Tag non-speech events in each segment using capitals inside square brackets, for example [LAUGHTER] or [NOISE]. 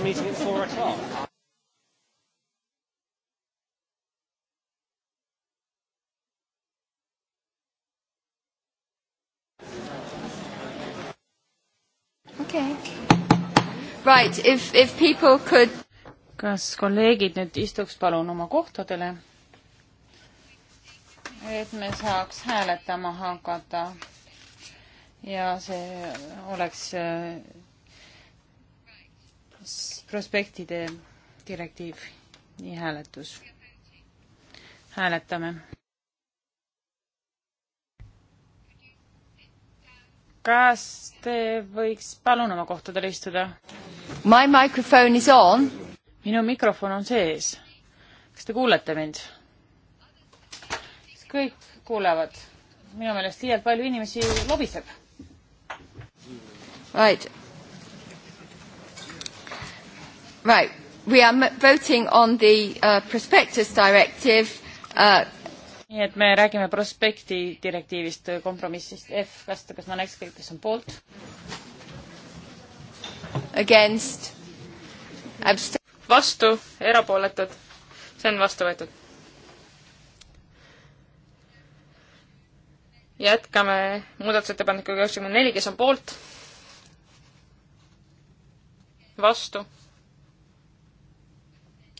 the meeting at four o'clock. Okay. Right, if, if people could... kas kolleegid nüüd istuks palun oma kohtadele, et me saaks hääletama hakata ja see oleks äh, prospektide direktiiv ja hääletus. hääletame. kas te võiks palun oma kohtadel istuda? My microphone is on. minu mikrofon on sees. kas te kuulete mind? kõik kuulevad. minu meelest liialt palju inimesi lobiseb. Right Right. We are voting on the uh, prospectus directive uh,. nii et me räägime prospekti direktiivist, äh, kompromissist F, kas, kas ma näeks kõik, kes on poolt? Against. vastu, erapooletud. see on vastu võetud. jätkame muudatusettepanekuga üheksakümmend neli, kes on poolt? vastu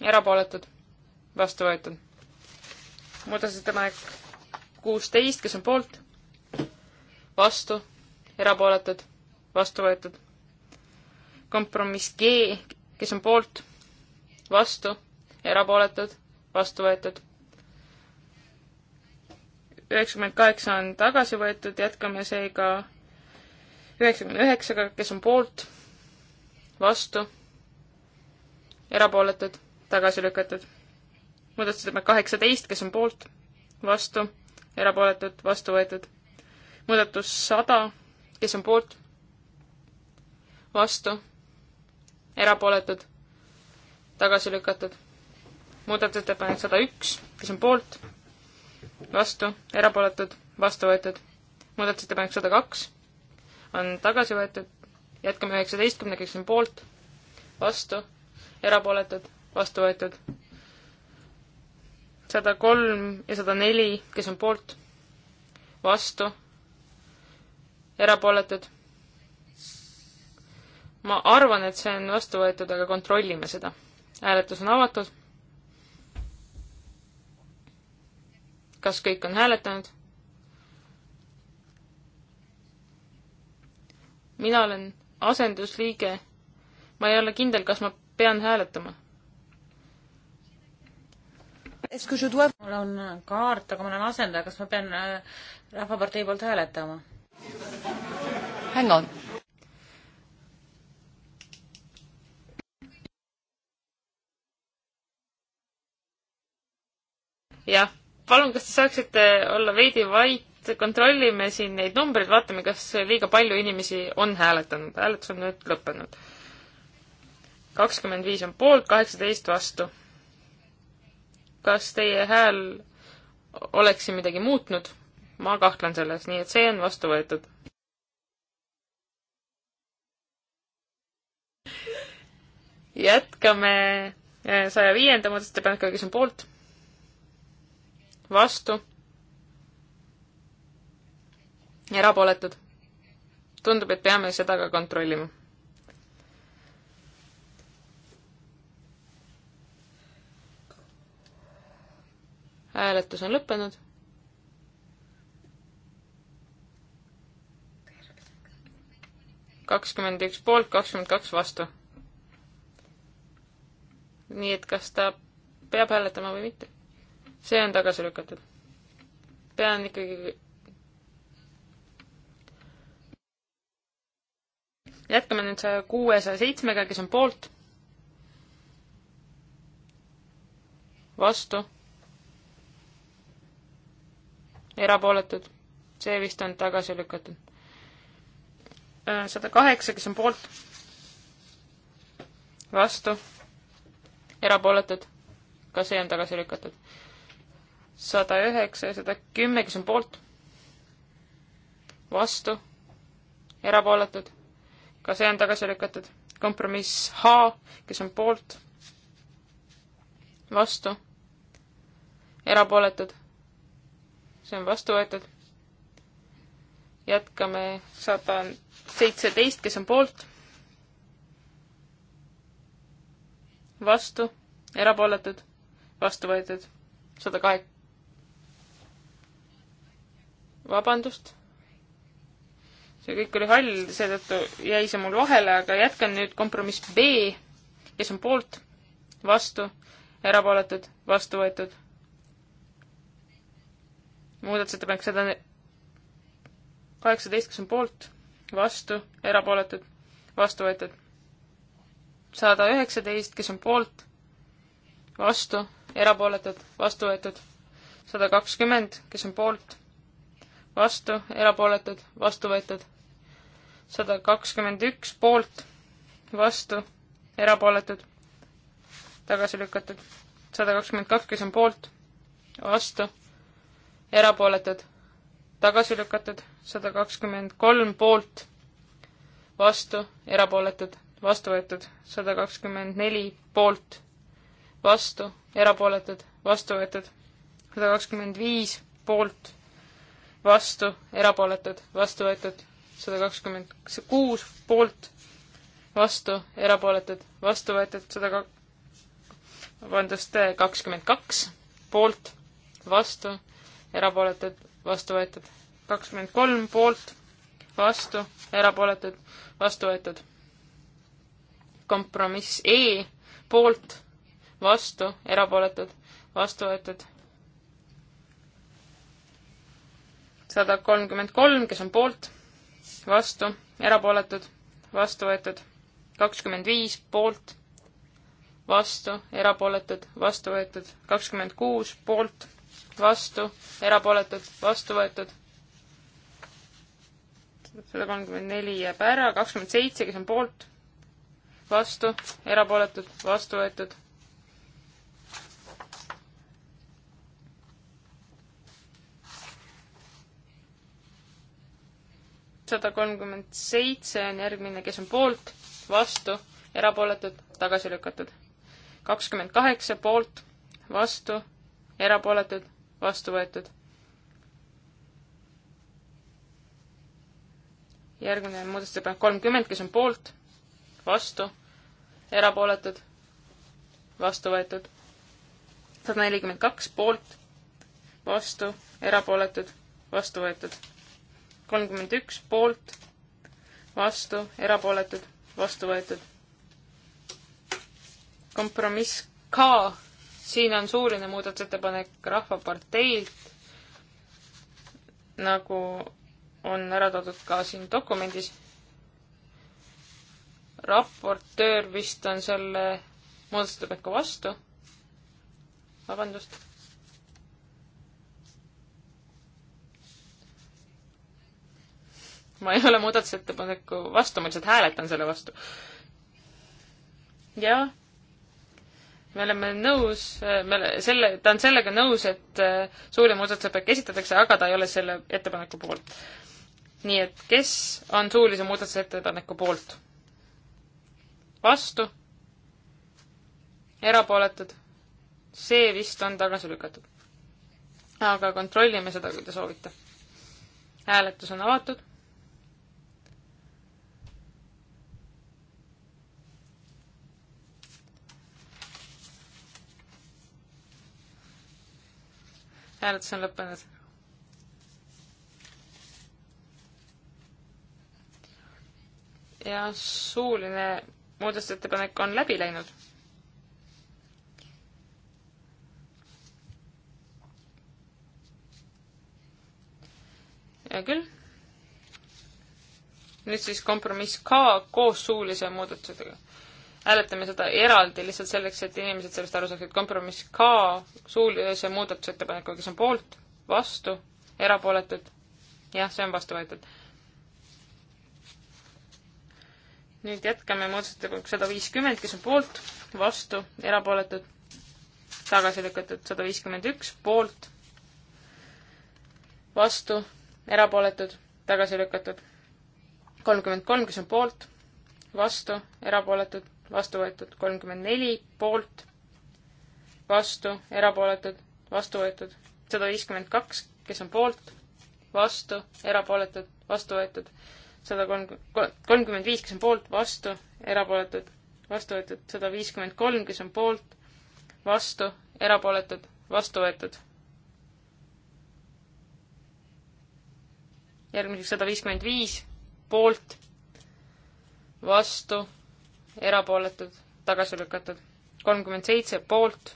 erapooletud, vastu võetud. muudatusettepanek kuusteist, kes on poolt, vastu, erapooletud, vastu võetud. kompromiss G, kes on poolt, vastu, erapooletud, vastu võetud. üheksakümmend kaheksa on tagasi võetud, jätkame seega üheksakümne üheksaga, kes on poolt, vastu, erapooletud tagasi lükatud. muudatusettepanek kaheksateist, kes on poolt, vastu, erapooletud, vastu võetud. muudatus sada, kes on poolt, vastu, erapooletud, tagasi lükatud. muudatusettepanek sada üks, kes on poolt, vastu, erapooletud, vastu võetud. muudatusettepanek sada kaks on tagasi võetud, jätkame üheksateistkümnega, kes on poolt, vastu, erapooletud vastu võetud. sada kolm ja sada neli, kes on poolt, vastu, erapooletud. ma arvan, et see on vastu võetud, aga kontrollime seda. hääletus on avatud. kas kõik on hääletanud? mina olen asendusliige. ma ei ole kindel, kas ma pean hääletama mul on kaart, aga ma olen asendaja, kas ma pean äh, Rahvapartei poolt hääletama? Hang on. jah, palun, kas te saaksite olla veidi vait, kontrollime siin neid numbreid, vaatame, kas liiga palju inimesi on hääletanud, hääletus on nüüd lõppenud. kakskümmend viis on poolt, kaheksateist vastu kas teie hääl oleks siin midagi muutnud? ma kahtlen selles, nii et see on vastu võetud. jätkame eh, saja viienda muudatusettepanekuga, kes on poolt? vastu? erapooletud? tundub, et peame seda ka kontrollima hääletus on lõppenud. kakskümmend üks poolt, kakskümmend kaks vastu. nii et kas ta peab hääletama või mitte? see on tagasi lükatud. pean ikkagi jätkame nüüd saja kuuesaja seitsmega, kes on poolt. vastu erapooletud, see vist on tagasi lükatud. sada kaheksa, kes on poolt, vastu, erapooletud, ka see on tagasi lükatud. sada üheksa ja sada kümme, kes on poolt, vastu, erapooletud, ka see on tagasi lükatud. kompromiss H, kes on poolt, vastu, erapooletud, see on vastu võetud. jätkame sada seitseteist, kes on poolt. vastu, erapooletud, vastu võetud, sada kahe-. vabandust. see kõik oli hall, seetõttu jäi see mul vahele, aga jätkan nüüd kompromiss B, kes on poolt, vastu, erapooletud, vastu võetud muudatusettepanek sada kaheksateist, kes on poolt, vastu, erapooletud, vastu võetud. sada üheksateist, kes on poolt, vastu, erapooletud, vastu võetud. sada kakskümmend, kes on poolt, vastu, erapooletud, vastu võetud. sada kakskümmend üks, poolt, vastu, erapooletud, tagasi lükatud. sada kakskümmend kaks, kes on poolt, vastu erapooletud, tagasi lükatud, sada kakskümmend kolm poolt, vastu, erapooletud, vastu võetud, sada kakskümmend neli poolt, vastu, erapooletud, vastu võetud, sada kakskümmend viis poolt, vastu, erapooletud, vastu võetud, sada kakskümmend kuus poolt, vastu, erapooletud, vastu võetud, sada kak-, vabandust, kakskümmend kaks poolt, vastu, erapooletud, vastu võetud. kakskümmend kolm poolt, vastu, erapooletud, vastu võetud. kompromiss E poolt, vastu, erapooletud, vastu võetud. sada kolmkümmend kolm, kes on poolt, vastu, erapooletud, vastu võetud. kakskümmend viis poolt vastu, erapooletud, vastu võetud, kakskümmend kuus poolt, vastu, erapooletud, vastu võetud. sada kolmkümmend neli jääb ära, kakskümmend seitse, kes on poolt, vastu, erapooletud, vastu võetud. sada kolmkümmend seitse on järgmine, kes on poolt, vastu, erapooletud, tagasi lükatud. kakskümmend kaheksa poolt, vastu, erapooletud vastu võetud. järgmine muudatusettepanek kolmkümmend, kes on poolt, vastu, erapooletud, vastu võetud. sada nelikümmend kaks poolt, vastu, erapooletud, vastu võetud. kolmkümmend üks poolt, vastu, erapooletud, vastu võetud. kompromiss K siin on suuline muudatusettepanek Rahvaparteilt, nagu on ära toodud ka siin dokumendis. raportöör vist on selle muudatusettepaneku vastu. vabandust. ma ei ole muudatusettepaneku vastu, ma lihtsalt hääletan selle vastu. jah me oleme nõus, äh, me ole, selle, ta on sellega nõus, et äh, suurim muudatusettepanek esitatakse, aga ta ei ole selle ettepaneku poolt. nii et kes on suulise muudatusettepaneku poolt? vastu? erapooletud? see vist on tagasi lükatud. aga kontrollime seda, kui te soovite. hääletus on avatud. hääletus on lõppenud. ja suuline muudatusettepanek on läbi läinud. hea küll. nüüd siis kompromiss ka koos suulise muudatusega hääletame seda eraldi lihtsalt selleks, et inimesed sellest aru saaksid. kompromiss K suulise muudatusettepanekuga, kes on poolt, vastu, erapooletud. jah, see on vastu võetud. nüüd jätkame muudatusettepanek sada viiskümmend, kes on poolt, vastu, erapooletud, tagasi lükatud sada viiskümmend üks, poolt, vastu, erapooletud, tagasi lükatud kolmkümmend kolm, kes on poolt, vastu, erapooletud vastu võetud kolmkümmend neli poolt, vastu, erapooletud, vastu võetud sada viiskümmend kaks, kes on poolt, vastu, erapooletud, vastu võetud sada kolm, kolmkümmend viis, kes on poolt, vastu, erapooletud, vastu võetud sada viiskümmend kolm, kes on poolt, vastu, erapooletud, vastu võetud. järgmiseks sada viiskümmend viis, poolt, vastu erapooletud, tagasi lükatud. kolmkümmend seitse poolt,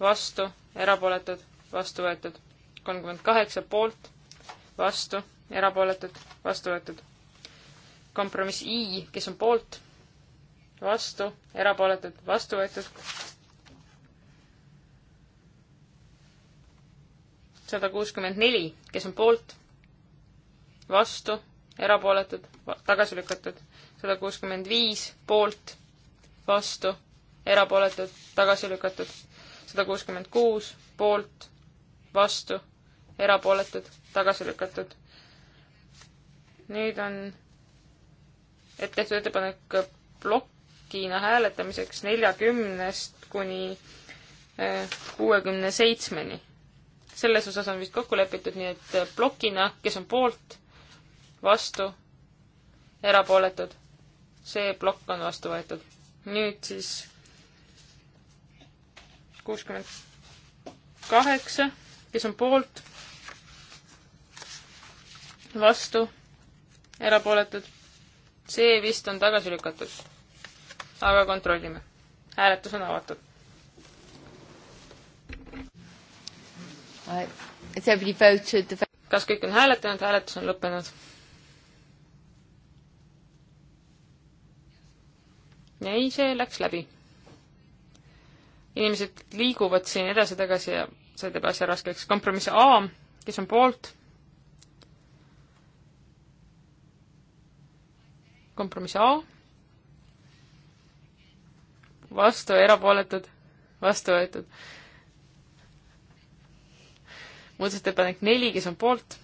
vastu, erapooletud, vastu võetud. kolmkümmend kaheksa poolt, vastu, erapooletud, vastu võetud. kompromiss I, kes on poolt, vastu, erapooletud, vastu võetud. sada kuuskümmend neli, kes on poolt, vastu, erapooletud, tagasi lükatud sada kuuskümmend viis poolt, vastu, erapooletud, tagasi lükatud. sada kuuskümmend kuus poolt, vastu, erapooletud, tagasi lükatud. nüüd on et tehtud ettepanek plokina hääletamiseks neljakümnest kuni eh, kuuekümne seitsmeni. selles osas on vist kokku lepitud, nii et plokina, kes on poolt, vastu, erapooletud, see plokk on vastu võetud. nüüd siis kuuskümmend kaheksa, kes on poolt, vastu, erapooletud. see vist on tagasi lükatud. aga kontrollime. hääletus on avatud. kas kõik on hääletanud, hääletus on lõppenud ei, see läks läbi. inimesed liiguvad siin edasi-tagasi ja see teeb asja raskeks. kompromiss A, kes on poolt? kompromiss A. vastu, erapooletud, vastu võetud. muudatusettepanek neli, kes on poolt?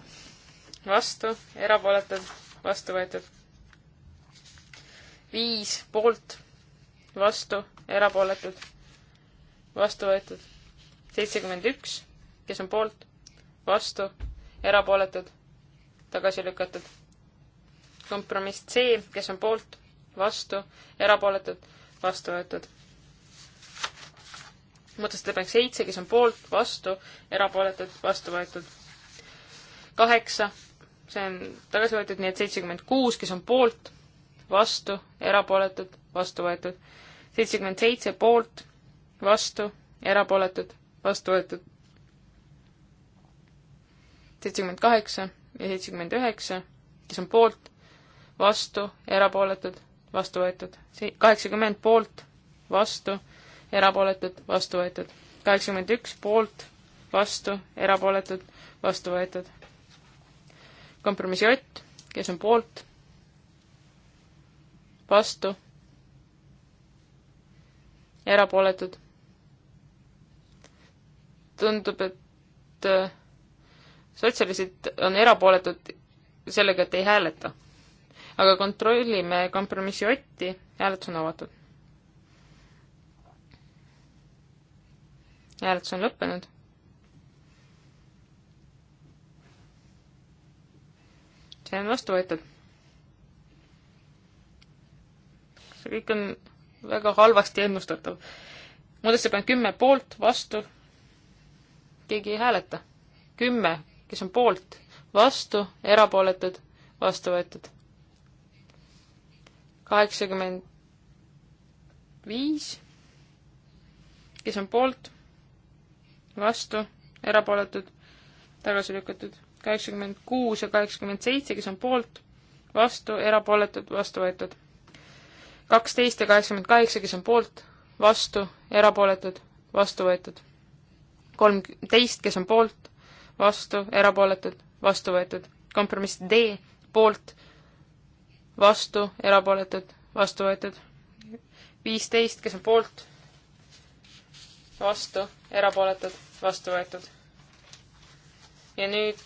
vastu, erapooletud, vastu võetud. viis poolt vastu, erapooletud, vastu võetud. seitsekümmend üks, kes on poolt, vastu, erapooletud, tagasi lükatud. kompromiss C, kes on poolt, vastu, erapooletud, vastu võetud. muudatusettepanek seitse, kes on poolt, vastu, erapooletud, vastu võetud. kaheksa, see on tagasi võetud, nii et seitsekümmend kuus, kes on poolt, vastu, erapooletud vastu võetud. seitsekümmend seitse poolt, vastu, erapooletud, vastu võetud. seitsekümmend kaheksa ja seitsekümmend üheksa, kes on poolt, vastu, erapooletud, vastu võetud. kaheksakümmend poolt, vastu, erapooletud, vastu võetud. kaheksakümmend üks poolt, vastu, erapooletud, vastu võetud. kompromissi Ott, kes on poolt, vastu erapooletud. tundub, et äh, sotsialistid on erapooletud sellega, et ei hääleta. aga kontrollime kompromissi Otti, hääletus on avatud. hääletus on lõppenud. see on vastu võetud. see kõik on väga halvasti ennustatav. muudatusettepanek kümme poolt, vastu, keegi ei hääleta. kümme, kes on poolt, vastu, erapooletud, vastu võetud. kaheksakümmend viis, kes on poolt, vastu, erapooletud, tagasi lükatud. kaheksakümmend kuus ja kaheksakümmend seitse, kes on poolt, vastu, erapooletud, vastu võetud kaksteist ja kaheksakümmend kaheksa, kes on poolt, vastu, erapooletud, vastu võetud. kolmteist, kes on poolt, vastu, erapooletud, vastu võetud. kompromiss D, poolt, vastu, erapooletud, vastu võetud. viisteist, kes on poolt, vastu, erapooletud, vastu võetud. ja nüüd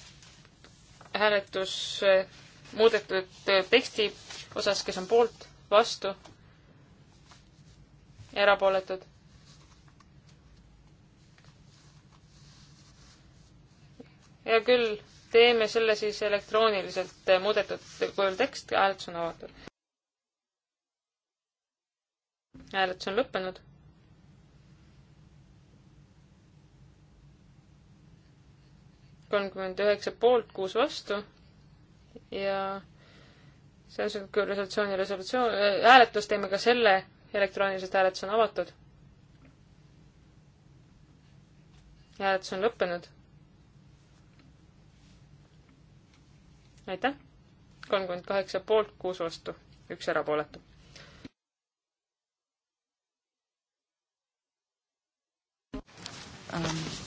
hääletus muudetud teksti osas, kes on poolt vastu, erapooletud. hea küll, teeme selle siis elektrooniliselt muudetud kujul tekst, hääletus on avatud. hääletus on lõppenud. kolmkümmend üheksa poolt, kuus vastu ja see on sihuke resolutsiooni resolutsioon äh,, hääletus, teeme ka selle, elektrooniliselt hääletus on avatud. hääletus on lõppenud. aitäh, kolmkümmend kaheksa poolt, kuus vastu, üks erapooletu. Um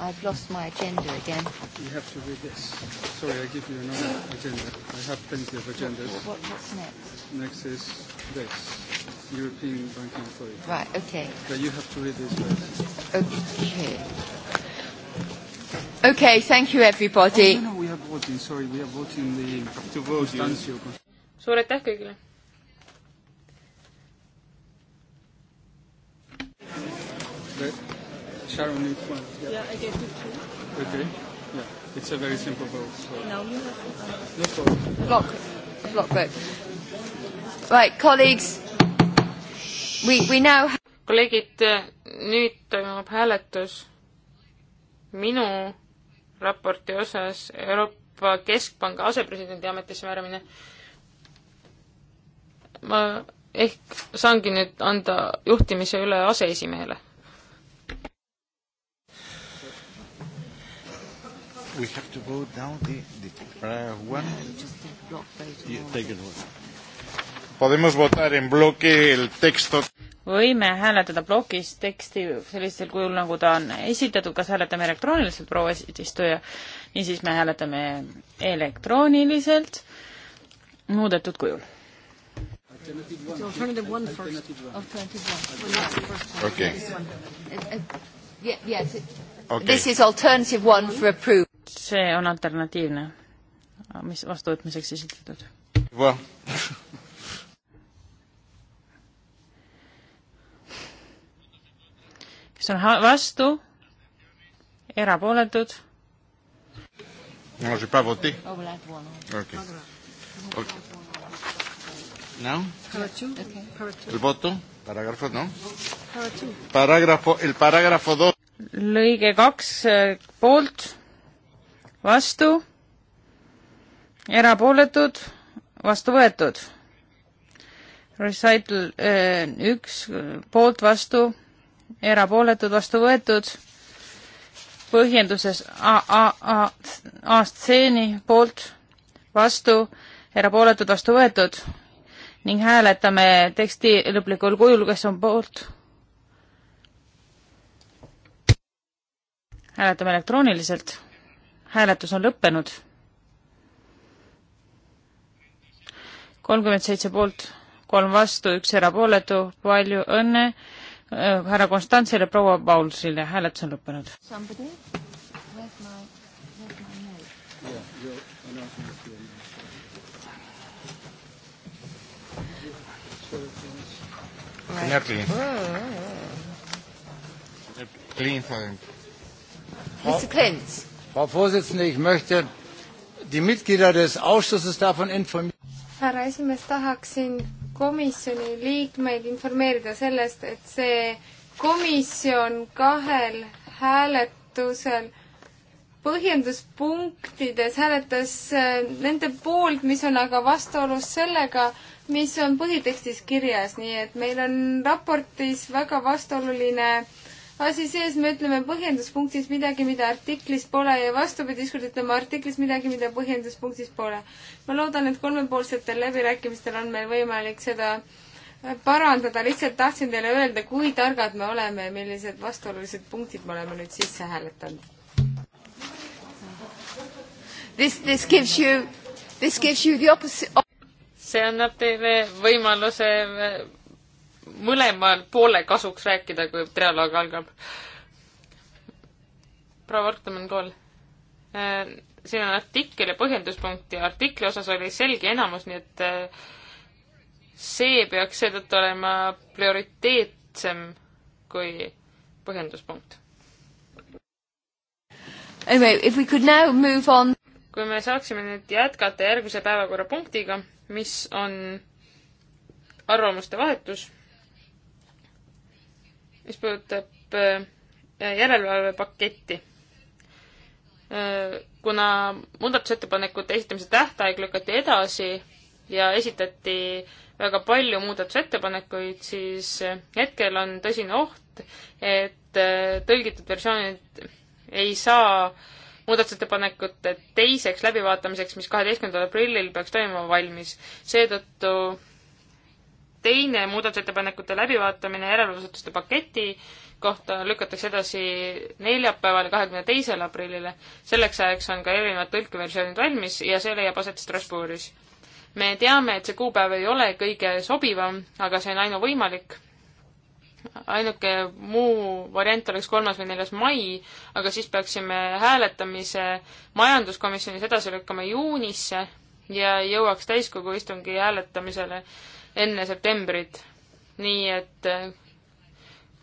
I've lost my agenda again. You have to read this. Sorry, I give you another agenda. I have plenty of agendas. What, what's next? Next is this, European Banking Authority. Right, okay. But you have to read this first. Okay. Okay, thank you everybody. Oh, no, no, we are voting, sorry, we are voting the... To vote, Constancio. yes. Suur aitäh kõigile! But Sharon needs one. Yeah, yeah I gave you two. Okay. Yeah. It's a very simple vote. So. No, you have Just vote. Block. Block vote. Right, colleagues. We, we now have... kolleegid, nüüd toimub hääletus minu raporti osas Euroopa Keskpanga asepresidendi ametisse määramine. ma ehk saangi nüüd anda juhtimise üle aseesimehele we have to go down the, the uh, one. No, just take block vote. Yeah, take it one. Podemos votar en bloque el texto. võime hääletada plokis teksti sellisel kujul, nagu ta on esitatud, kas hääletame elektrooniliselt, proua eesistuja, niisiis me hääletame elektrooniliselt muudetud kujul. okei. Yes, it, okay. this is alternative one for approval see on alternatiivne, mis vastuvõtmiseks esitatud. kes on vastu, erapooletud? Non, j'ai pas voté. Oh, voilà. Ok. okay. No? Okay. El voto, parágrafo, no? Parágrafo, el parágrafo dos. lõige kaks eh, poolt vastu, erapooletud, vastu võetud. Recital eh, üks poolt vastu, erapooletud, vastu võetud. põhjenduses A, A, A, A-stseeni poolt vastu, erapooletud, vastu võetud ning hääletame teksti lõplikul kujul, kes on poolt. hääletame elektrooniliselt hääletus on lõppenud. kolmkümmend seitse poolt, kolm vastu, üks erapooletu, palju õnne äh, härra Konstantsile, proua Paulsile, hääletus on lõppenud. Clean. Clean. Mr. Clint. Frau Vorsitzende, ich möchte die Mitglieder des Ausschusses davon informieren. härra esimees, tahaksin komisjoni liikmeid informeerida sellest, et see komisjon kahel hääletusel põhjenduspunktides hääletas äh, nende poolt, mis on aga vastuolus sellega, mis on põhitekstis kirjas, nii et meil on raportis väga vastuoluline äh, asi sees, me ütleme põhjenduspunktis midagi, mida artiklis pole ja vastupidi, ükskord ütleme artiklis midagi, mida põhjenduspunktis pole. ma loodan, et kolmepoolsetel läbirääkimistel on meil võimalik seda parandada, lihtsalt tahtsin teile öelda, kui targad me oleme ja millised vastuolulised punktid me oleme nüüd sisse hääletanud. This, this gives you, this gives you the opposite see annab teile võimaluse mõlema poole kasuks rääkida, kui trialoog algab. proua Vorktamann Kool. Äh, siin on artikkel ja põhjenduspunkt ja artikli osas oli selge enamus, nii et äh, see peaks seetõttu olema prioriteetsem kui põhjenduspunkt. Anyway, if we could now move on kui me saaksime nüüd jätkata järgmise päevakorrapunktiga, mis on arvamuste vahetus mis puudutab äh, järelevalvepaketti. Äh, kuna muudatusettepanekute esitamise tähtaeg lükati edasi ja esitati väga palju muudatusettepanekuid, siis hetkel on tõsine oht, et äh, tõlgitud versioonid ei saa muudatusettepanekute teiseks läbivaatamiseks, mis kaheteistkümnendal aprillil peaks toimuma, valmis. seetõttu teine muudatusettepanekute läbivaatamine järelevalveasutuste paketi kohta lükatakse edasi neljapäeval, kahekümne teisel aprillile. selleks ajaks on ka erinevad tõlkeversioonid valmis ja see leiab aset Strasbourgis. me teame, et see kuupäev ei ole kõige sobivam, aga see on ainuvõimalik. ainuke muu variant oleks kolmas või neljas mai, aga siis peaksime hääletamise majanduskomisjonis edasi lükkama juunisse ja jõuaks täiskogu istungi hääletamisele enne septembrit. nii et eh,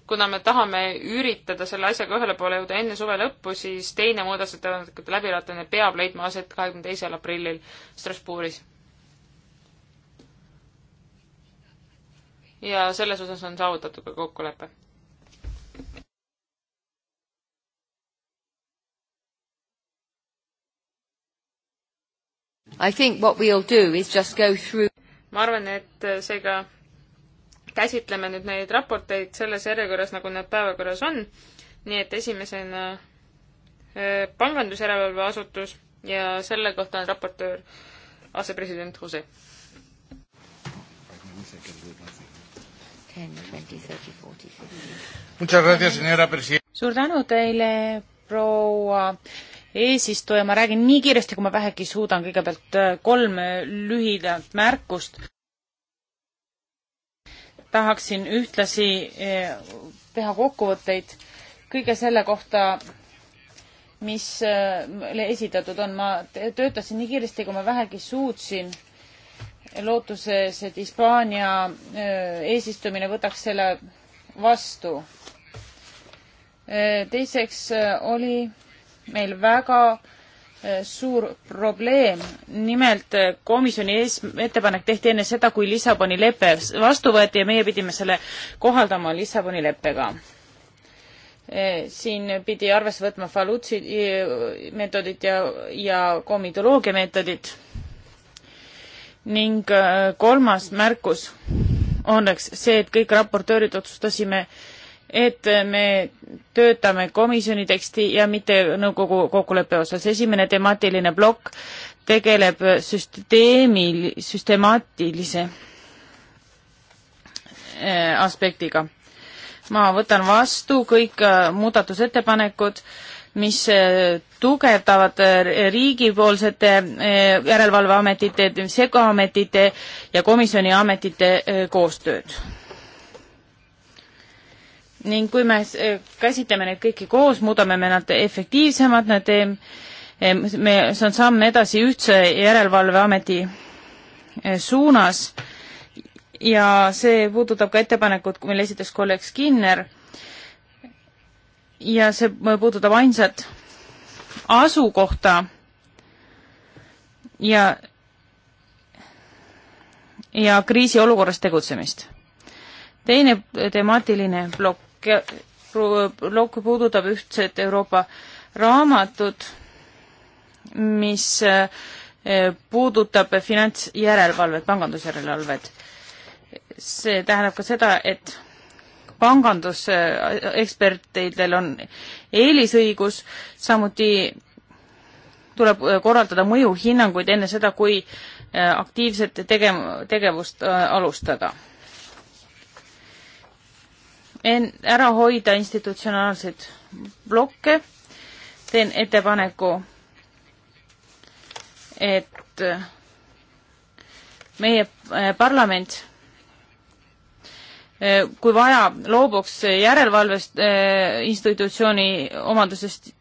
kuna me tahame üritada selle asjaga ühele poole jõuda enne suve lõppu, siis teine muudatusettepanekute läbivaatamine peab leidma aset kahekümne teisel aprillil Strasbourgis. ja selles osas on saavutatud ka kokkulepe I think what we'll do is just go through ma arvan, et seega käsitleme nüüd neid raporteid selles järjekorras, nagu nad päevakorras on, nii et esimesena äh, pangandusjärelevalve asutus ja selle kohta on raportöör asepresident Jose. suur tänu teile, proua eesistuja, ma räägin nii kiiresti, kui ma vähegi suudan, kõigepealt äh, kolm äh, lühidat märkust. tahaksin ühtlasi äh, teha kokkuvõtteid kõige selle kohta, mis meile esitatud on. ma töötasin nii kiiresti, kui ma vähegi suutsin, lootuses, et Hispaania eesistumine võtaks selle vastu. teiseks oli meil väga eh, suur probleem. nimelt eh, komisjoni ees, ettepanek tehti enne seda, kui Lissaboni lepe vastu võeti ja meie pidime selle kohaldama Lissaboni leppega. Eh, siin pidi arvesse võtma Falutsi meetodit ja, ja komitoloogia meetodit. ning kolmas märkus oleks see, et kõik raportöörid otsustasime äh, et me töötame komisjoni teksti ja mitte nõukogu kokkuleppe osas. esimene temaatiline plokk tegeleb süsteemi, süstemaatilise äh, aspektiga. ma võtan vastu kõik äh, muudatusettepanekud, mis äh, tugevdavad riigipoolsete järelevalveametite, segaametite ja komisjoni ametite koostööd ning kui me eh, käsitleme neid kõiki koos, muudame me nad efektiivsemad, nad teeb, eh, me, see on samm edasi ühtse järelevalveameti eh, suunas ja see puudutab ka ettepanekut, mille esitas kolleeg Skinner ja see puudutab ainsat asukohta ja ja kriisiolukorras tegutsemist. teine temaatiline plokk plokk puudutab ühtset Euroopa raamatut, mis eh, puudutab finantsjärelevalvet, pangandusjärelevalvet. see tähendab ka seda, et pangandusekspertidel on eelisõigus, samuti tuleb eh, korraldada mõjuhinnanguid enne seda, kui eh, aktiivset tegev-, tegevust alustada en-, ära hoida institutsionaalseid blokke, teen ettepaneku, et meie eh, parlament, eh, kui vaja, loobuks järelevalvest eh, institutsiooni omandusest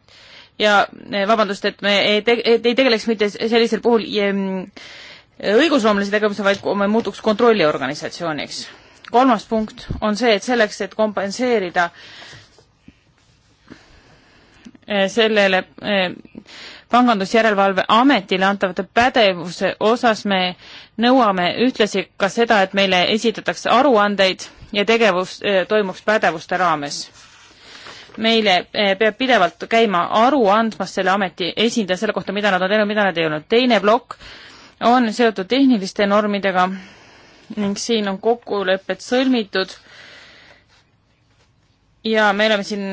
ja vabandust, et me ei, te ei tegeleks mitte sellisel puhul õigusloomelise tegevuse, vaid me muutuks kontrolliorganisatsiooniks kolmas punkt on see, et selleks, et kompenseerida eh, sellele eh, pangandusjärelevalve ametile antavate pädevuse osas me nõuame ühtlasi ka seda, et meile esitatakse aruandeid ja tegevus eh, toimuks pädevuste raames. meile peab pidevalt käima aru andmas selle ameti esindaja selle kohta, mida nad on teinud, mida nad ei olnud. teine plokk on seotud tehniliste normidega ning siin on kokkulepped sõlmitud ja me oleme siin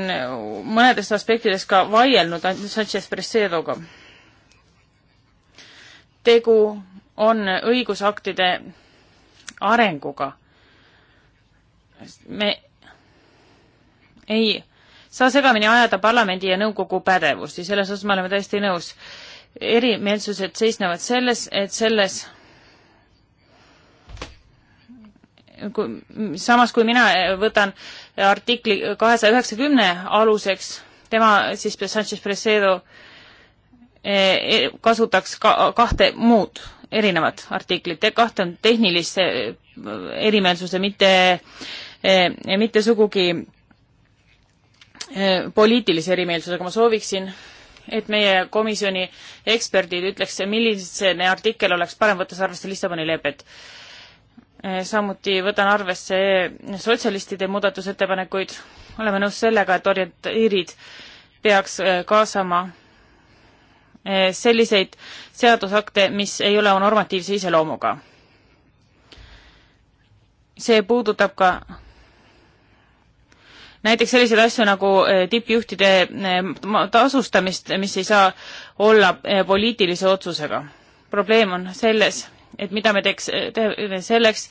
mõnedest aspektidest ka vaielnud Sanchez Presedoga. tegu on õigusaktide arenguga. me ei saa segamini ajada parlamendi ja nõukogu pädevusi, selles osas me oleme täiesti nõus. erimeelsused seisnevad selles, et selles kui, samas kui mina võtan artikli kahesaja üheksakümne aluseks, tema siis, Sanchez Presedo e, e, kasutaks ka kahte muud erinevat artiklit, kahte on tehnilise erimeelsuse, mitte, e, mitte sugugi poliitilise erimeelsusega, ma sooviksin, et meie komisjoni eksperdid ütleks, milline artikkel oleks parem, võttes arvesse Lissaboni lepet Eh, samuti võtan arvesse eh, sotsialistide muudatusettepanekuid, oleme nõus sellega, et orienteerid peaks eh, kaasama selliseid seadusakte, mis ei ole normatiivse iseloomuga. see puudutab ka näiteks selliseid asju nagu tippjuhtide tasustamist, mis ei saa olla poliitilise otsusega. probleem on selles, et mida me teeks, teeme selleks,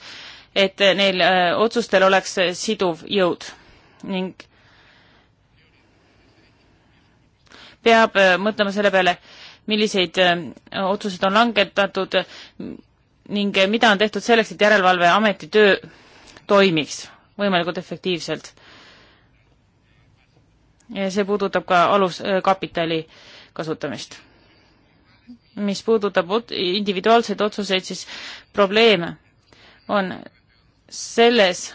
et neil äh, otsustel oleks siduv jõud ning peab äh, mõtlema selle peale, milliseid äh, otsuseid on langetatud ning mida on tehtud selleks, et Järelevalveameti töö toimiks võimalikult efektiivselt. see puudutab ka aluskapitali kasutamist mis puudutab individuaalseid otsuseid, siis probleem on selles,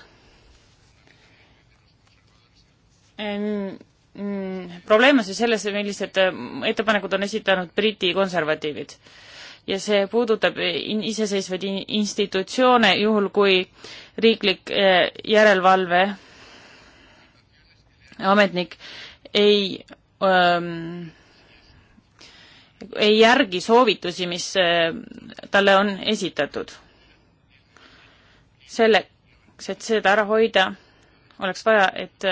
mm, mm, probleem on siis selles, millised äh, ettepanekud on esitanud Briti konservatiivid. ja see puudutab iseseisvaid institutsioone, juhul kui riiklik äh, järelevalve ametnik ei öö, ähm, ei järgi soovitusi, mis äh, talle on esitatud. selleks, et seda ära hoida, oleks vaja, et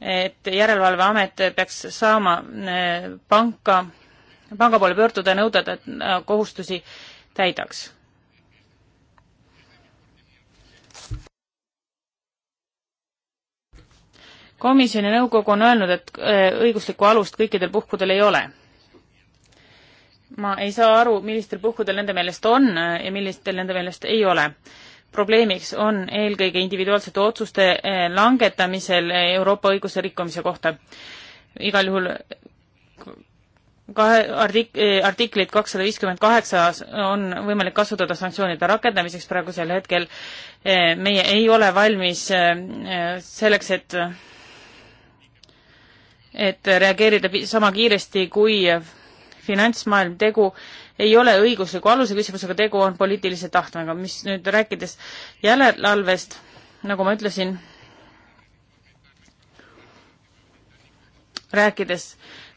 et Järelevalveamet peaks saama äh, panka, panga poole pöörduda ja nõuda, et kohustusi täidaks. komisjoni nõukogu on öelnud, et äh, õiguslikku alust kõikidel puhkudel ei ole ma ei saa aru, millistel puhkudel nende meelest on äh, ja millistel nende meelest ei ole. probleemiks on eelkõige individuaalsete otsuste äh, langetamisel äh, Euroopa õiguse rikkumise kohta. igal juhul kahe artik-, artiklit kakssada viiskümmend kaheksa on võimalik kasutada sanktsioonide rakendamiseks praegusel hetkel. meie ei ole valmis selleks, et et reageerida sama kiiresti, kui finantsmaailm tegu ei ole õigusliku aluse küsimusega, tegu on poliitilise tahtmega, mis nüüd rääkides järelevalvest, nagu ma ütlesin, rääkides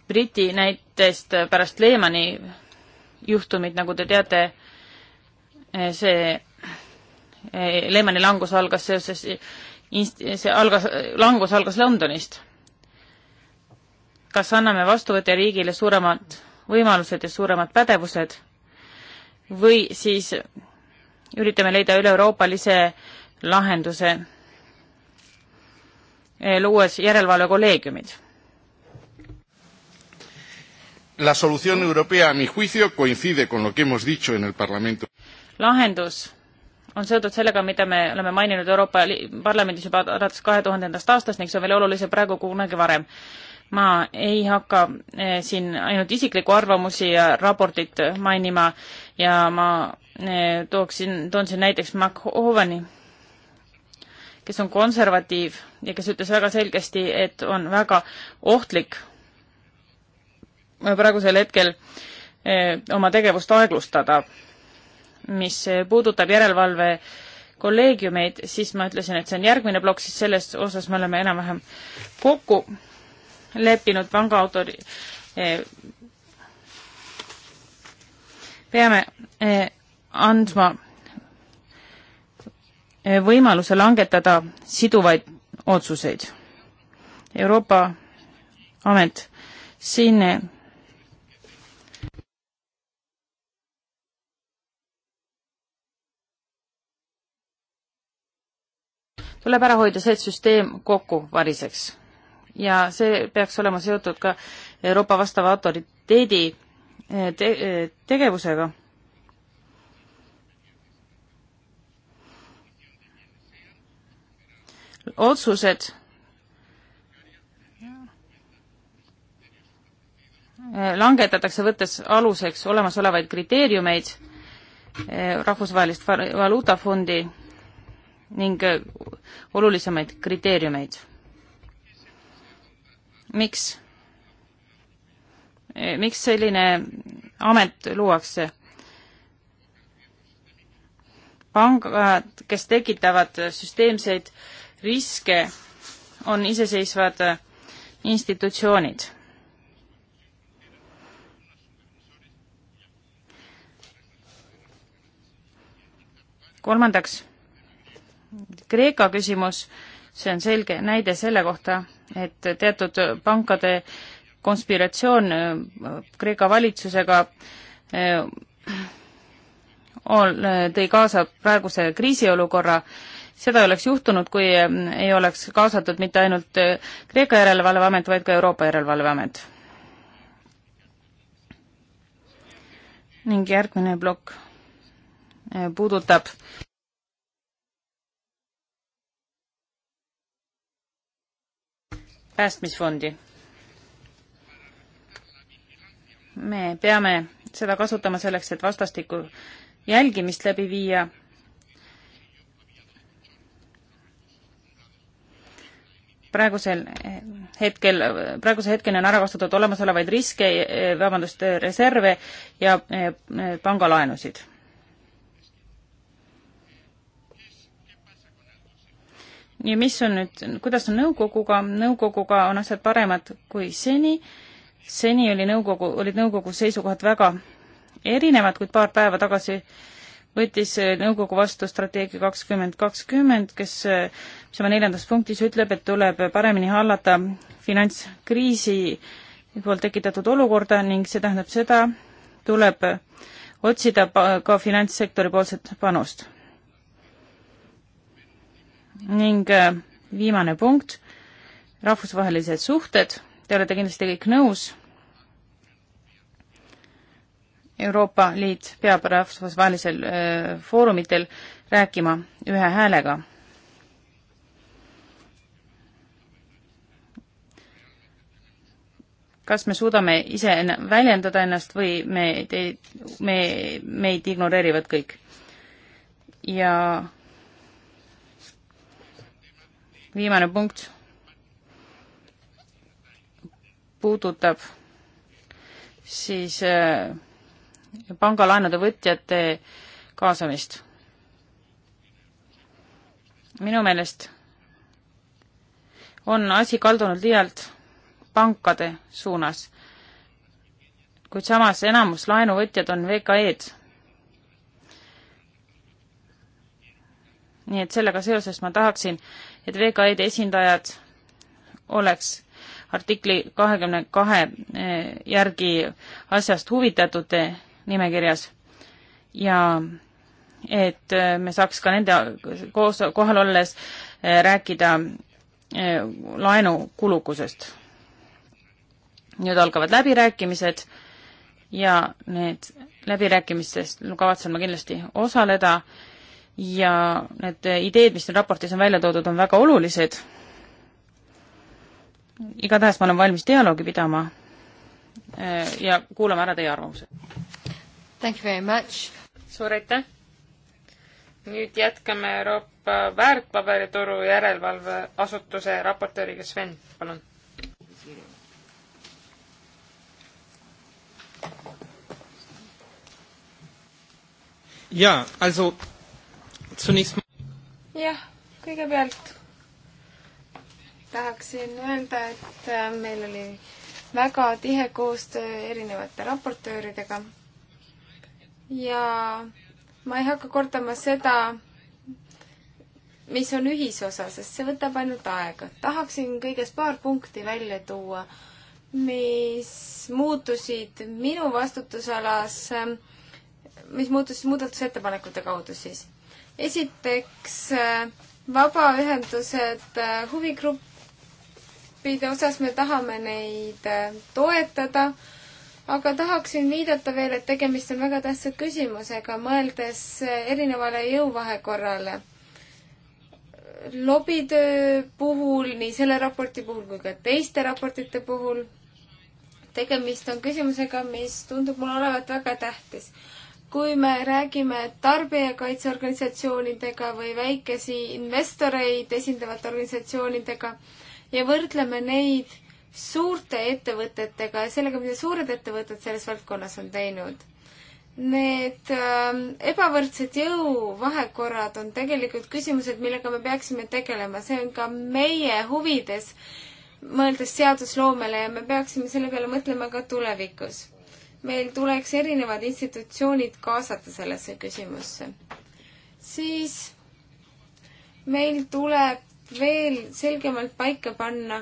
Briti näitest pärast Lehmani juhtumit, nagu te teate, see Lehmani langus algas seoses, see algas, langus algas Londonist. kas anname vastuvõtjariigile suuremat võimalused ja suuremad pädevused või siis üritame leida üle-euroopalise lahenduse, eh, luues järelevalvekolleegiumid. La solución europea, a mi juicio, coincide con lo que hemos dicho en el Parlamento. lahendus on seotud sellega, mida me oleme maininud Euroopa Parlamendis juba alates kahe tuhandendast aastast ning see on veel olulisem praegu kui kunagi varem ma ei hakka eh, siin ainult isiklikku arvamusi ja raportit mainima ja ma eh, tooksin, toon siin näiteks Mac Hoveni, kes on konservatiiv ja kes ütles väga selgesti, et on väga ohtlik praegusel hetkel eh, oma tegevust aeglustada. mis puudutab järelevalve kolleegiumeid, siis ma ütlesin, et see on järgmine plokk, siis selles osas me oleme enam-vähem kokku leppinud panga autori eh, peame eh, andma eh, võimaluse langetada siduvaid otsuseid. Euroopa Amet siin tuleb ära hoida see, et süsteem kokku variseks ja see peaks olema seotud ka Euroopa vastava autoriteedi eh, te eh, tegevusega. otsused eh, langetatakse, võttes aluseks olemasolevaid kriteeriumeid rahvusvahelist valuutafondi ning olulisemaid kriteeriumeid miks, miks selline amet luuakse? pangad, kes tekitavad süsteemseid riske, on iseseisvad institutsioonid kolmandaks, Kreeka küsimus see on selge näide selle kohta, et teatud pankade konspiratsioon äh, Kreeka valitsusega äh, tõi kaasa praeguse kriisiolukorra, seda ei oleks juhtunud, kui äh, ei oleks kaasatud mitte ainult Kreeka järelevalveamet, vaid ka Euroopa järelevalveamet. ning järgmine plokk puudutab päästmisfondi. me peame seda kasutama selleks, et vastastikku jälgimist läbi viia. praegusel hetkel, praeguse hetkeni on ära kasutatud olemasolevaid riske, vabandust, reserve ja eh, pangalaenusid ja mis on nüüd, kuidas on nõukoguga, nõukoguga on asjad paremad kui seni, seni oli nõukogu, olid nõukogu seisukohad väga erinevad, kuid paar päeva tagasi võttis äh, nõukogu vastu strateegia kakskümmend kakskümmend, kes äh, sama neljandas punktis ütleb, et tuleb paremini hallata finantskriisi poolt tekitatud olukorda ning see tähendab seda, tuleb otsida ka finantssektori poolset panust ning äh, viimane punkt, rahvusvahelised suhted, te olete kindlasti kõik nõus, Euroopa Liit peab rahvusvahelisel äh, foorumitel rääkima ühe häälega. kas me suudame ise väljendada ennast või me, me, meid ignoreerivad kõik? ja viimane punkt puudutab siis äh, pangalaenude võtjate kaasamist. minu meelest on asi kaldunud liialt pankade suunas, kuid samas enamus laenuvõtjad on VKE-d. nii et sellega seoses ma tahaksin et VKE-de esindajad oleks artikli kahekümne kahe eh, järgi asjast huvitatute eh, nimekirjas ja et eh, me saaks ka nende koos, kohal olles rääkida laenu kulukusest. nüüd algavad läbirääkimised ja need läbirääkimistest kavatsen ma kindlasti osaleda ja need ideed, mis siin raportis on välja toodud, on väga olulised. igatahes ma olen valmis dialoogi pidama eh, ja kuulame ära teie arvamuse. Thank you very much. suur aitäh. nüüd jätkame Euroopa väärtpaberituru järelevalveasutuse raportööriga Sven, palun. Ja, also zunächst mal. jah, kõigepealt tahaksin öelda, et äh, meil oli väga tihe koostöö erinevate raportööridega ja ma ei hakka kordama seda, mis on ühisosa, sest see võtab ainult aega. tahaksin kõigest paar punkti välja tuua, mis muutusid minu vastutusalas, äh, mis muutus muudatusettepanekute kaudu siis esiteks äh, vabaühendused äh, huvigruppide osas me tahame neid äh, toetada, aga tahaksin viidata veel, et tegemist on väga tähtsa küsimusega, mõeldes erinevale jõuvahekorrale lobitöö puhul, nii selle raporti puhul kui ka teiste raportite puhul, tegemist on küsimusega, mis tundub mulle olevat väga tähtis kui me räägime tarbijakaitseorganisatsioonidega või väikesi investoreid esindavate organisatsioonidega ja võrdleme neid suurte ettevõtetega ja sellega, mida suured ettevõtted selles valdkonnas on teinud. Need äh, ebavõrdsed jõuvahekorrad on tegelikult küsimused, millega me peaksime tegelema, see on ka meie huvides, mõeldes seadusloomele ja me peaksime selle peale mõtlema ka tulevikus meil tuleks erinevad institutsioonid kaasata sellesse küsimusse. siis meil tuleb veel selgemalt paika panna,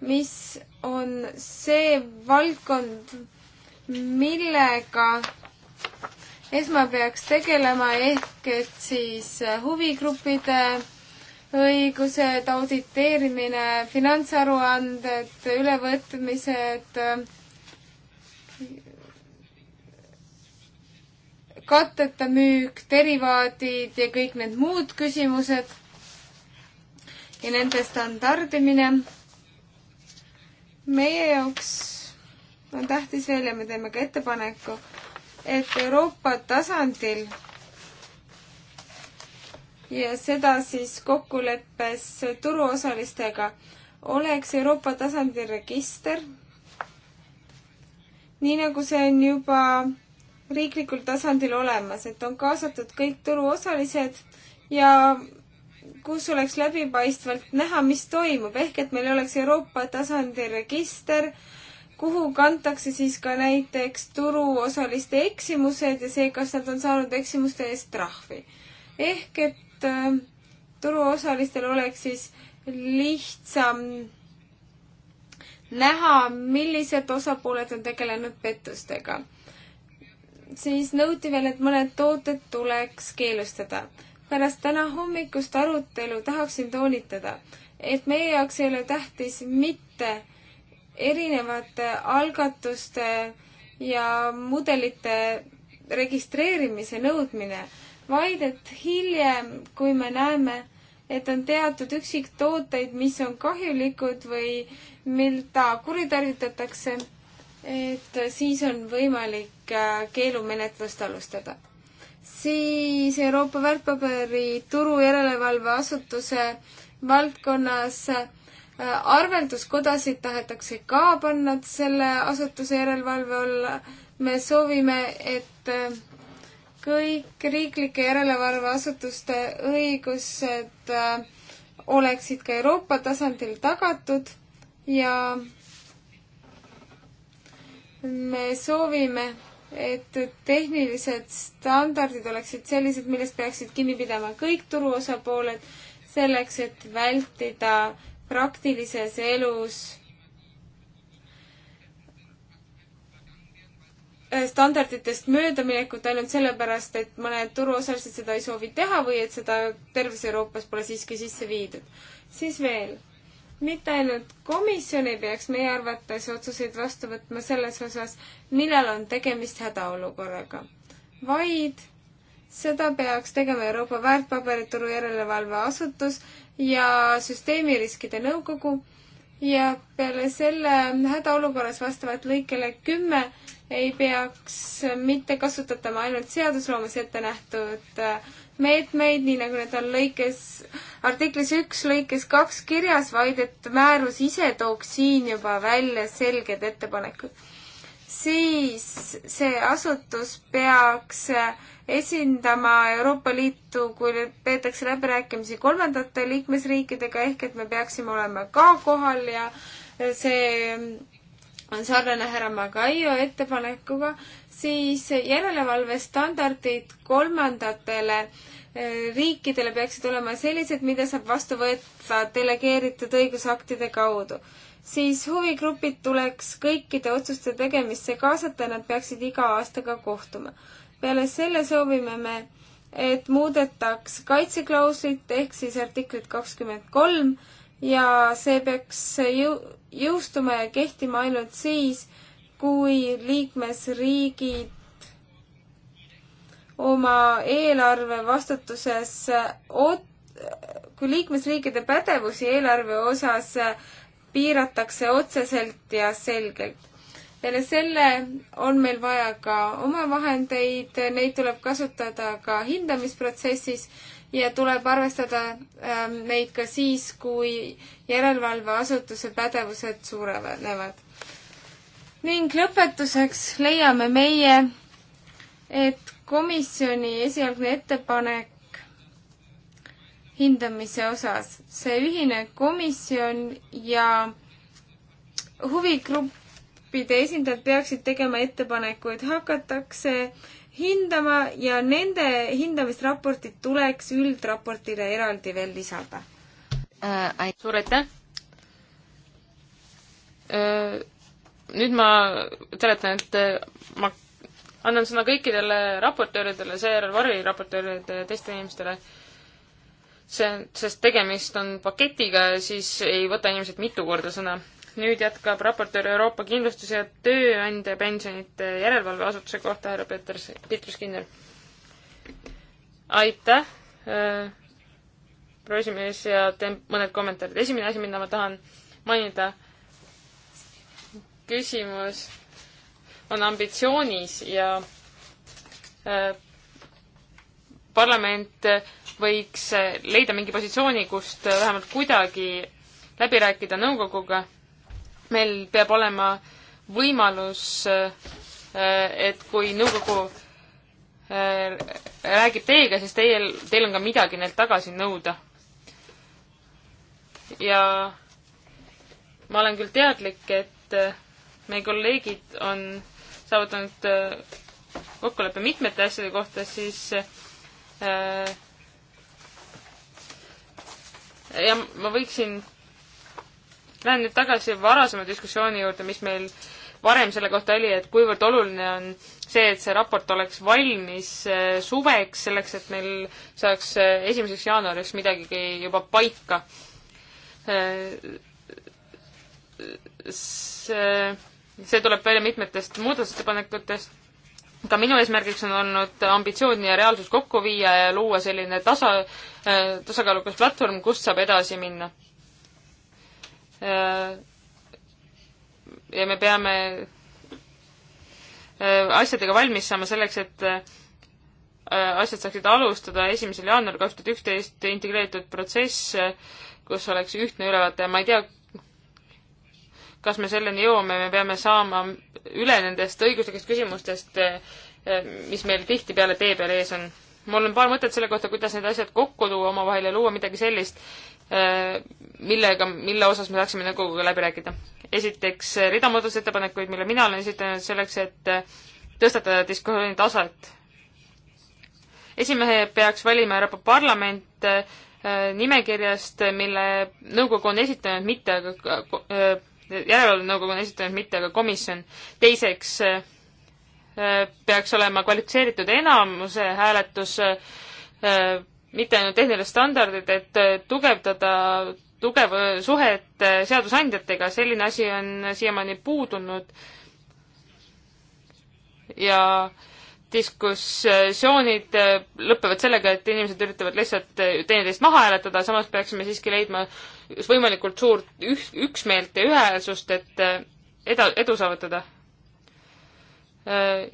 mis on see valdkond, millega esma peaks tegelema, ehk et siis huvigruppide õigused, auditeerimine, finantsaruanded, ülevõtmised äh,, katteta müük, derivaadid ja kõik need muud küsimused ja nende standardimine. meie jaoks on tähtis veel ja me teeme ka ettepaneku, et Euroopa tasandil ja seda siis kokkuleppes turuosalistega, oleks Euroopa tasandil register, nii nagu see on juba riiklikul tasandil olemas, et on kaasatud kõik turuosalised ja kus oleks läbipaistvalt näha, mis toimub, ehk et meil oleks Euroopa tasandi register, kuhu kantakse siis ka näiteks turuosaliste eksimused ja see, kas nad on saanud eksimuste eest trahvi. ehk et äh, turuosalistel oleks siis lihtsam näha, millised osapooled on tegelenud pettustega siis nõuti veel, et mõned tooted tuleks keelustada. pärast täna hommikust arutelu tahaksin toonitada, et meie jaoks ei ole tähtis mitte erinevate algatuste ja mudelite registreerimise nõudmine, vaid et hiljem, kui me näeme, et on teatud üksiktooteid, mis on kahjulikud või mida kuritarvitatakse et siis on võimalik äh, keelumenetlust alustada. siis Euroopa väärtpaberituru järelevalveasutuse valdkonnas äh, arvelduskodasid tahetakse ka panna selle asutuse järelevalve alla. me soovime, et äh, kõik riiklike järelevalveasutuste õigused oleksid ka Euroopa tasandil tagatud ja me soovime, et tehnilised standardid oleksid sellised, millest peaksid kinni pidama kõik turu osapooled, selleks et vältida praktilises elus äh, standarditest möödaminekut ainult sellepärast, et mõned turuosalised seda ei soovi teha või et seda terves Euroopas pole siiski sisse viidud. siis veel mitte ainult komisjon ei peaks meie arvates otsuseid vastu võtma selles osas, millal on tegemist hädaolukorraga, vaid seda peaks tegema Euroopa väärtpaberituru järelevalveasutus ja süsteemiriskide nõukogu ja peale selle hädaolukorras vastavalt lõikele kümme ei peaks mitte kasutatama ainult seadusloomes ette nähtud äh, meetmeid, nii nagu need on lõikes, artiklis üks lõikes kaks kirjas, vaid et määrus ise tooks siin juba välja selged ettepanekud. siis see asutus peaks esindama Euroopa Liitu, kui peetakse läbirääkimisi kolmandate liikmesriikidega, ehk et me peaksime olema ka kohal ja see on sarnane härra Magaio ettepanekuga siis järelevalvestandardid kolmandatele eh, riikidele peaksid olema sellised, mida saab vastu võtta delegeeritud õigusaktide kaudu. siis huvigrupid tuleks kõikide otsuste tegemisse kaasata ja nad peaksid iga aastaga kohtuma. peale selle soovime me, et muudetaks kaitseklauslit ehk siis artiklit kakskümmend kolm ja see peaks jõu-, jõustuma ja kehtima ainult siis, kui liikmesriigid oma eelarve vastutuses ot-, kui liikmesriikide pädevusi eelarve osas piiratakse otseselt ja selgelt. peale selle on meil vaja ka omavahendeid, neid tuleb kasutada ka hindamisprotsessis ja tuleb arvestada ähm, neid ka siis, kui järelevalveasutuse pädevused suurenevad ning lõpetuseks leiame meie, et komisjoni esialgne ettepanek hindamise osas, see ühine komisjon ja huvigruppide esindajad peaksid tegema ettepanekuid, hakatakse hindama ja nende hindamisraportid tuleks üldraportile eraldi veel lisada uh,. suur aitäh uh,! nüüd ma seletan, et eh, ma annan sõna kõikidele raportööridele, seejärel variraportööridele eh, ja teistele inimestele. see, sest tegemist on paketiga, siis ei võta inimesed mitu korda sõna. nüüd jätkab raportöör Euroopa Kindlustus- ja Tööandjapensionite Järelevalveasutuse kohta härra Peters, Petrus Kinder. aitäh, eh, proua esimees ja teen mõned kommentaarid. esimene asi, mida ma tahan mainida küsimus on ambitsioonis ja äh, parlament võiks leida mingi positsiooni, kust vähemalt kuidagi läbi rääkida nõukoguga. meil peab olema võimalus, äh, et kui nõukogu äh, räägib teiega, siis teil, teil on ka midagi neilt tagasi nõuda. ja ma olen küll teadlik, et meie kolleegid on saavutanud äh, kokkuleppe mitmete asjade kohta, siis äh, ja ma võiksin, lähen nüüd tagasi varasema diskussiooni juurde, mis meil varem selle kohta oli, et kuivõrd oluline on see, et see raport oleks valmis äh, suveks, selleks et meil saaks äh, esimeseks jaanuariks midagigi juba paika äh,. see äh, see tuleb välja mitmetest muudatusettepanekutest. ka minu eesmärgiks on olnud ambitsiooni ja reaalsus kokku viia ja luua selline tasa, tasakaalukas platvorm, kust saab edasi minna. ja me peame äh, asjadega valmis saama selleks, et äh, asjad saaksid alustada esimesel jaanuaril kaks tuhat üksteist integreeritud protsess, äh, kus oleks ühtne ülevaate ja ma ei tea, kas me selleni jõuame, me peame saama üle nendest õiguslikest küsimustest, eh, mis meil tihtipeale tee peal ees on. mul on paar mõtet selle kohta, kuidas need asjad kokku tuua omavahel ja luua midagi sellist, eh, millega, mille osas me saaksime nõukoguga läbi rääkida. esiteks eh, rida muudatusettepanekuid, mille mina olen esitanud selleks, et tõstatada diskussiooni taset. esimehe peaks valima Euroopa Parlament nimekirjast, mille nõukogu on esitanud, mitte järelevalvenõukogu on esitanud, mitte aga komisjon. teiseks äh, peaks olema kvalifitseeritud enamuse hääletus, äh, mitte ainult tehnilised standardid, et äh, tugevdada tugev suhet seadusandjatega, selline asi on siiamaani puudunud ja diskussioonid lõpevad sellega, et inimesed üritavad lihtsalt teineteist maha hääletada, samas peaksime siiski leidma võimalikult suurt üh-, üksmeelt ja ühehäälsust, et eh, eda-, edu saavutada. Eh,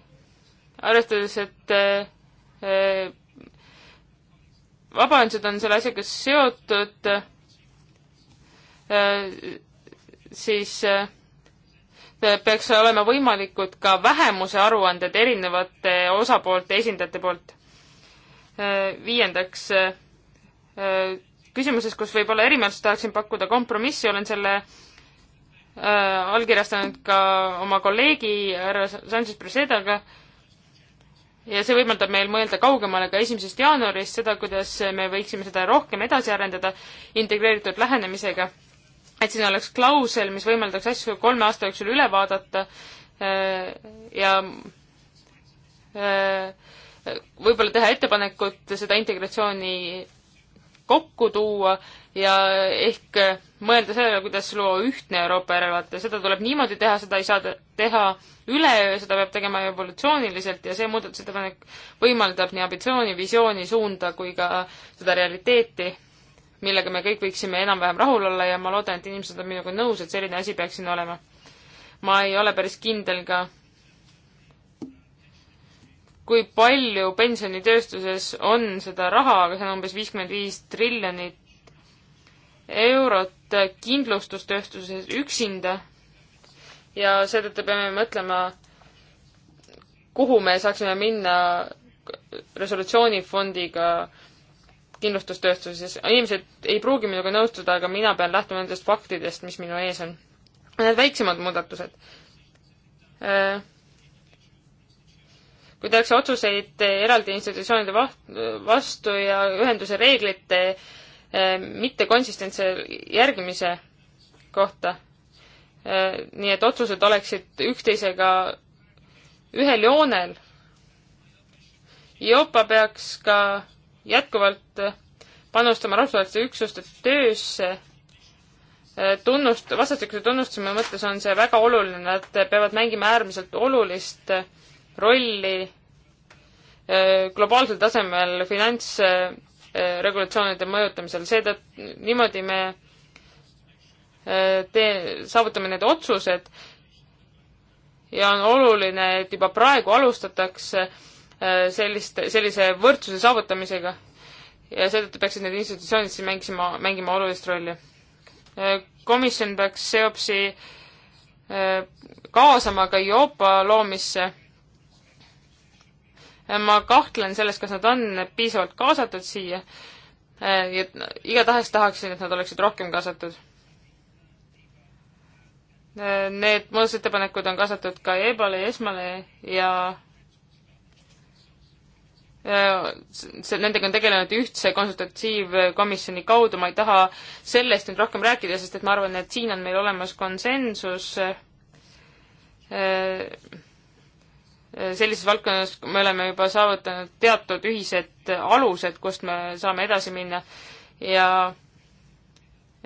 arvestades, et eh, vabaühendused on selle asjaga seotud, siis peaks olema võimalikud ka vähemuse aruanded erinevate osapoolte esindajate poolt. viiendaks küsimuses, kus võib-olla erimeelsus tahaksin pakkuda kompromissi, olen selle äh, allkirjastanud ka oma kolleegi härra Sanchez Presedaga ja see võimaldab meil mõelda kaugemale ka esimesest jaanuarist seda, kuidas me võiksime seda rohkem edasi arendada integreeritud lähenemisega. et siin oleks klausel, mis võimaldaks asju kolme aasta jooksul üle vaadata äh, ja äh, võib-olla teha ettepanekut seda integratsiooni kokku tuua ja ehk mõelda sellele, kuidas luua ühtne Euroopa järelevaate, seda tuleb niimoodi teha, seda ei saa teha üleöö, seda peab tegema evolutsiooniliselt ja see muudatusettepanek võimaldab nii ambitsiooni, visiooni, suunda kui ka seda realiteeti, millega me kõik võiksime enam-vähem rahul olla ja ma loodan, et inimesed on minuga nõus, et selline asi peaks siin olema. ma ei ole päris kindel ka kui palju pensionitööstuses on seda raha, aga see on umbes viiskümmend viis triljonit eurot kindlustustööstuses üksinda ja seetõttu peame mõtlema, kuhu me saaksime minna resolutsioonifondiga kindlustustööstuses. inimesed ei pruugi minuga nõustuda, aga mina pean lähtuma nendest faktidest, mis minu ees on. Need väiksemad muudatused äh, kui tehakse otsuseid eraldi institutsioonide vastu ja ühenduse reeglite eh, mittekonsistentse järgimise kohta. Eh, nii et otsused oleksid üksteisega ühel joonel. Euroopa peaks ka jätkuvalt panustama rahvusvaheliste üksuste töösse eh, tunnust, vastastikuse tunnustamise mõttes on see väga oluline, nad peavad mängima äärmiselt olulist rolli äh, globaalsel tasemel finantsregulatsioonide mõjutamisel, seetõttu niimoodi me äh, tee-, saavutame need otsused ja on oluline, et juba praegu alustatakse äh, sellist, sellise võrdsuse saavutamisega ja seetõttu peaksid need institutsioonid siin mängisima, mängima olulist rolli. komisjon peaks seopsi kaasama ka Euroopa loomisse ma kahtlen selles, kas nad on piisavalt kaasatud siia. Äh, igatahes tahaksin, et nad oleksid rohkem kaasatud. Äh, need muudatusettepanekud on kaasatud ka Ebale ja Esmale ja äh, see, nendega on tegelenud ühtse konsultatiivkomisjoni kaudu, ma ei taha sellest nüüd rohkem rääkida, sest et ma arvan, et siin on meil olemas konsensus äh, sellises valdkonnas me oleme juba saavutanud teatud ühised alused, kust me saame edasi minna ja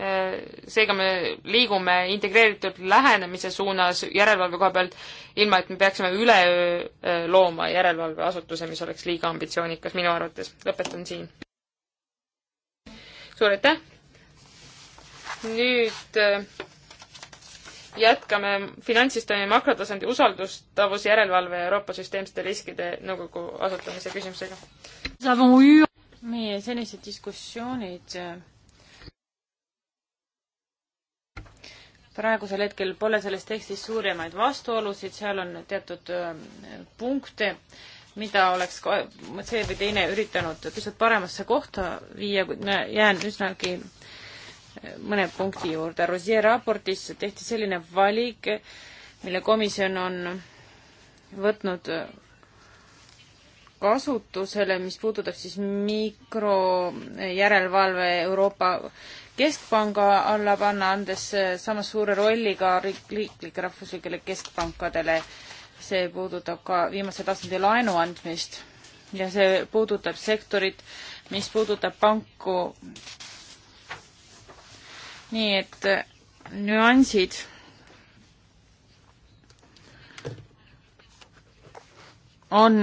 äh, seega me liigume integreeritud lähenemise suunas järelevalve koha pealt, ilma et me peaksime üleöö äh, looma järelevalveasutuse, mis oleks liiga ambitsioonikas minu arvates. lõpetan siin. suur aitäh! nüüd äh, jätkame finantssüsteemi makrotasandi usaldustavuse järelevalve Euroopa süsteemsete riskide nõukogu asutamise küsimusega. meie senised diskussioonid praegusel hetkel pole selles tekstis suuremaid vastuolusid, seal on teatud ähm, punkte, mida oleks see või teine üritanud pisut paremasse kohta viia, kuid jään üsnagi äh, mõne punkti juurde. Rosier raportis tehti selline valik, mille komisjon on võtnud kasutusele, mis puudutab siis mikrojärelevalve Euroopa Keskpanga alla panna, andes samas suure rolli ka riiklikele rahvuslikele keskpankadele. see puudutab ka viimase tasandi laenu andmist ja see puudutab sektorit, mis puudutab panku nii et äh, nüansid. on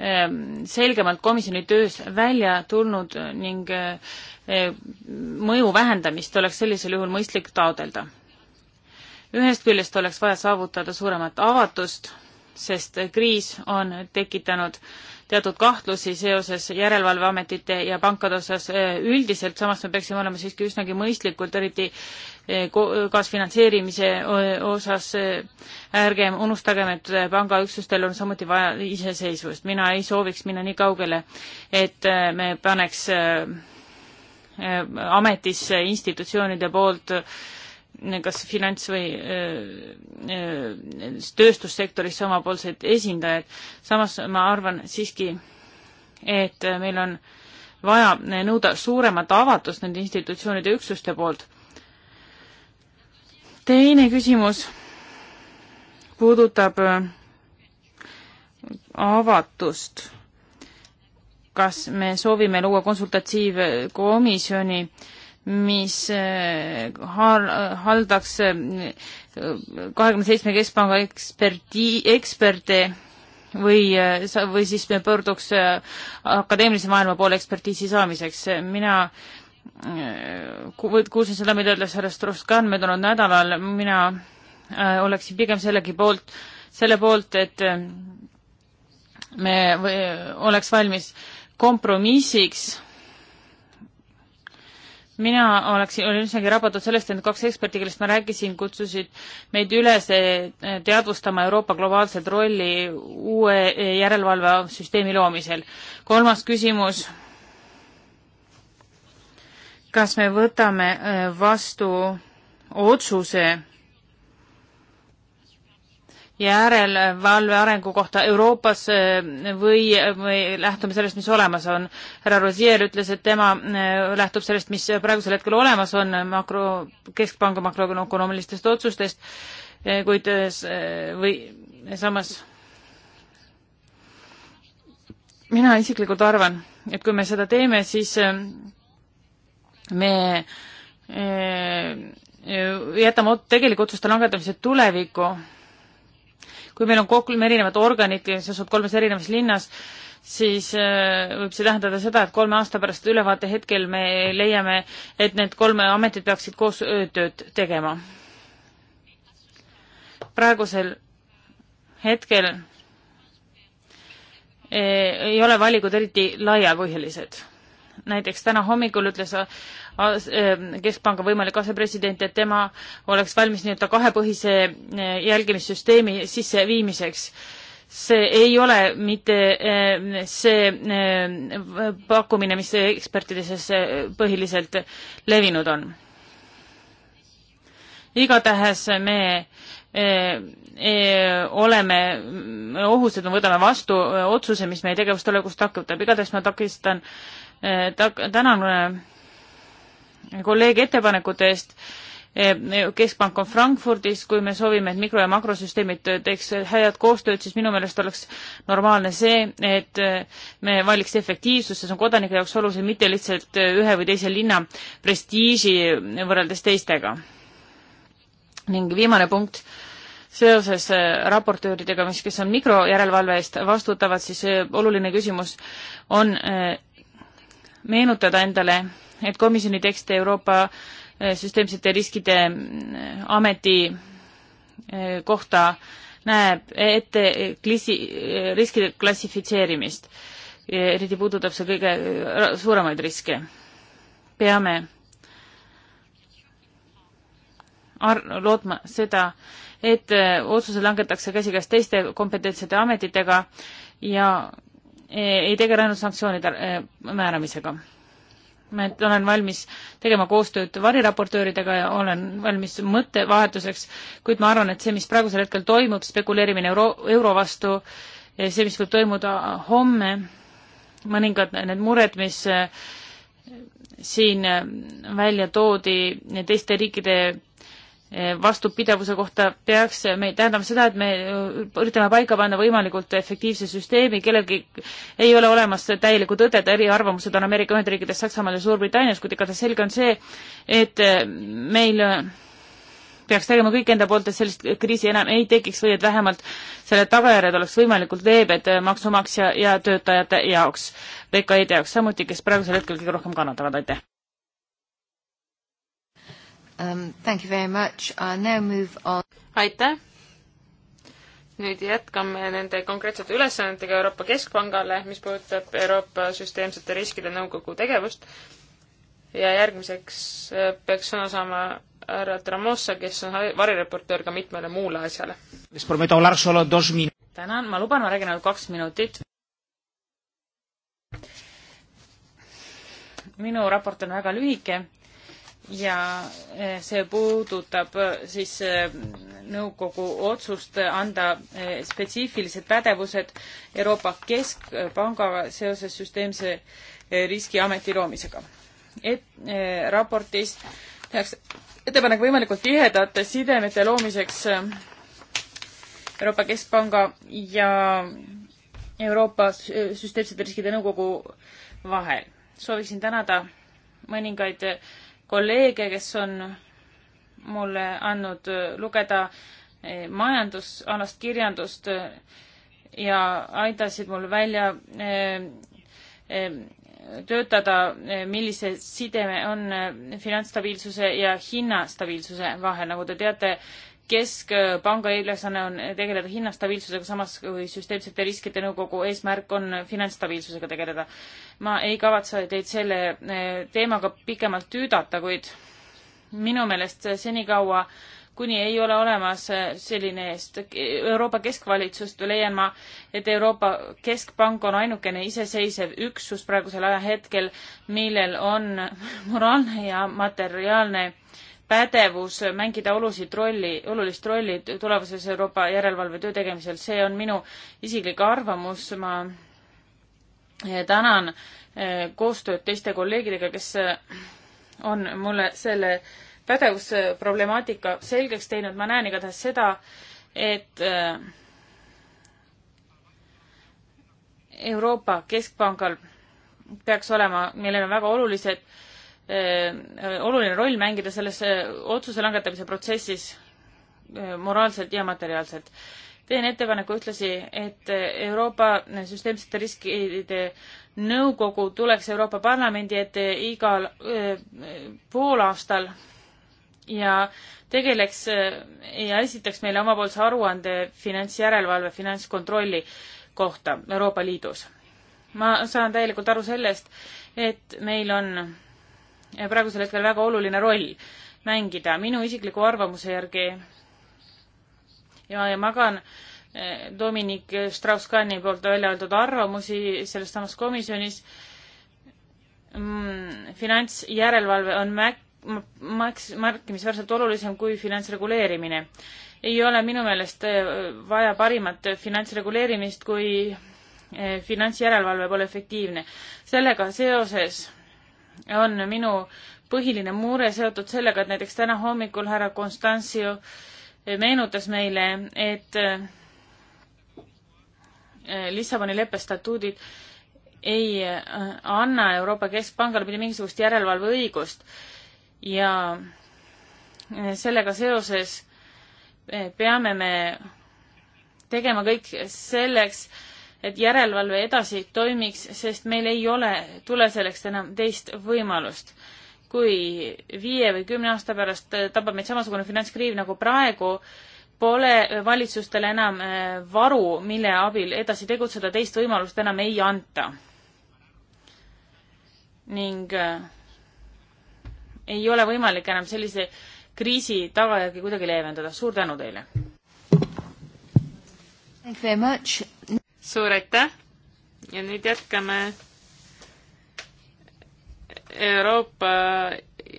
ähm, selgemalt komisjoni töös välja tulnud ning äh, äh, mõju vähendamist oleks sellisel juhul mõistlik taodelda. ühest küljest oleks vaja saavutada suuremat avatust, sest kriis on tekitanud teatud kahtlusi seoses järelevalveametite ja pankade osas e, üldiselt, samas me peaksime olema siiski üsnagi mõistlikud, eriti e, kaasfinantseerimise osas e, ärgem unustagem, et pangaüksustel on samuti vaja iseseisvust. mina ei sooviks minna nii kaugele, et me paneks ametisse institutsioonide poolt äh, kas finants või tööstussektorisse omapoolseid esindajaid. samas ma arvan siiski, et meil on vaja nõuda suuremat avatust nende institutsioonide üksuste poolt. teine küsimus puudutab avatust. kas me soovime luua konsultatiivkomisjoni äh, mis eh, haldaks eh, kahekümne seitsme keskpanga eksperdi, eksperte või, eh, või siis me pöörduks akadeemilise maailma poole ekspertiisi saamiseks. mina kuulsin seda, mida ütles härra Strauss-Kahn möödunud nädalal, mina oleksin pigem sellegi poolt, selle poolt, et me või, oleks valmis kompromissiks mina oleksin, olin üsnagi rabatud sellest, et need kaks eksperti, kellest ma rääkisin, kutsusid meid üles eh, teadvustama Euroopa globaalset rolli uue eh, järelevalvesüsteemi loomisel. kolmas küsimus. kas me võtame eh, vastu otsuse järelevalve arengu kohta Euroopas eh, või, või lähtume sellest, mis olemas on. härra Rosier ütles, et tema eh, lähtub sellest, mis praegusel hetkel olemas on makro, keskpanga makroökonoomilistest otsustest, eh, kuid või samas mina isiklikult arvan, et kui me seda teeme, siis me jätame tegelikult otsuste langetamise tulevikku kui meil on kolm erinevat organit, kes asuvad kolmes erinevas linnas, siis äh, võib see tähendada seda, et kolme aasta pärast ülevaate hetkel me leiame, et need kolme ametit peaksid koos tööd tegema. praegusel hetkel äh, ei ole valikud eriti laiapõhjalised. näiteks täna hommikul ütles Ähm, keskpanga võimalik asepresident, et tema oleks valmis nii-öelda kahepõhise äh, jälgimissüsteemi sisseviimiseks. see ei ole mitte ähm, see ähm, pakkumine, mis ekspertides äh, põhiliselt levinud on. igatahes me äh, oleme ohus, et me võtame vastu otsuse, mis meie tegevust tulevikus takistab, igatahes ma takistan tak,, tänan kolleegi ettepanekute eest. Eh, keskpank on Frankfurdis, kui me soovime, et mikro- ja makrosüsteemid teeks head koostööd, siis minu meelest oleks normaalne see, et eh, me valiks efektiivsust, see on kodanike jaoks oluline, mitte lihtsalt eh, ühe või teise linna prestiiži võrreldes teistega. ning viimane punkt seoses raportööridega, mis, kes on mikrojärelevalve eest vastutavad, siis oluline küsimus on meenutada endale, et komisjoni tekste Euroopa eh, süsteemsete riskide eh, ameti eh, kohta näeb ette klassi, riskide klassifitseerimist. eriti puudutab see kõige suuremaid riske. peame ar-, lootma seda, et otsuse langetakse käsikäes teiste kompetentsete ametitega ja ei tegele ainult sanktsioonide määramisega ma olen valmis tegema koostööd variraportööridega ja olen valmis mõttevahetuseks, kuid ma arvan, et see, mis praegusel hetkel toimub, spekuleerimine euro, euro vastu, see, mis võib toimuda homme, mõningad need mured, mis äh, siin äh, välja toodi teiste riikide vastupidavuse kohta peaks, me tähendame seda, et me üritame paika panna võimalikult efektiivse süsteemi, kellelgi ei ole olemas täielikku tõde, et eriarvamused on Ameerika Ühendriikides, Saksamaal ja Suurbritannias, kuid igatahes selge on see, et meil peaks tegema kõik enda poolt, et sellist kriisi enam ei tekiks või et vähemalt selle tagajärjed oleks võimalikult leebed maksumaksja ja töötajate jaoks, VKI-de jaoks samuti, kes praegusel hetkel kõige rohkem kannatavad, aitäh! um,. Thank you very much uh,. Now move on. aitäh. nüüd jätkame nende konkreetsete ülesannetega Euroopa Keskpangale, mis puudutab Euroopa Süsteemsete Riskide Nõukogu tegevust. ja järgmiseks äh, peaks sõna saama härra Tramossa, kes on varireportöör ka mitmele muule asjale. tänan, ma luban, ma räägin ainult kaks minutit. minu raport on väga lühike ja eh, see puudutab eh, siis eh, nõukogu otsust anda spetsiifilised pädevused Euroopa Keskpangaga seoses süsteemse riskiameti loomisega. et raportis tehakse ettepanek võimalikult tihedate sidemete loomiseks Euroopa Keskpanga ja Euroopa süsteemsete riskide nõukogu vahel. sooviksin tänada mõningaid kolleege, kes on mulle andnud lugeda eh, majandusalast kirjandust eh, ja aitasid mul välja eh, töötada, millise sideme on finantsstabiilsuse ja hinnastabiilsuse vahel. nagu te teate, keskpanga ülesanne on tegeleda hinnastabiilsusega, samas kui süsteemsete riskide nõukogu eesmärk on finantsstabiilsusega tegeleda. ma ei kavatse teid selle eh, teemaga pikemalt tüüdata, kuid minu meelest senikaua, kuni ei ole olemas eh, selline eh, Euroopa keskvalitsust, leian ma, et Euroopa Keskpank on ainukene iseseisev üksus praegusel ajahetkel, millel on [LAUGHS] moraalne ja materiaalne pädevus mängida olusid rolli, olulist rolli tulevases Euroopa järelevalvetöö tegemisel, see on minu isiklik arvamus, ma eh, tänan eh, koostööd teiste kolleegidega, kes eh, on mulle selle pädevusproblemaatika selgeks teinud, ma näen igatahes seda, et Euroopa Keskpangal peaks olema, millel on väga olulised Äh, oluline roll mängida selles äh, otsuse langetamise protsessis äh, moraalselt ja materiaalselt. teen ettepaneku ühtlasi, et Euroopa süsteemsete riskide nõukogu tuleks Euroopa Parlamendi ette igal poolaastal ja tegeleks ja esitaks meile omapoolse aruande finantsjärelevalve, finantskontrolli kohta Euroopa Liidus. ma saan täielikult aru sellest, et meil on praegusel hetkel väga oluline roll mängida. minu isikliku arvamuse järgi ja, ja magan eh, Dominik Strauss-Kahni poolt välja öeldud arvamusi selles samas komisjonis mm,. finantsjärelevalve on mäk-, maks-, märkimisväärselt olulisem kui finantsreguleerimine. ei ole minu meelest eh, vaja parimat finantsreguleerimist, kui eh, finantsjärelevalve pole efektiivne. sellega seoses on minu põhiline mure seotud sellega, et näiteks täna hommikul härra Konstantio meenutas meile, et äh, Lissaboni leppe statuudid ei äh, anna Euroopa Keskpangale mitte mingisugust järelevalveõigust ja äh, sellega seoses peame me tegema kõik selleks, et järelevalve edasi toimiks, sest meil ei ole, tule selleks enam teist võimalust. kui viie või kümne aasta pärast tabab meid samasugune finantskriiv nagu praegu, pole valitsustel enam äh, varu, mille abil edasi tegutseda, teist võimalust enam ei anta. ning äh, ei ole võimalik enam sellise kriisi tagajärgi kuidagi leevendada. suur tänu teile! suur aitäh ja nüüd jätkame Euroopa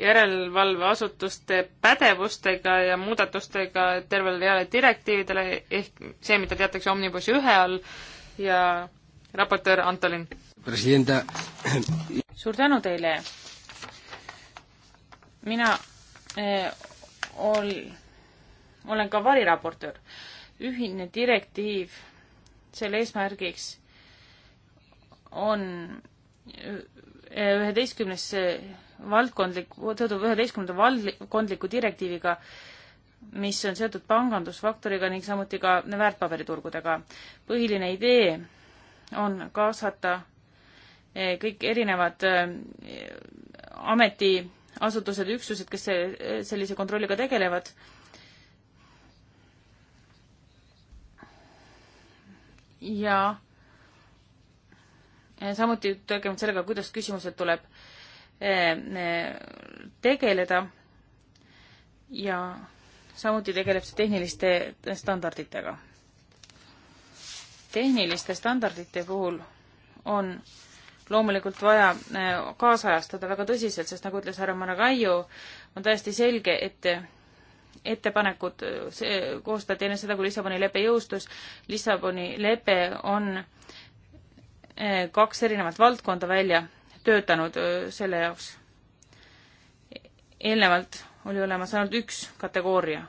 järelevalveasutuste pädevustega ja muudatustega tervele reale direktiividele ehk see, mida teatakse Omnibus ühe all ja raportöör Antolin. presidenta. suur tänu teile. mina eh, ol, olen ka variraportöör. ühine direktiiv selle eesmärgiks on üheteistkümnes valdkondlik, tõdub üheteistkümnenda valdkondliku direktiiviga, mis on seotud pangandusfaktoriga ning samuti ka väärtpaberiturgudega. põhiline idee on kaasata eh, kõik erinevad eh, ametiasutused, üksused, kes eh, sellise kontrolliga tegelevad ja eh, samuti tegema sellega, kuidas küsimused tuleb eh, eh, tegeleda ja samuti tegeleb see tehniliste standarditega. tehniliste standardite puhul on loomulikult vaja kaasajastada väga tõsiselt, sest nagu ütles härra Maragaio, on täiesti selge, et ettepanekud, see koostati enne seda, kui Lissaboni lepe jõustus. Lissaboni lepe on eh, kaks erinevat valdkonda välja töötanud eh, selle jaoks. eelnevalt oli olemas ainult üks kategooria.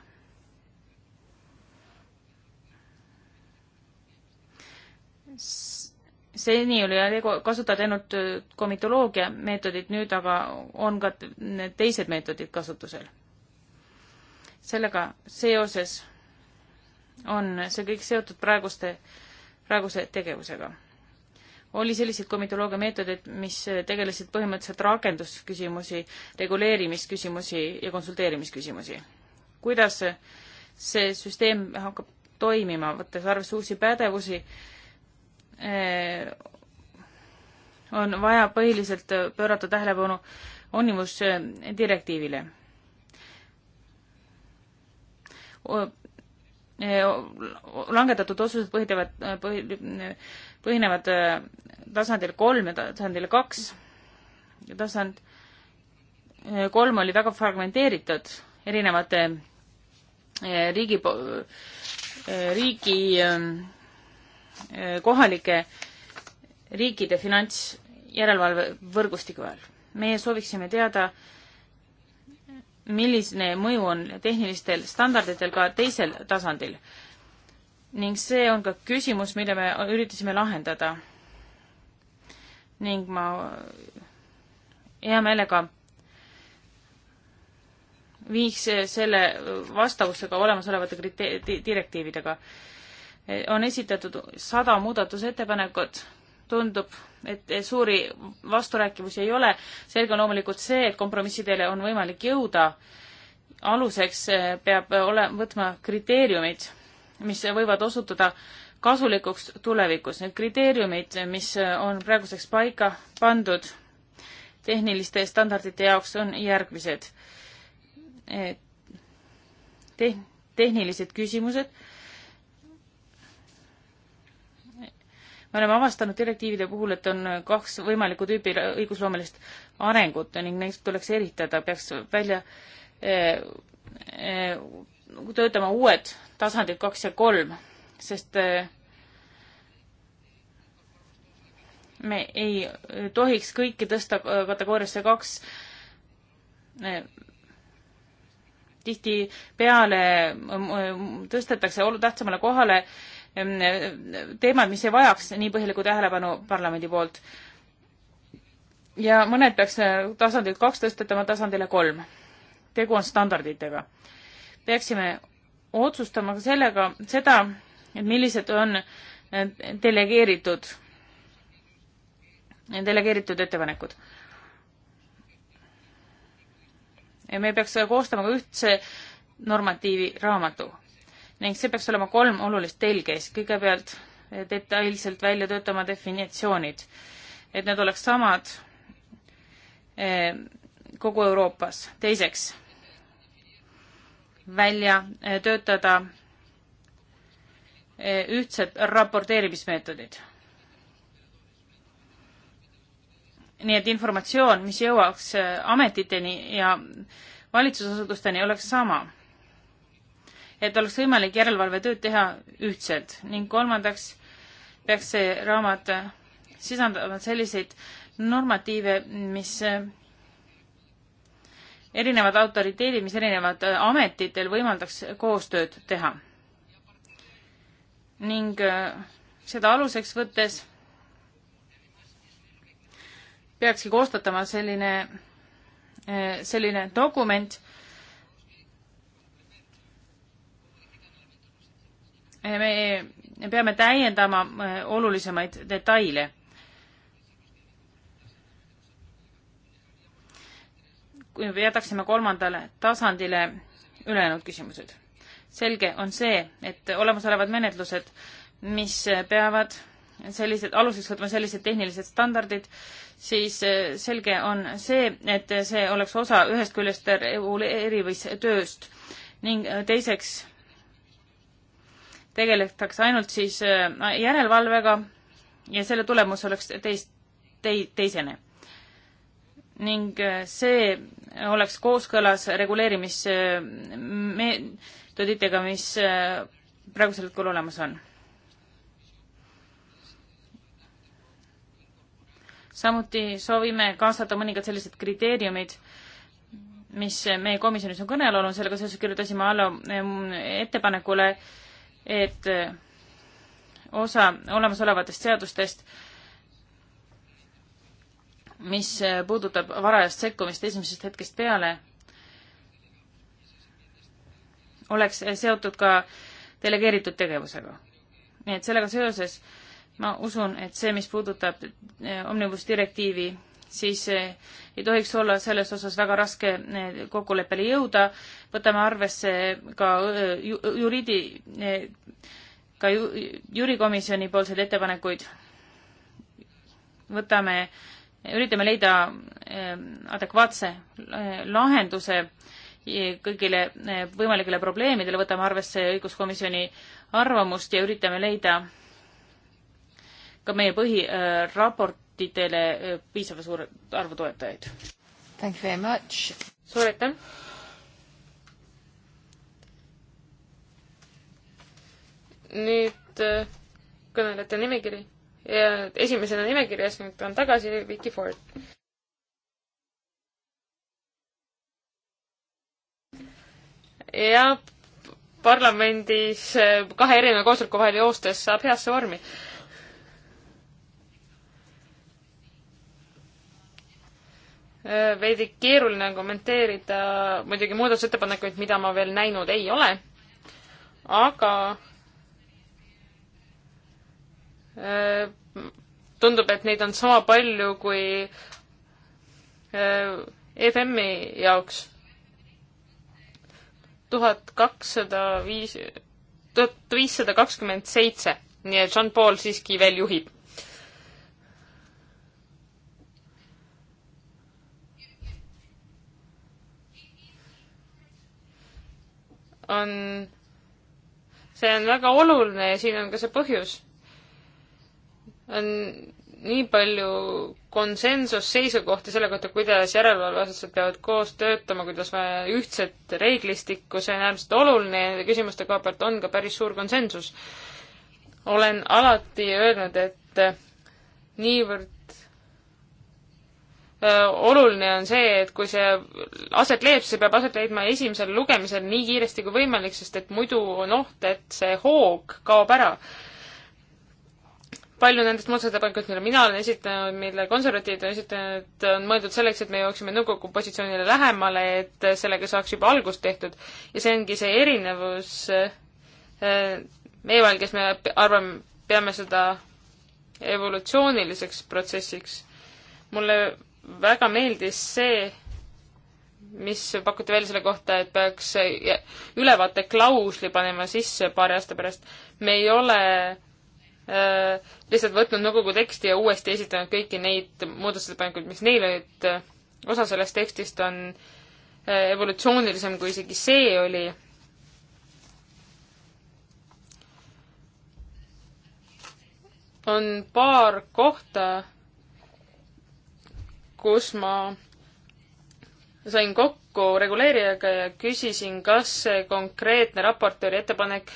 seni oli kasutada ainult eh, komitoloogia meetodit, nüüd aga on ka teised meetodid kasutusel sellega seoses on see kõik seotud praeguste, praeguse tegevusega. oli selliseid komitoloogia meetodeid, mis tegelesid põhimõtteliselt rakendusküsimusi, reguleerimisküsimusi ja konsulteerimisküsimusi. kuidas see süsteem hakkab toimima, võttes arvesse uusi pädevusi, eh, on vaja põhiliselt pöörata tähelepanu onnimusdirektiivile langetatud otsused põhjavad, põhinevad äh, tasandil kolm ja tasandil kaks. tasand äh, kolm oli väga fragmenteeritud erinevate äh, riigi, riigi kohalike riikide finantsjärelevalve võrgustiku ajal. meie sooviksime teada äh, milline mõju on tehnilistel standarditel ka teisel tasandil. ning see on ka küsimus, mille me üritasime lahendada. ning ma hea meelega viiks selle vastavusse ka olemasolevate krite-, direktiividega. on esitatud sada muudatusettepanekut tundub, et suuri vasturääkivusi ei ole. selge on loomulikult see, et kompromissidele on võimalik jõuda. aluseks eh, peab eh, ole-, võtma kriteeriumid, mis võivad osutuda kasulikuks tulevikus. Need kriteeriumid, mis eh, on praeguseks paika pandud tehniliste standardite jaoks, on järgmised. Tehn-, tehnilised küsimused me oleme avastanud direktiivide puhul, et on kaks võimalikku tüüpi õigusloomelist arengut ning neid tuleks eritada, peaks välja eh, eh, töötama uued tasandid kaks ja kolm, sest eh, me ei tohiks kõiki tõsta kategooriasse kaks. tihtipeale tõstetakse tähtsamale kohale äh, teemad, mis ei vajaks nii põhjalikku tähelepanu parlamendi poolt. ja mõned peaks äh, tasandilt kaks tõstetama tasandile kolm. tegu on standarditega. peaksime otsustama ka sellega, seda, et millised on äh, delegeeritud, delegeeritud ettepanekud. ja me peaks koostama ka ühtse normatiivi raamatu ning see peaks olema kolm olulist telgeis. kõigepealt eh, detailselt välja töötama definitsioonid, et need oleks samad eh, kogu Euroopas. teiseks, välja eh, töötada ühtsed raporteerimismeetodid nii et informatsioon, mis jõuaks ametiteni ja valitsusasutusteni, oleks sama et oleks võimalik järelevalvetööd teha ühtselt ning kolmandaks peaks see raamat sisaldama selliseid normatiive, mis eh, erinevad autoriteedid, mis erinevad eh, ametitel võimaldaks koostööd teha. ning eh, seda aluseks võttes peakski koostatama selline, selline dokument, me peame täiendama äh, olulisemaid detaile. kui me jätaksime kolmandale tasandile ülejäänud küsimused. selge on see, et olemasolevad menetlused, mis peavad sellised, aluseks võtma sellised tehnilised standardid, siis äh, selge on see, et see oleks osa ühest küljest reguleerimistööst ning äh, teiseks tegeletakse ainult siis äh, järelevalvega ja selle tulemus oleks teist, tei-, teisene. ning äh, see oleks kooskõlas reguleerimismeetoditega, mis äh, praegusel hetkel olemas on. samuti soovime kaasata mõningad sellised kriteeriumid, mis meie komisjonis on kõne all olnud, sellega seoses kirjutasime alla ähm, ettepanekule äh, et eh, osa olemasolevatest seadustest, mis eh, puudutab varajast sekkumist esimesest hetkest peale, oleks eh, seotud ka delegeeritud tegevusega. nii et sellega seoses ma usun, et see, mis puudutab omnibus direktiivi siis eh, ei tohiks olla selles osas väga raske eh, kokkuleppele jõuda. võtame arvesse ka eh, juriidi, ka juurikomisjoni poolseid ettepanekuid. võtame, üritame leida adekvaatse lahenduse kõigile võimalikele probleemidele, võtame arvesse õiguskomisjoni arvamust ja üritame leida ka meie põhiraport, raportitele eh, piisava suure arvu toetajaid. suur aitäh! nüüd eh, kõnelejate nimekiri ja esimesena nimekirjas nüüd on tagasi Vicky Ford. ja parlamendis eh, kahe erineva koosoleku vahel joostes saab heasse vormi Äh, veidi keeruline on kommenteerida muidugi muudatusettepanekuid, mida ma veel näinud ei ole, aga äh, tundub, et neid on sama palju kui äh, FM-i jaoks. tuhat kakssada viis, tuhat viissada kakskümmend seitse, nii et Jean-Paul siiski veel juhib on, see on väga oluline ja siin on ka see põhjus. on nii palju konsensusseisukohti selle kohta, kuidas järelevalveasutused peavad koos töötama, kuidas vaja ühtset reeglistikku, see on äärmiselt oluline ja nende küsimuste koha pealt on ka päris suur konsensus. olen alati öelnud, et niivõrd oluline on see, et kui see aset leiab, siis see peab aset leidma esimesel lugemisel nii kiiresti kui võimalik, sest et muidu on oht, et see hoog kaob ära. palju nendest muudatusettepanekutest, mille mina olen esitanud, mille konservatiivid on esitanud, on mõeldud selleks, et me jõuaksime nõukogu positsioonile lähemale, et sellega saaks juba algust tehtud. ja see ongi see erinevus meie vahel, kes me arvame, peame seda evolutsiooniliseks protsessiks. mulle väga meeldis see, mis pakuti välja selle kohta, et peaks ülevaate klausli panema sisse paari aasta pärast. me ei ole äh, lihtsalt võtnud nõukogu teksti ja uuesti esitanud kõiki neid muudatusettepanekuid, mis neil olid. osa sellest tekstist on äh, evolutsioonilisem, kui isegi see oli. on paar kohta kus ma sain kokku reguleerijaga ja küsisin, kas see konkreetne raportööri ettepanek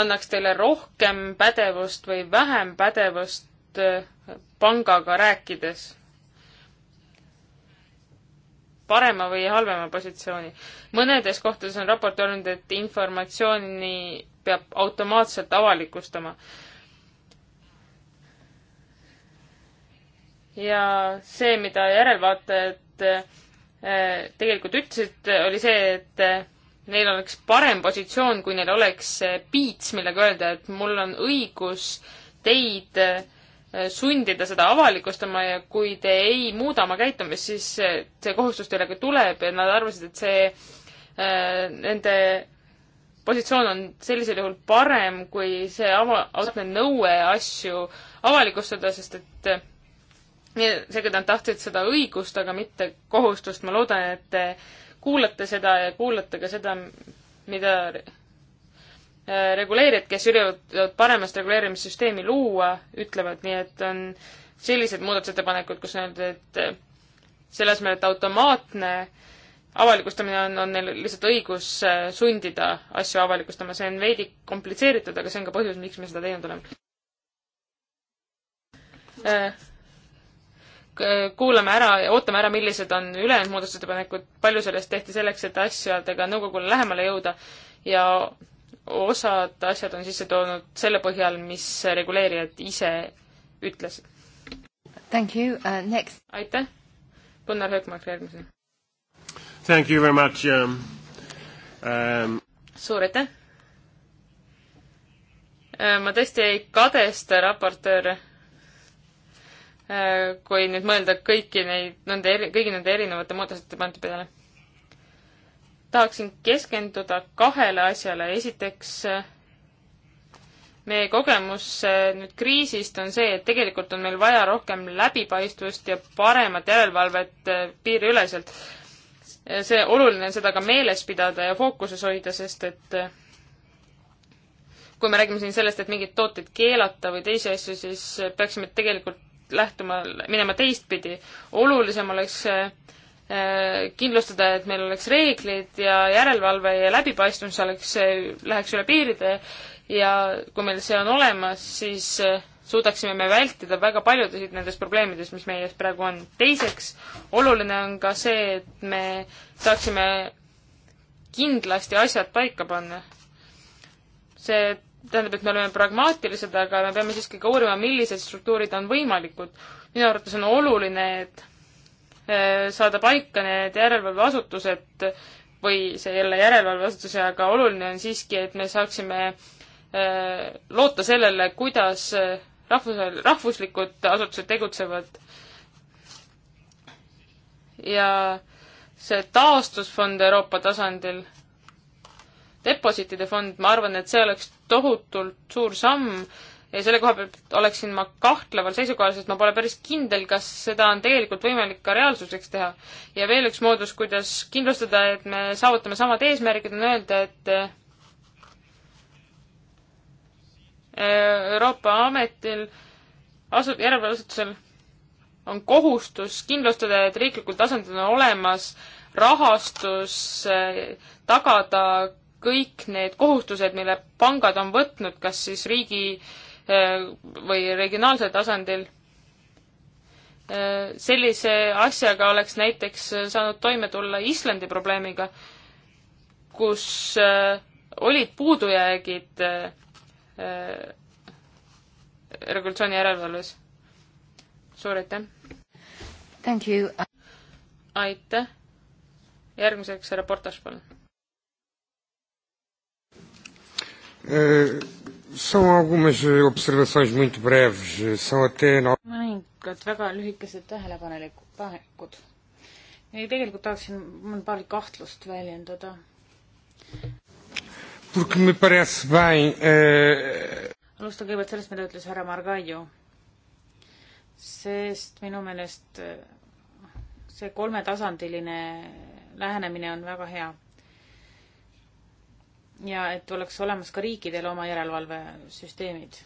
annaks teile rohkem pädevust või vähem pädevust äh, pangaga rääkides parema või halvema positsiooni. mõnedes kohtades on raport olnud, et informatsiooni peab automaatselt avalikustama. ja see, mida järelvaatajad eh, tegelikult ütlesid, oli see, et eh, neil oleks parem positsioon, kui neil oleks eh, piits, millega öelda, et mul on õigus teid sundida seda avalikustama ja kui te ei muuda oma käitumist, siis see kohustus teile ka tuleb ja nad arvasid, et see, nende positsioon on sellisel juhul parem, kui see ava-, nõue asju avalikustada, sest et seega ta on tahtnud seda õigust, aga mitte kohustust. ma loodan, et te kuulate seda ja kuulate ka seda, mida äh, reguleerijad, kes üritavad paremast reguleerimissüsteemi luua, ütlevad, nii et on sellised muudatusettepanekud, kus on öeldud, et äh, selle asemel, et automaatne avalikustamine on, on neil lihtsalt õigus äh, sundida asju avalikustama, see on veidi komplitseeritud, aga see on ka põhjus, miks me seda teinud oleme kuulame ära ja ootame ära, millised on ülejäänud muudatusettepanekud, palju sellest tehti selleks, et asjadega nõukogule lähemale jõuda ja osad asjad on sisse toonud selle põhjal, mis reguleerijad ise ütlesid. Thank you uh,, next. aitäh, Gunnar Höökmark järgmisena. Thank you very much um,. Um... suur aitäh! Äh, ma tõesti ei kadesta raportööre Äh, kui nüüd mõelda kõiki neid, nende eri, kõigi nende erinevate muudatusettepanekute peale. tahaksin keskenduda kahele asjale, esiteks meie kogemus äh, nüüd kriisist on see, et tegelikult on meil vaja rohkem läbipaistvust ja paremat järelevalvet äh, piiriüleselt. see, oluline on seda ka meeles pidada ja fookuses hoida, sest et kui me räägime siin sellest, et mingeid tooteid keelata või teisi asju, siis peaksime tegelikult lähtuma, minema teistpidi. olulisem oleks äh, äh, kindlustada, et meil oleks reeglid ja järelevalve ja läbipaistvus oleks, äh, läheks üle piiride ja kui meil see on olemas, siis suudaksime me vältida väga paljudesid nendest probleemidest, mis meie ees praegu on. teiseks, oluline on ka see, et me saaksime kindlasti asjad paika panna. see tähendab, et me oleme pragmaatilised, aga me peame siiski ka uurima, millised struktuurid on võimalikud. minu arvates on oluline, et äh, saada paika need järelevalveasutused või see jälle järelevalveasutuse, aga oluline on siiski, et me saaksime äh, loota sellele, kuidas äh, rahvus, rahvuslikud asutused tegutsevad. ja see taastusfond Euroopa tasandil depositide fond, ma arvan, et see oleks tohutult suur samm ja selle koha pealt oleksin ma kahtleval seisukohal, sest ma pole päris kindel, kas seda on tegelikult võimalik ka reaalsuseks teha. ja veel üks moodus, kuidas kindlustada, et me saavutame samad eesmärgid, on öelda, et äh, Euroopa Ametil, asu-, järelevalveasutusel on kohustus kindlustada, et riiklikul tasandil on olemas rahastus äh, tagada kõik need kohustused, mille pangad on võtnud, kas siis riigi eh, või regionaalsel tasandil, eh, sellise asjaga oleks näiteks saanud toime tulla Islandi probleemiga, kus eh, olid puudujäägid regulatsiooni järelevalves. suur aitäh! aitäh! järgmiseks härra Portas, palun Eh, são algumas eh, observações muito breves, eh, são até... mõningad väga lühikesed tähelepanelikud, panekud. ei, tegelikult tahaksin mul paari kahtlust väljendada. Porque me parece bem... Eh... alustan kõigepealt sellest, mida ütles härra Margaio. sest minu meelest see kolmetasandiline lähenemine on väga hea ja et oleks olemas ka riikidel oma järelevalvesüsteemid.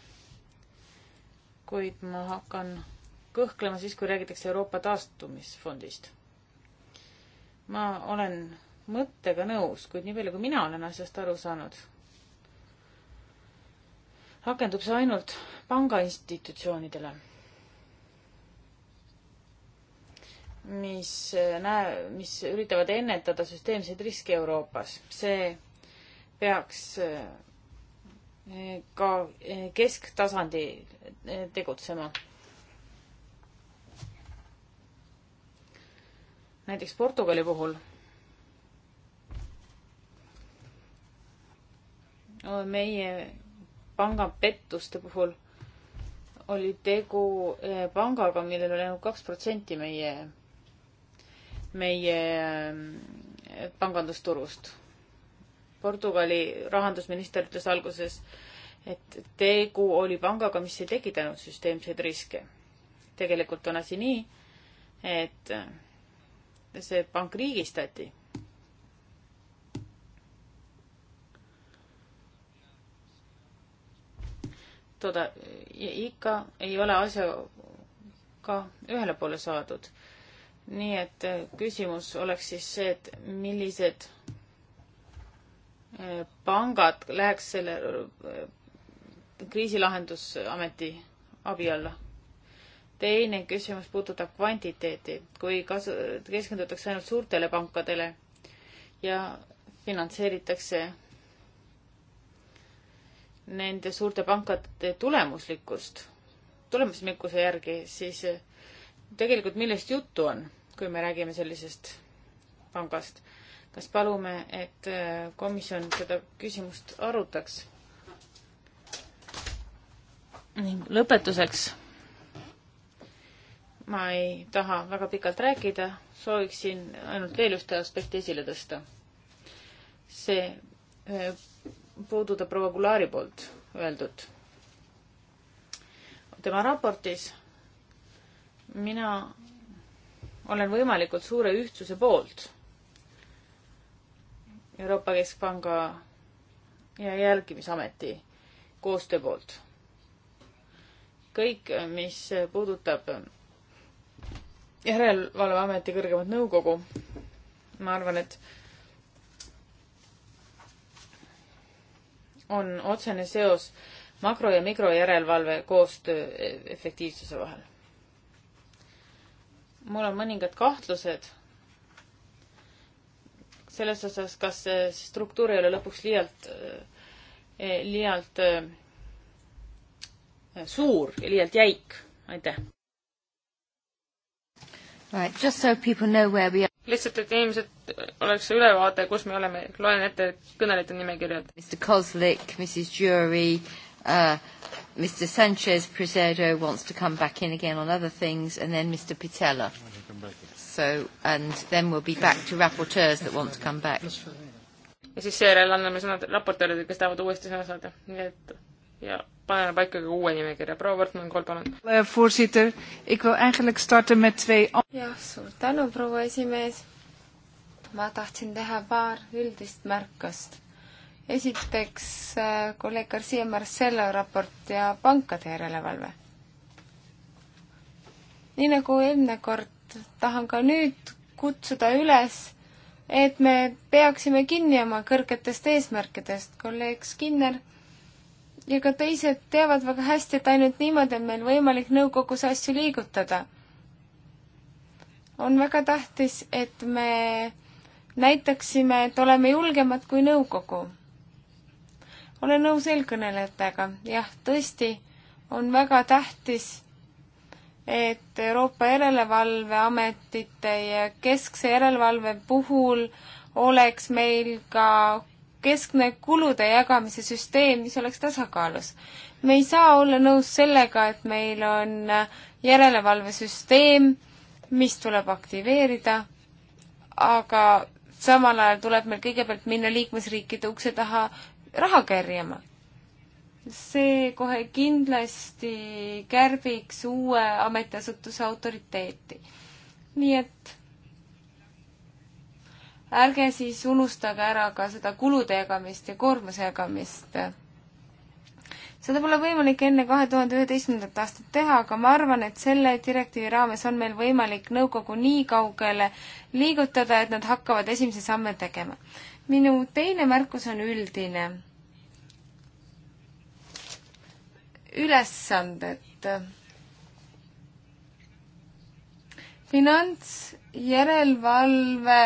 kuid ma hakkan kõhklema siis, kui räägitakse Euroopa taastumisfondist. ma olen mõttega nõus, kuid nii palju, kui mina olen asjast aru saanud, rakendub see ainult pangainstitutsioonidele, mis äh, näe-, mis üritavad ennetada süsteemseid riske Euroopas. see peaks eh, ka eh, kesktasandil eh, tegutsema. näiteks Portugali puhul meie pangapettuste puhul oli tegu pangaga, millel oli ainult kaks protsenti meie, meie pangandusturust Portugali rahandusminister ütles alguses, et tegu oli pangaga, mis ei tekitanud süsteemseid riske. tegelikult on asi nii, et see pank riigistati. toda, ikka ei ole asjaga ühele poole saadud. nii et küsimus oleks siis see, et millised pangad läheks selle äh, kriisilahendusameti abi alla. teine küsimus puudutab kvantiteeti, kui kasu, keskendutakse ainult suurtele pankadele ja finantseeritakse nende suurte pankade tulemuslikkust, tulemuslikkuse järgi, siis äh, tegelikult millest juttu on, kui me räägime sellisest pangast kas palume, et äh, komisjon seda küsimust arutaks? ning lõpetuseks ma ei taha väga pikalt rääkida, sooviksin ainult veel ühte aspekti esile tõsta. see äh, puudutab proua Kulaari poolt öeldut. tema raportis mina olen võimalikult suure ühtsuse poolt Euroopa Keskpanga ja Jälgimisameti koostöö poolt. kõik, mis puudutab Järelevalveameti kõrgemat nõukogu, ma arvan, et on otsene seos makro- ja mikrojärelevalve koostöö e-, efektiivsuse vahel. mul on mõningad kahtlused selles osas, kas struktuur ei ole lõpuks liialt, eh, liialt eh, suur ja liialt jäik. aitäh! Right, just so people know where we are. lihtsalt, et inimesed oleks ülevaade, kus me oleme, loen ette kõnelejate nimekirjad. Mr Kozlik, Mrs Jury uh,, Mr Sanchez Presedo wants to come back in again on other things and then Mr Pitella so, and then we'll be back to rapporteurs that want to come back. ja siis seejärel anname sõnad raportööridele, kes tahavad uuesti sõna saada, nii et ja paneme paika ka uue nimekirja. proua Võrtmann-Koll, palun. Äh, voorzitter, ik wil eigenlijk starten met twee jah, suur tänu, proua esimees. ma tahtsin teha paar üldist märkust. esiteks äh, kolleeg Garcia Marcello raport ja pankade järelevalve. nii nagu eelmine kord tahan ka nüüd kutsuda üles, et me peaksime kinni oma kõrgetest eesmärkidest. kolleeg Skinner ja ka teised teavad väga hästi, et ainult niimoodi on meil võimalik nõukogus asju liigutada. on väga tähtis, et me näitaksime, et oleme julgemad kui nõukogu. olen nõus eelkõnelejatega, jah, tõesti, on väga tähtis, et Euroopa Järelevalveametite ja keskse järelevalve puhul oleks meil ka keskne kulude jagamise süsteem, mis oleks tasakaalus. me ei saa olla nõus sellega, et meil on järelevalvesüsteem, mis tuleb aktiveerida, aga samal ajal tuleb meil kõigepealt minna liikmesriikide ukse taha raha kerjama see kohe kindlasti kärbiks uue ametiasutuse autoriteeti. nii et ärge siis unustage ära ka seda kulude jagamist ja koormuse jagamist. seda pole võimalik enne kahe tuhande üheteistkümnendat aastat teha, aga ma arvan, et selle direktiivi raames on meil võimalik nõukogu nii kaugele liigutada, et nad hakkavad esimese samme tegema. minu teine märkus on üldine ülesanded. finantsjärelevalve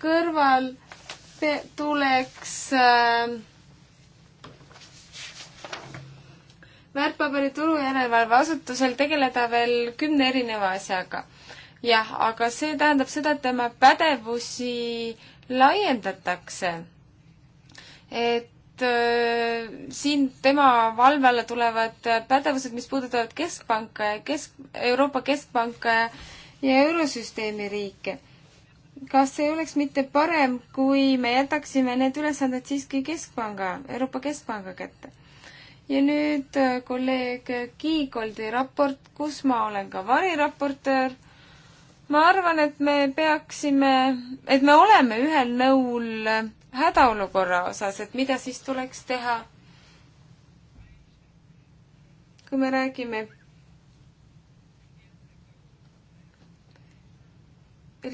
kõrval tuleks äh, väärtpaberituru järelevalveasutusel tegeleda veel kümne erineva asjaga. jah, aga see tähendab seda, et tema pädevusi laiendatakse. et Äh, siin tema valve alla tulevad pädevused, mis puudutavad keskpanka ja kesk, Euroopa Keskpanka ja, ja eurosüsteemi riike. kas ei oleks mitte parem, kui me jätaksime need ülesanded siiski Keskpanga, Euroopa Keskpanga kätte? ja nüüd äh, kolleeg Kiigoldi raport, kus ma olen ka variraportöör. ma arvan, et me peaksime, et me oleme ühel nõul äh, hädaolukorra osas, et mida siis tuleks teha? kui me räägime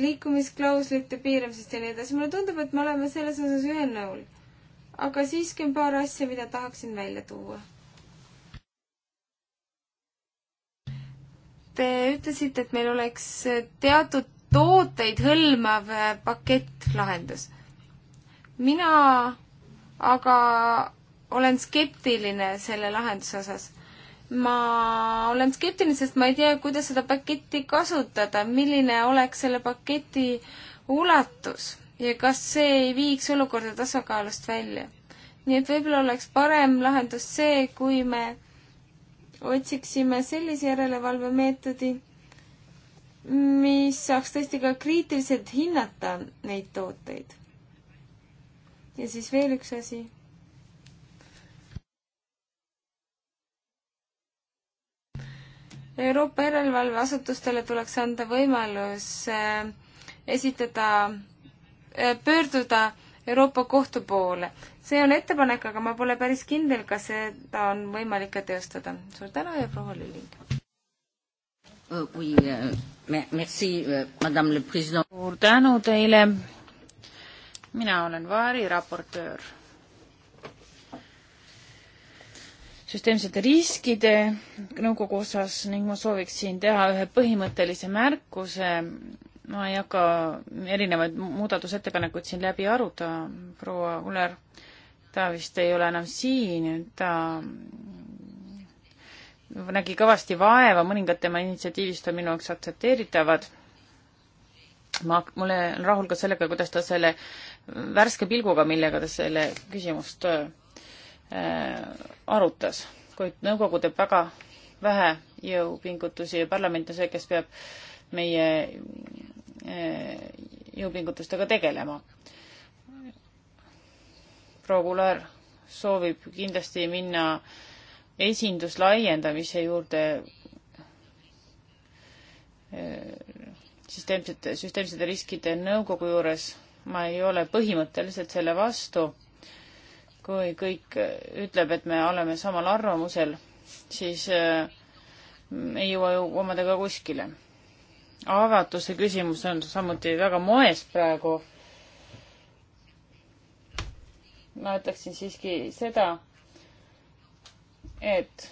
liikumisklauslite piiramisest ja nii edasi, mulle tundub, et me oleme selles osas ühel nõul. aga siiski on paar asja, mida tahaksin välja tuua. Te ütlesite, et meil oleks teatud tooteid hõlmav eh, pakett, lahendus mina aga olen skeptiline selle lahenduse osas. ma olen skeptiline, sest ma ei tea, kuidas seda paketti kasutada, milline oleks selle paketi ulatus ja kas see ei viiks olukorda tasakaalust välja. nii et võib-olla oleks parem lahendus see, kui me otsiksime sellise järelevalvemeetodi, mis saaks tõesti ka kriitiliselt hinnata neid tooteid ja siis veel üks asi. Euroopa järelevalveasutustele tuleks anda võimalus äh, esitada, äh, pöörduda Euroopa Kohtu poole. see on ettepanek, aga ma pole päris kindel, kas seda on võimalik ka teostada. suur tänu ja proua Lilling. Euh, euh, euh, suur tänu teile mina olen Vaari raportöör süsteemsete riskide nõukogu osas ning ma sooviksin teha ühe põhimõttelise märkuse. ma ei hakka erinevaid muudatusettepanekuid siin läbi aruda, proua Uller, ta vist ei ole enam siin, ta nägi kõvasti vaeva, mõningad tema initsiatiivist on minu jaoks aktsepteeritavad. ma, mulle on rahul ka sellega, kuidas ta selle äh, värske pilguga, millega ta selle küsimust äh, arutas, kuid nõukogu teeb väga vähe jõupingutusi ja parlament on see, kes peab meie äh, jõupingutustega tegelema. proua Kular soovib kindlasti minna esinduslaiendamise juurde äh, süsteemsete, süsteemsete riskide nõukogu juures ma ei ole põhimõtteliselt selle vastu, kui kõik ütleb, et me oleme samal arvamusel, siis äh, ei jõua ju omadega kuskile. avatuse küsimus on samuti väga moes praegu. ma ütleksin siiski seda, et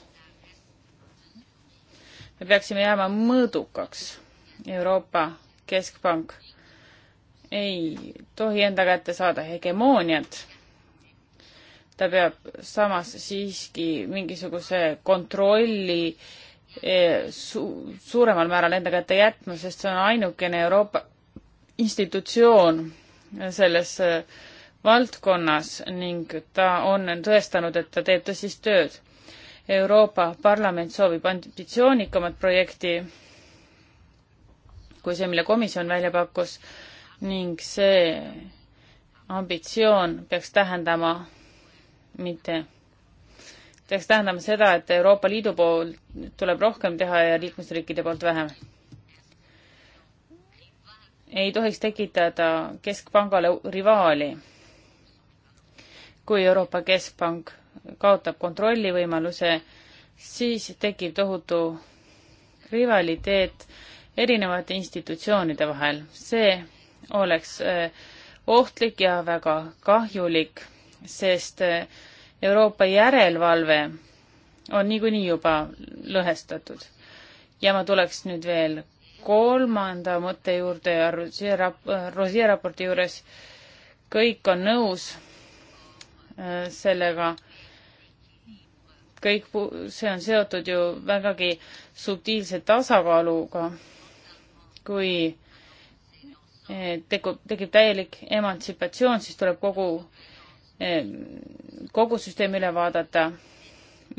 me peaksime jääma mõõdukaks. Euroopa Keskpank ei tohi enda kätte saada hegemooniat. ta peab samas siiski mingisuguse kontrolli eh, su-, suuremal määral enda kätte jätma, sest see on ainukene Euroopa institutsioon selles eh, valdkonnas ning ta on tõestanud, et ta teeb tõsist tööd. Euroopa Parlament soovib ambitsioonikamat projekti kui see, mille komisjon välja pakkus ning see ambitsioon peaks tähendama mitte, peaks tähendama seda, et Euroopa Liidu poolt tuleb rohkem teha ja liikmesriikide poolt vähem. ei tohiks tekitada keskpangale rivaali. kui Euroopa Keskpank kaotab kontrollivõimaluse, siis tekib tohutu rivaliteet erinevate institutsioonide vahel. see oleks äh, ohtlik ja väga kahjulik, sest äh, Euroopa järelevalve on niikuinii juba lõhestatud. ja ma tuleks nüüd veel kolmanda mõtte juurde ja Rosie raporti juures kõik on nõus äh, sellega, kõik, see on seotud ju vägagi subtiilse tasakaaluga, kui Eh, tekib, tekib täielik emantsipatsioon, siis tuleb kogu, eh, kogu süsteem üle vaadata.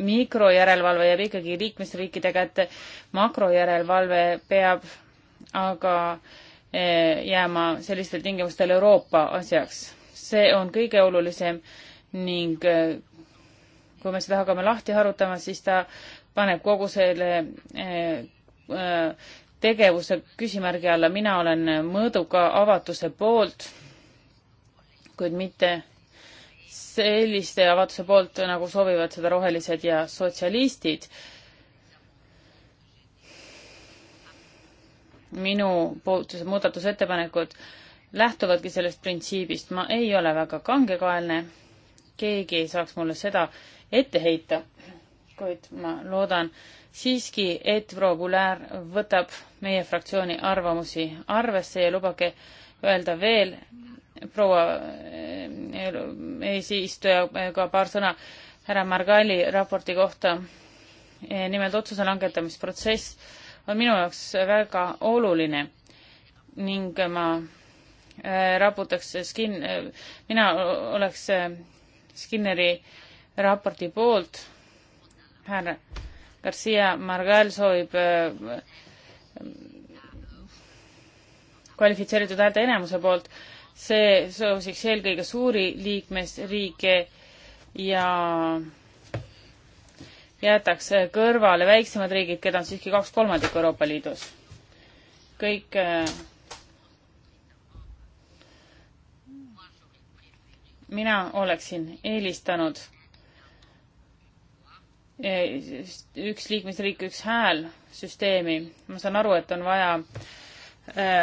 mikrojärelevalve jääb ikkagi liikmesriikide kätte, makrojärelevalve peab aga eh, jääma sellistel tingimustel Euroopa asjaks. see on kõige olulisem ning kui me seda hakkame lahti harutama, siis ta paneb kogu selle tegevuse küsimärgi alla, mina olen mõõduka avatuse poolt, kuid mitte selliste avatuse poolt, nagu soovivad seda rohelised ja sotsialistid. minu poolt muudatusettepanekud lähtuvadki sellest printsiibist, ma ei ole väga kangekaelne, keegi ei saaks mulle seda ette heita kuid ma loodan siiski, et proua Goulart võtab meie fraktsiooni arvamusi arvesse ja lubage öelda veel proua eh, eesistujaga paar sõna härra Margali raporti kohta. Eh, nimelt otsuse langetamisprotsess on minu jaoks väga oluline ning ma eh, raputaks skin-, mina oleks Skinneri raporti poolt härra Garcia Margal soovib äh, kvalifitseeritud häälte enamuse poolt, see soosiks eelkõige suuri liikmesriike ja jäetaks kõrvale väiksemad riigid, keda on siiski kaks kolmandikku Euroopa Liidus. kõik äh, mina oleksin eelistanud üks liikmesriik, üks hääl süsteemi. ma saan aru, et on vaja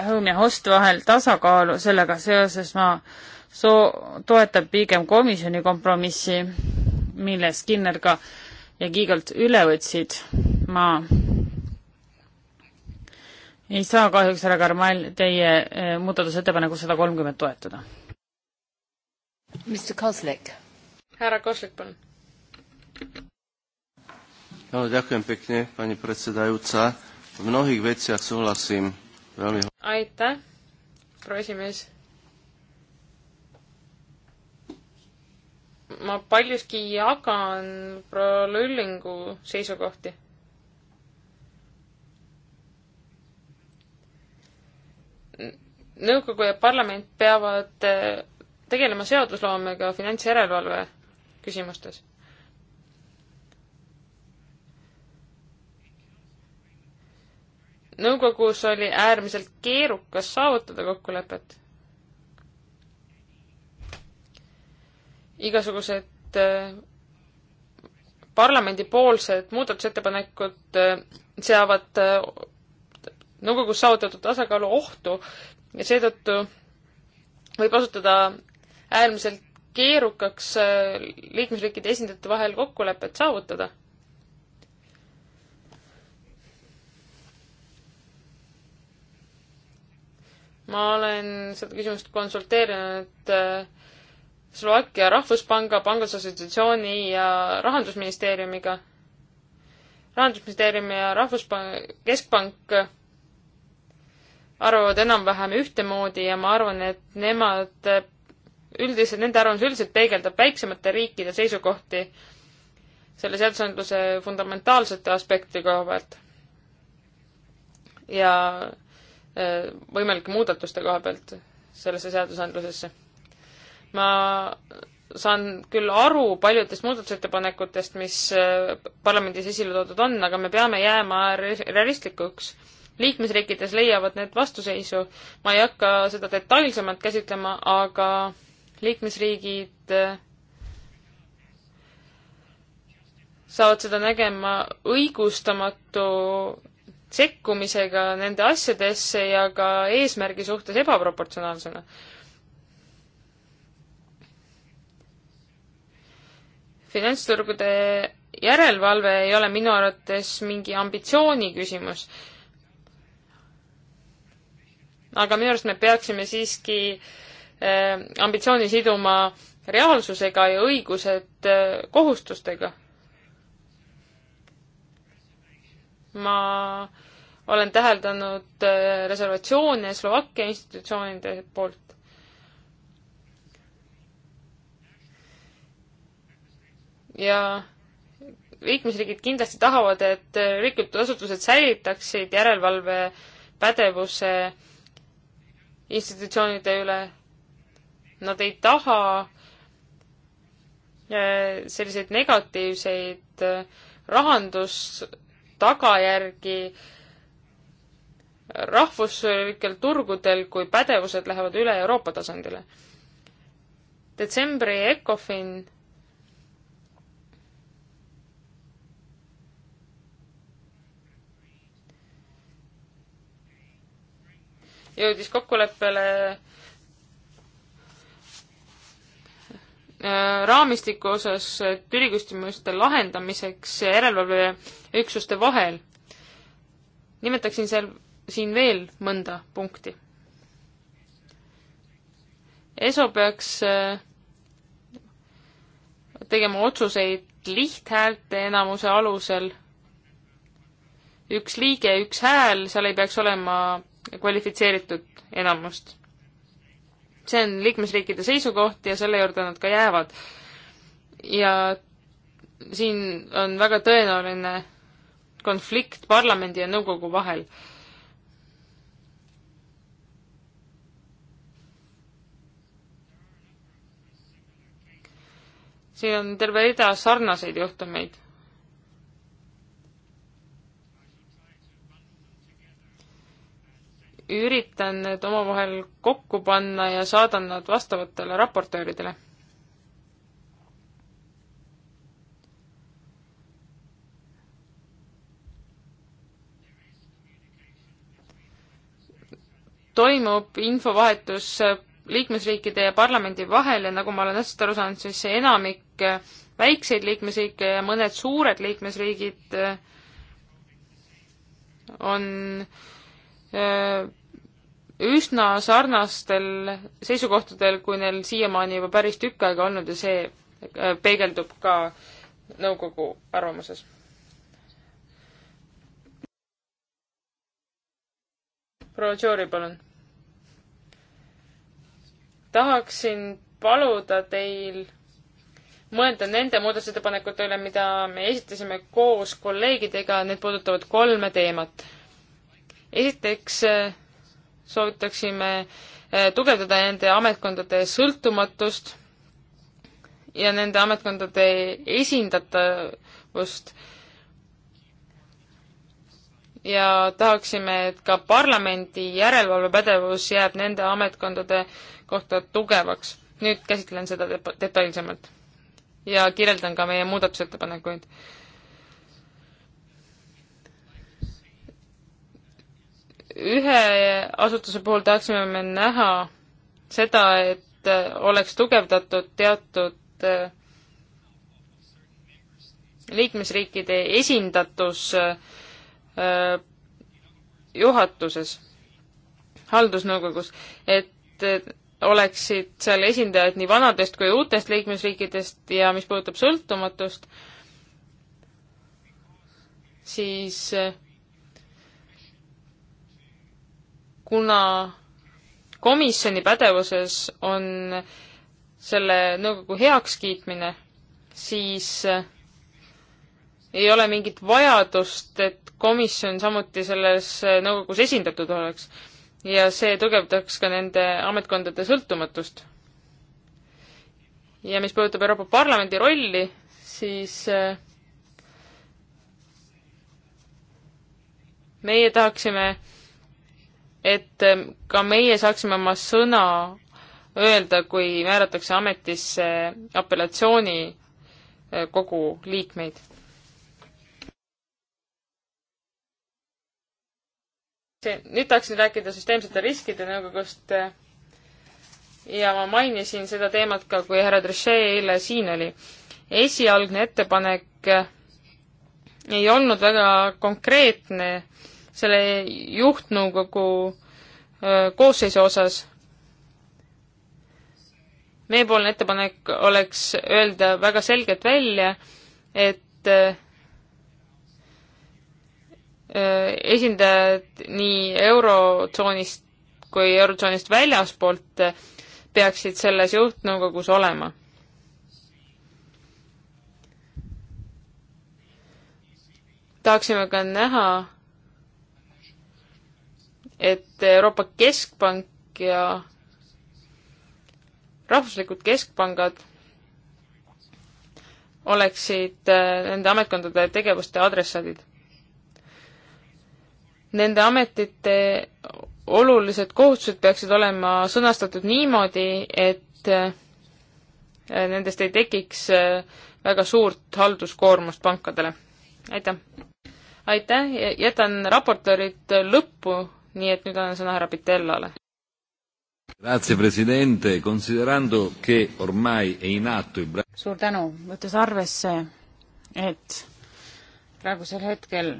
home äh, ja host vahel tasakaalu, sellega seoses ma soo-, toetan pigem komisjoni kompromissi, mille Skinner ka ja Kiigalt üle võtsid. ma ei saa kahjuks, härra Karmel, teie äh, muudatusettepaneku sada kolmkümmend toetada. härra Koslik, palun. No, ďakujem pekne, pani predsedajúca. V mnohých veciach súhlasím veľmi... Aitäh, proesimees. ma paljuski jagan proua Lüllingu seisukohti nõukogu ja parlament peavad eh, tegelema seadusloomega finantsjärelevalve küsimustes. nõukogus oli äärmiselt keerukas saavutada kokkulepet. igasugused äh, parlamendipoolsed muudatusettepanekud äh, seavad äh, nõukogus saavutatud tasakaalu ohtu ja seetõttu võib osutuda äärmiselt keerukaks liikmesriikide esindajate vahel kokkulepet saavutada ma olen seda küsimust konsulteerinud äh, Slovakkia Rahvuspanga, Pangasassotsiatsiooni ja Rahandusministeeriumiga. rahandusministeerium ja Rahvuspank, Keskpank arvavad enam-vähem ühtemoodi ja ma arvan, et nemad äh, üldiselt, nende arvamus üldiselt peegeldab väiksemate riikide seisukohti selle seadusandluse fundamentaalsete aspekti koha pealt. ja Äh, võimalike muudatuste koha pealt sellesse seadusandlusesse. ma saan küll aru paljudest muudatusettepanekutest, mis äh, parlamendis esile toodud on, aga me peame jääma realistlikuks. liikmesriikides leiavad need vastuseisu, ma ei hakka seda detailsemalt käsitlema, aga liikmesriigid äh, saavad seda nägema õigustamatu sekkumisega nende asjadesse ja ka eesmärgi suhtes ebaproportsionaalsena. finantsturgude järelevalve ei ole minu arvates mingi ambitsiooni küsimus. aga minu arust me peaksime siiski eh, ambitsiooni siduma reaalsusega ja õigused eh, kohustustega ma olen täheldanud äh, reservatsioone Slovakkia institutsioonide poolt. ja liikmesriigid kindlasti tahavad, et äh, riiklikud asutused säilitaksid järelevalvepädevuse institutsioonide üle. Nad ei taha äh, selliseid negatiivseid rahandus tagajärgi rahvuslikel turgudel, kui pädevused lähevad üle Euroopa tasandile. detsembri ECOFIN jõudis kokkuleppele Äh, raamistiku osas tüliküsimuste lahendamiseks järelevalveüksuste vahel. nimetaksin seal, siin veel mõnda punkti. ESO peaks äh, tegema otsuseid lihthäälte enamuse alusel. üks liige, üks hääl, seal ei peaks olema kvalifitseeritud enamust see on liikmesriikide seisukoht ja selle juurde nad ka jäävad. ja siin on väga tõenäoline konflikt parlamendi ja nõukogu vahel. siin on terve rida sarnaseid juhtumeid üritan need omavahel kokku panna ja saadan nad vastavatele raportööridele. toimub infovahetus liikmesriikide ja parlamendi vahel ja nagu ma olen hästi aru saanud, siis enamik väikseid liikmesriike ja mõned suured liikmesriigid on äh, on Äh, üsna sarnastel seisukohtadel, kui neil siiamaani juba päris tükk aega olnud ja see äh, peegeldub ka nõukogu arvamuses. proua Tšoori, palun. tahaksin paluda teil mõelda nende muudatusettepanekute üle, mida me esitasime koos kolleegidega, need puudutavad kolme teemat esiteks äh, soovitaksime äh, tugevdada nende ametkondade sõltumatust ja nende ametkondade esindatavust ja tahaksime, et ka parlamendi järelevalvepädevus jääb nende ametkondade kohta tugevaks. nüüd käsitlen seda deta detailsemalt ja kirjeldan ka meie muudatusettepanekuid ühe asutuse puhul tahaksime me näha seda, et äh, oleks tugevdatud teatud äh, liikmesriikide esindatus äh, juhatuses, haldusnõukogus, et oleksid seal esindajad nii vanadest kui uutest liikmesriikidest ja mis puudutab sõltumatust, siis äh, kuna komisjoni pädevuses on selle nõukogu heakskiitmine, siis äh, ei ole mingit vajadust, et komisjon samuti selles äh, nõukogus esindatud oleks. ja see tugevdaks ka nende ametkondade sõltumatust. ja mis puudutab Euroopa Parlamendi rolli, siis äh, meie tahaksime et ähm, ka meie saaksime oma sõna öelda, kui määratakse ametisse apellatsioonikogu äh, liikmeid. nüüd tahaksin rääkida süsteemsete riskide nõukogust äh, ja ma mainisin seda teemat ka, kui härra Trichet eile siin oli. esialgne ettepanek äh, ei olnud väga konkreetne äh, selle juhtnõukogu koosseisu osas. meiepoolne ettepanek oleks öelda väga selgelt välja, et esindajad nii Eurotsoonist kui Eurotsoonist väljaspoolt peaksid selles juhtnõukogus olema. tahaksime ka näha et Euroopa Keskpank ja rahvuslikud keskpangad oleksid äh, nende ametkondade tegevuste adressaadid. Nende ametite olulised kohustused peaksid olema sõnastatud niimoodi, et äh, nendest ei tekiks äh, väga suurt halduskoormust pankadele. aitäh! aitäh, jätan raportöörid lõppu nii et nüüd annan sõna härra Pitellale. Grazie Presidente, considerando che ormai è in atto il suur tänu, võttes arvesse, et praegusel hetkel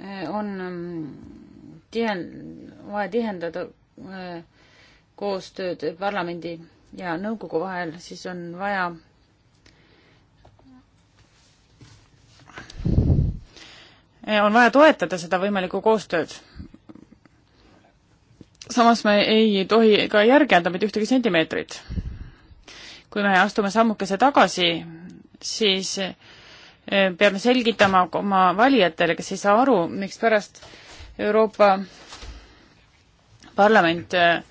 eh, on mm, tihen-, vaja tihendada eh, koostööd parlamendi ja nõukogu vahel, siis on vaja Eh, on vaja toetada seda võimalikku koostööd. samas me ei tohi ka järgelda mitte ühtegi sentimeetrit. kui me astume sammukese tagasi, siis eh, peame selgitama oma valijatele, kes ei saa aru, mikspärast Euroopa Parlament eh,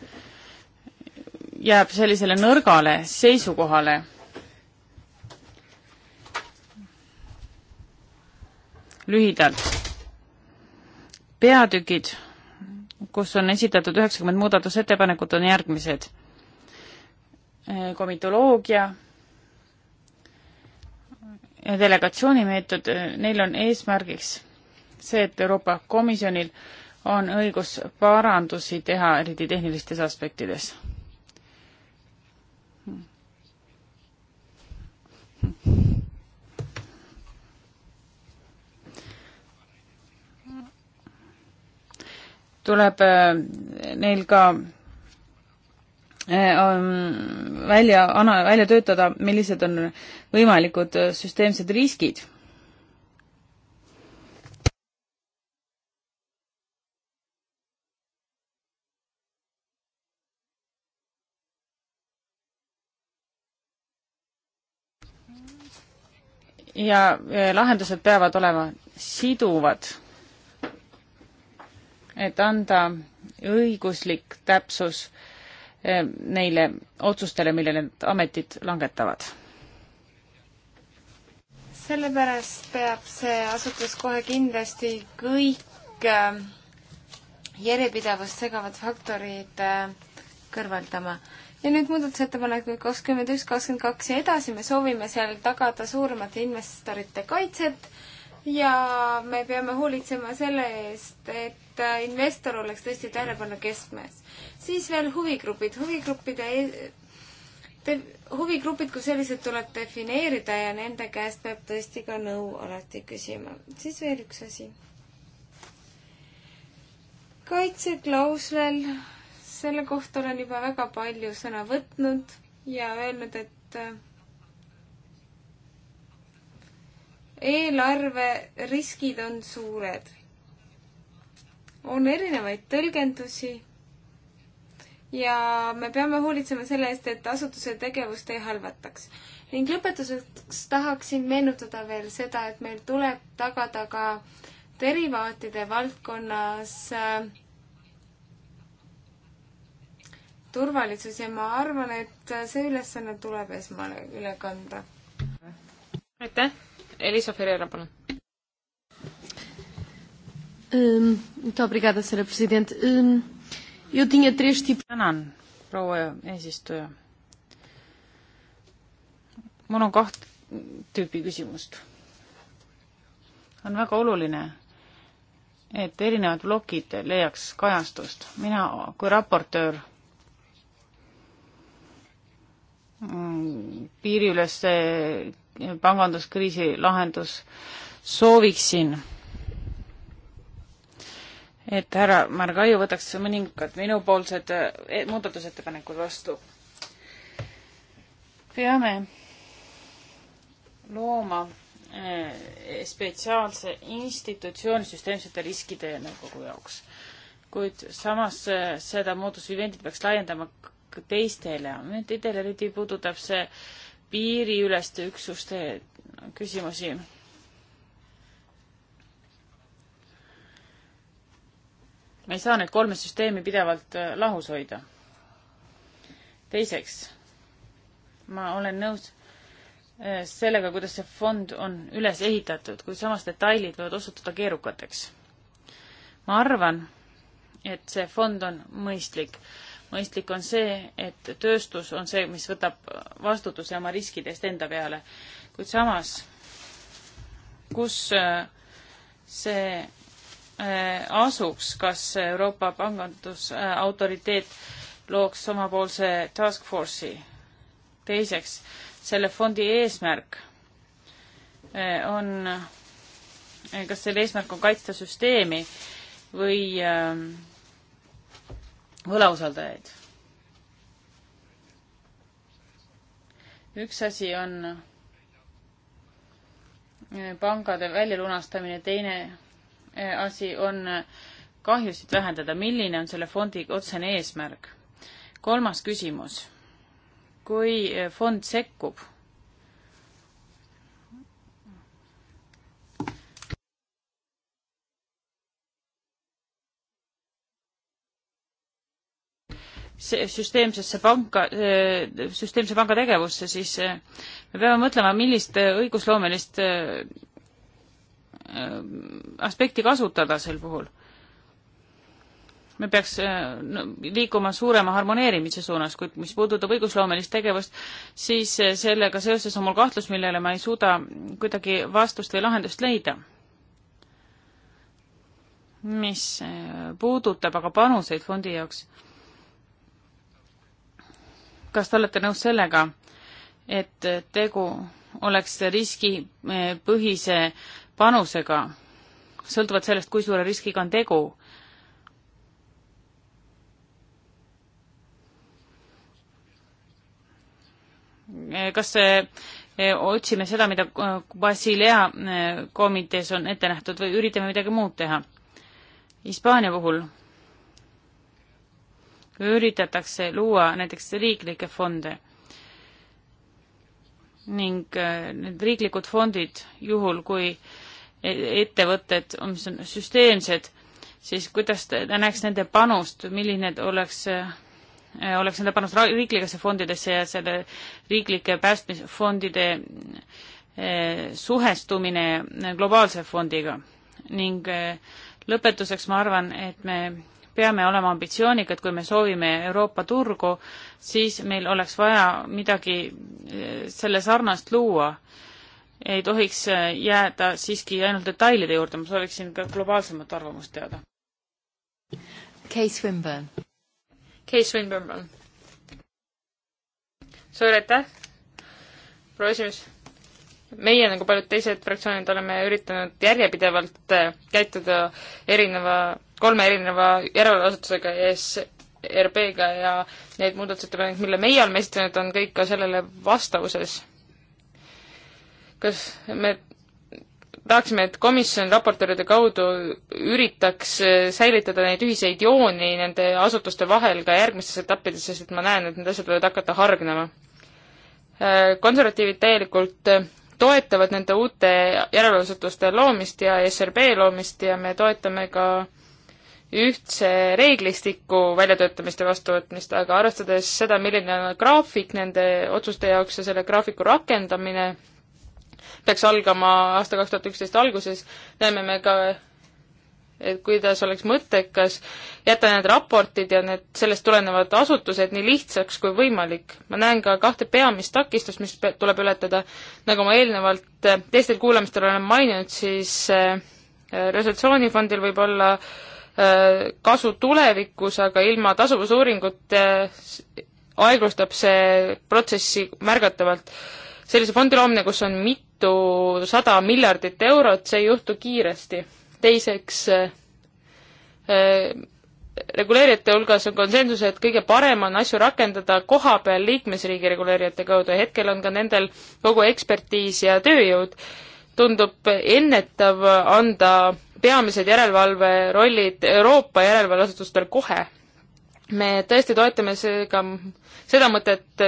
jääb sellisele nõrgale seisukohale lühidalt. peatükid, kus on esitatud üheksakümmend muudatusettepanekut, on järgmised. Eh, komitoloogia, delegatsioonimeetod, eh, neil on eesmärgiks see, et Euroopa Komisjonil on õigus parandusi teha, eriti tehnilistes aspektides tuleb äh, neil ka äh, välja, välja töötada, millised on võimalikud äh, süsteemsed riskid ja lahendused peavad olema siduvad et anda õiguslik täpsus eh, neile otsustele, mille need ametid langetavad. sellepärast peab see asutus kohe kindlasti kõik eh, järjepidevust segavad faktorid eh, kõrvaldama ja nüüd muudatusettepanekud kakskümmend üks, kakskümmend kaks ja edasi, me soovime seal tagada suuremate investorite kaitset ja me peame hoolitsema selle eest, et investor oleks tõesti tähelepanu keskmes. siis veel huvigrupid, huvigruppide e te, huvigrupid kui sellised tuleb defineerida ja nende käest peab tõesti ka nõu alati küsima. siis veel üks asi. kaitseklauslel, selle kohta olen juba väga palju sõna võtnud ja öelnud, et eelarveriskid on suured. on erinevaid tõlgendusi ja me peame hoolitsema selle eest, et asutuse tegevust ei halvataks. ning lõpetuseks tahaksin meenutada veel seda, et meil tuleb tagada ka derivaatide valdkonnas äh, turvalisus ja ma arvan, et see ülesanne tuleb esmale üle kanda. aitäh! Elisa Ferreira, palun. tänan, proua eesistuja. mul on kaht tüüpi küsimust. on väga oluline, et erinevad plokid leiaks kajastust. mina kui raportöör mm, piiriüleste panganduskriisi lahendus, sooviksin, et härra Margaiu võtaks mõningad minupoolsed eh, muudatusettepanekud vastu. peame looma eh, spetsiaalse institutsiooni süsteemsete riskide nõukogu jaoks. kuid samas eh, seda moodus vivendit peaks laiendama teistele, teistele eriti puudutab see äh, piiriüleste üksuste küsimusi. me ei saa neid kolme süsteemi pidevalt äh, lahus hoida. teiseks, ma olen nõus äh, sellega, kuidas see fond on üles ehitatud, kuid samas detailid võivad osutuda keerukateks. ma arvan, et see fond on mõistlik mõistlik on see, et tööstus on see, mis võtab vastutuse oma riskide eest enda peale. kuid samas, kus äh, see äh, asuks, kas Euroopa pangandusautoriteet äh, looks omapoolse task force'i? teiseks, selle fondi eesmärk on, kas selle eesmärk on kaitsta süsteemi või äh, võlausaldajaid. üks asi on eh, pangade väljalunastamine, teine eh, asi on eh, kahjusid vähendada, milline on selle fondi otsene eesmärk? kolmas küsimus. kui fond sekkub süsteemsesse panka, süsteemse panga tegevusse, siis eh, me peame mõtlema, millist eh, õigusloomelist eh, aspekti kasutada sel puhul. me peaks liikuma suurema harmoneerimise suunas, kuid mis puudutab õigusloomelist tegevust, siis sellega seoses on mul kahtlus, millele ma ei suuda kuidagi vastust või lahendust leida mis puudutab aga panuseid fondi jaoks kas te olete nõus sellega, et tegu oleks riskipõhise panusega, sõltuvalt sellest, kui suure riskiga on tegu? kas eh, otsime seda, mida eh, Basilea eh, komitees on ette nähtud või üritame midagi muud teha? Hispaania puhul üritatakse luua näiteks riiklikke fonde. ning äh, need riiklikud fondid, juhul kui e-, ettevõtted on, mis on süsteemsed, siis kuidas ta näeks nende panust, milline oleks äh, oleks nende panus riiklikesse fondidesse ja selle riiklike päästmisfondide äh, suhestumine globaalse fondiga. ning lõpetuseks ma arvan, et me peame olema ambitsioonikad, kui me soovime Euroopa turgu, siis meil oleks vaja midagi eh, selle sarnast luua. ei tohiks eh, jääda siiski ainult detailide juurde, ma sooviksin ka globaalsemat arvamust teada. Kay Swinburne. Kay Swinburne, palun. suur aitäh, proua esimees meie nagu paljud teised fraktsioonid oleme üritanud järjepidevalt eh, käituda erineva kolme erineva järelevalveasutusega ja e SRB-ga ja need muudatusettepanekud, mille meie oleme esitanud, on kõik ka sellele vastavuses. kas me tahaksime, et komisjon raportööride kaudu üritaks äh, säilitada neid ühiseid jooni nende asutuste vahel ka järgmistes etappides, sest et ma näen, et need asjad võivad hakata hargnema. Äh, konservatiivid täielikult äh, toetavad nende uute järelevalveasutuste loomist ja e SRB loomist ja me toetame ka ühtse reeglistiku väljatöötamist ja vastuvõtmist, aga arvestades seda, milline on graafik nende otsuste jaoks ja selle graafiku rakendamine peaks algama aasta kaks tuhat üksteist alguses, näeme me ka, et kuidas oleks mõttekas jätta need raportid ja need sellest tulenevad asutused nii lihtsaks kui võimalik. ma näen ka kahte peamist takistust, mis tuleb ületada. nagu ma eelnevalt teistel kuulamistel olen maininud, siis eh, resolutsioonifondil võib olla äh, Äh, kasu tulevikus, aga ilma tasuvusuuringut äh, aeglustab see protsessi märgatavalt. sellise fondi loomine, kus on mitusada miljardit eurot, see ei juhtu kiiresti. teiseks äh, reguleerijate hulgas on konsensus, et kõige parem on asju rakendada koha peal liikmesriigi reguleerijate kaudu ja hetkel on ka nendel kogu ekspertiis ja tööjõud. tundub ennetav anda peamised järelevalve rollid Euroopa järelevalveasutustel kohe. me tõesti toetame seega seda mõtet,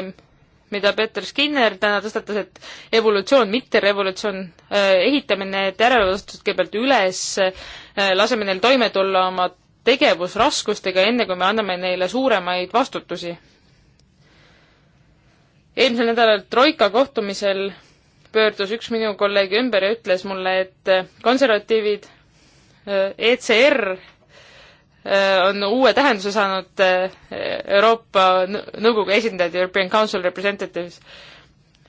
mida Peeter Skinner täna tõstatas, et evolutsioon, mitte revolutsioon eh,, äh, ehitamine, et järelevalveasutused kõigepealt üles eh,, laseme neil toime tulla oma tegevusraskustega, enne kui me anname neile suuremaid vastutusi. eelmisel nädalal Troika kohtumisel pöördus üks minu kolleeg ümber ja ütles mulle, et konservatiivid ECR äh, on uue tähenduse saanud äh, Euroopa Nõukogu esindajad, European Council Representatives.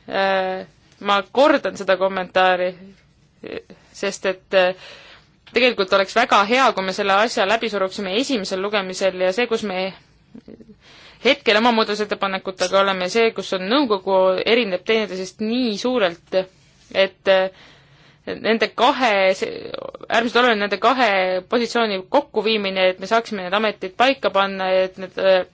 Äh, ma kordan seda kommentaari, sest et tegelikult oleks väga hea, kui me selle asja läbi suruksime esimesel lugemisel ja see, kus me hetkel oma muudatusettepanekutega oleme, see, kus on nõukogu, erineb teineteisest nii suurelt, et äh, nende kahe, äärmiselt oluline nende kahe positsiooni kokkuviimine, et me saaksime need ametid paika panna, et need äh,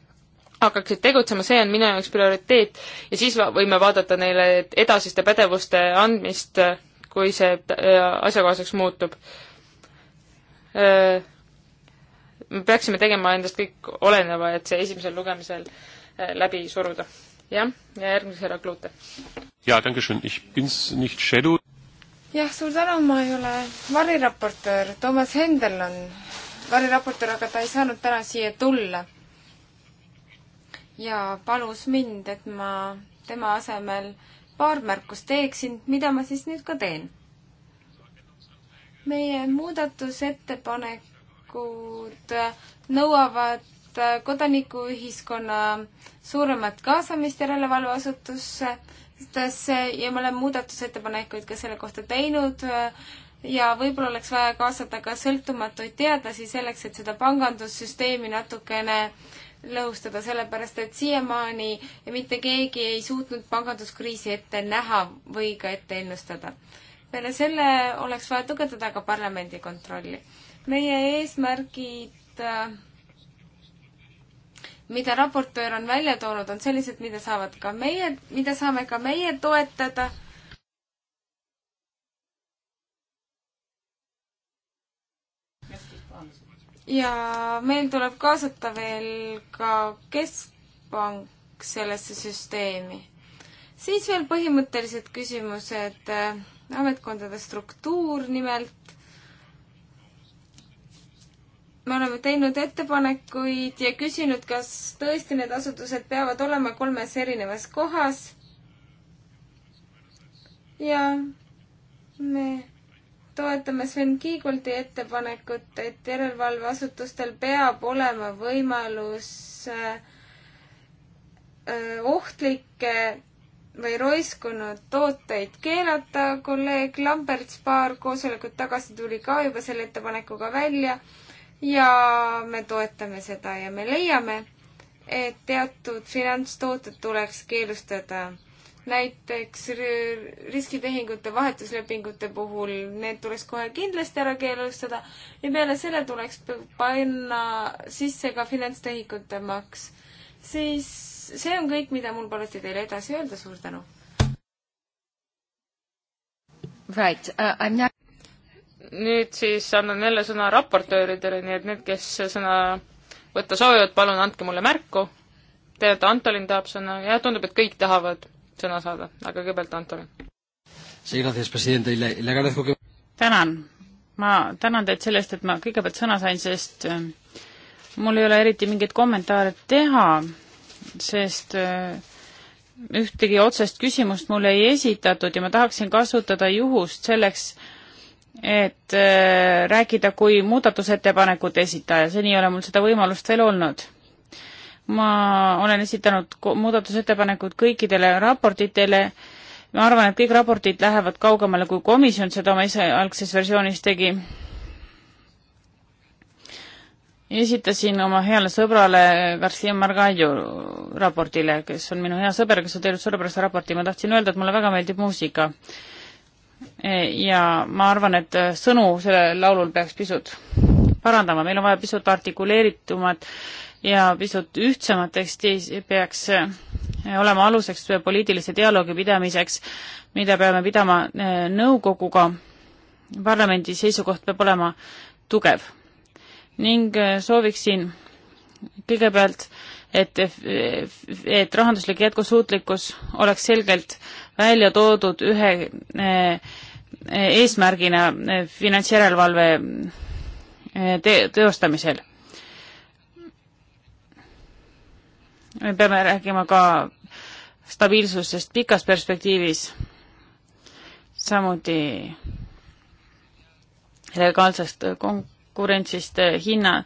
hakkaksid tegutsema, see on minu jaoks prioriteet ja siis võime vaadata neile edasiste pädevuste andmist, äh, kui see äh, asjakohaseks muutub. me peaksime tegema endast kõik oleneva, et see esimesel lugemisel läbi suruda. jah, ja järgmiseks härra Klute. jaa, danke schön, ich bin's nicht shadow jah, suur tänu, ma ei ole variraportöör, Toomas Hendel on variraportöör, aga ta ei saanud täna siia tulla. ja palus mind, et ma tema asemel paar märkust teeksin, mida ma siis nüüd ka teen. meie muudatusettepanekud nõuavad kodanikuühiskonna suuremat kaasamist järelevalveasutusse muudatusettepanekutesse ja ma olen muudatusettepanekuid ka selle kohta teinud ja võib-olla oleks vaja kaasata ka sõltumatuid teadlasi selleks, et seda pangandussüsteemi natukene lõhustada, sellepärast et siiamaani mitte keegi ei suutnud panganduskriisi ette näha või ka ette ennustada. peale selle oleks vaja tugevdada ka parlamendi kontrolli. meie eesmärgid äh, mida raportöör on välja toonud, on sellised, mida saavad ka meie, mida saame ka meie toetada. ja meil tuleb kaasata veel ka keskpank sellesse süsteemi. siis veel põhimõttelised küsimused, äh, ametkondade struktuur nimelt me oleme teinud ettepanekuid ja küsinud, kas tõesti need asutused peavad olema kolmes erinevas kohas. ja me toetame Sven Kiiguldi ettepanekut, et järelevalveasutustel peab olema võimalus äh, äh, ohtlikke või roiskunud tooteid keelata. kolleeg Lamberts paar koosolekut tagasi tuli ka juba selle ettepanekuga välja ja me toetame seda ja me leiame, et teatud finantstooted tuleks keelustada. näiteks riskitehingute vahetuslepingute puhul, need tuleks kohe kindlasti ära keelustada ja peale selle tuleks panna sisse ka finantstehingute maks. siis see on kõik, mida mul paluti teile edasi öelda, suur tänu! Right uh,, I am not nüüd siis annan jälle sõna raportööridele, nii et need, kes sõna võtta soovivad, palun andke mulle märku. tean, et Antolin tahab sõna ja tundub, et kõik tahavad sõna saada, aga kõigepealt Antolin. tänan, ma tänan teid selle eest, et ma kõigepealt sõna sain, sest äh, mul ei ole eriti mingeid kommentaare teha, sest äh, ühtegi otsest küsimust mulle ei esitatud ja ma tahaksin kasutada juhust selleks, et äh, rääkida kui muudatusettepanekute esitaja, seni ei ole mul seda võimalust veel olnud. ma olen esitanud muudatusettepanekud kõikidele raportitele, ma arvan, et kõik raportid lähevad kaugemale, kui komisjon seda oma esialgses versioonis tegi. esitasin oma heale sõbrale Garcia Margallo raportile, kes on minu hea sõber, kes on teinud suurepärase raporti, ma tahtsin öelda, et mulle väga meeldib muusika ja ma arvan, et äh, sõnu sellel laulul peaks pisut parandama, meil on vaja pisut artikuleeritumat ja pisut ühtsemat teksti peaks äh, olema aluseks poliitilise dialoogi pidamiseks, mida peame pidama äh, nõukoguga. parlamendi seisukoht peab olema tugev ning sooviksin kõigepealt et, et rahanduslik jätkusuutlikkus oleks selgelt välja toodud ühe eh, eesmärgina eh, finantsjärelevalve eh, te teostamisel. me peame rääkima ka stabiilsusest pikas perspektiivis, samuti legaalsest konkurentsist, hinna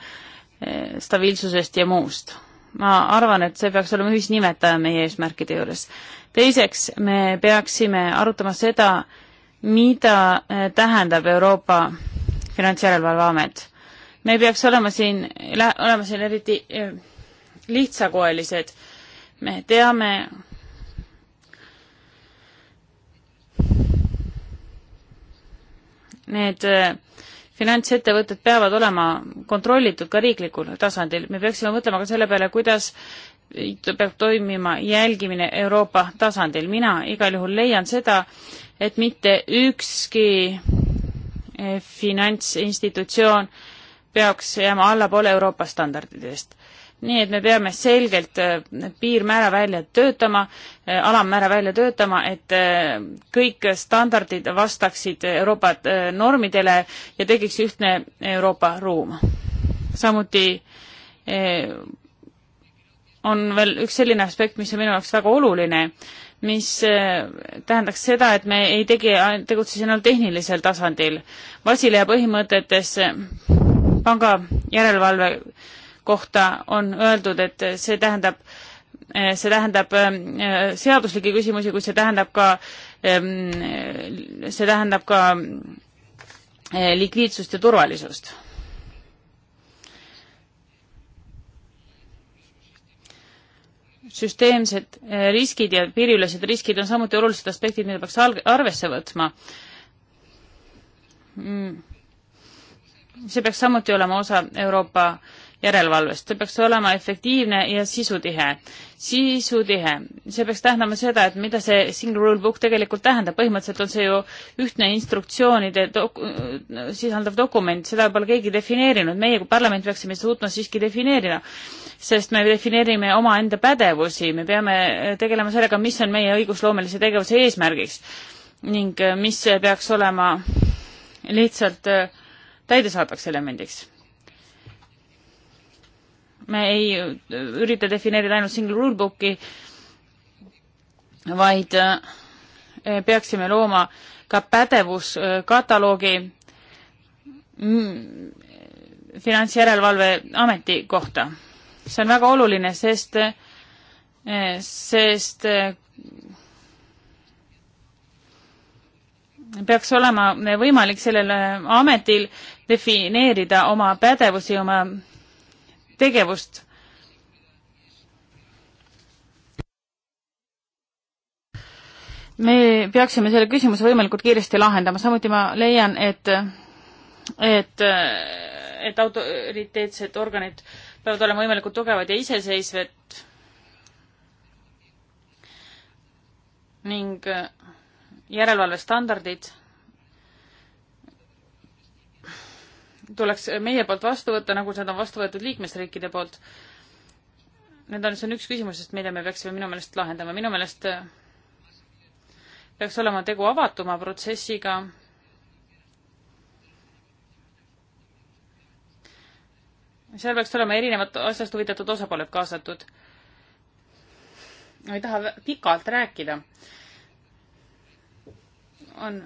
stabiilsusest ja muust ma arvan, et see peaks olema ühisnimetaja meie eesmärkide juures. teiseks, me peaksime arutama seda, mida eh, tähendab Euroopa Finantsjärelevalveamet. me ei peaks olema siin, olema siin eriti eh, lihtsakoelised. me teame, need eh, finantsettevõtted peavad olema kontrollitud ka riiklikul tasandil. me peaksime mõtlema ka selle peale, kuidas peab toimima jälgimine Euroopa tasandil. mina igal juhul leian seda, et mitte ükski eh, finantsinstitutsioon peaks jääma allapoole Euroopa standardidest nii et me peame selgelt äh, piirmäära välja töötama, äh, alammäära välja töötama, et äh, kõik standardid vastaksid Euroopa normidele ja tekiks ühtne Euroopa ruum. samuti on veel üks selline aspekt, mis on minu jaoks väga oluline, mis tähendaks seda, et me ei tegi, tegutsesin ainult tehnilisel tasandil. Basilea põhimõtetes panga järelevalve kohta on öeldud, et see tähendab see tähendab ähm, äh, seaduslikke küsimusi, kuid see tähendab ka, ähm, see tähendab ka äh, likviidsust ja turvalisust. süsteemsed äh, riskid ja piiriülesed riskid on samuti olulised aspektid, mida peaks arvesse võtma. Mm. see peaks samuti olema osa Euroopa äh, järelevalvest. see peaks olema efektiivne ja sisutihe. sisutihe, see peaks tähendama seda, et mida see single rule book tegelikult tähendab, põhimõtteliselt on see ju ühtne instruktsioonide dok-, sisaldav dokument, seda pole keegi defineerinud, meie kui parlament peaksime suutma siiski defineerida, sest me defineerime omaenda pädevusi, me peame tegelema sellega, mis on meie õigusloomelise tegevuse eesmärgiks ning mis peaks olema lihtsalt äh, täidesaadvaks elemendiks me ei ürita defineerida ainult single rulebooki, vaid äh, peaksime looma ka pädevuskataloogi äh, mm, finantsjärelevalve ameti kohta. see on väga oluline, sest, äh, sest peaks olema võimalik sellel ametil defineerida oma pädevusi, oma tegevust. me peaksime selle küsimuse võimalikult kiiresti lahendama, samuti ma leian, et, et, et autoriteetsed organid peavad olema võimalikult tugevad ja iseseisvad ning järelevalvestandardid tuleks meie poolt vastu võtta, nagu seda on vastu võetud liikmesriikide poolt. Need on, see on üks küsimusest, mille me peaksime minu meelest lahendama. minu meelest äh, peaks olema tegu avatuma protsessiga. seal peaks olema erinevad asjast huvitatud osapooled kaasatud. ma ei taha pikalt rääkida. on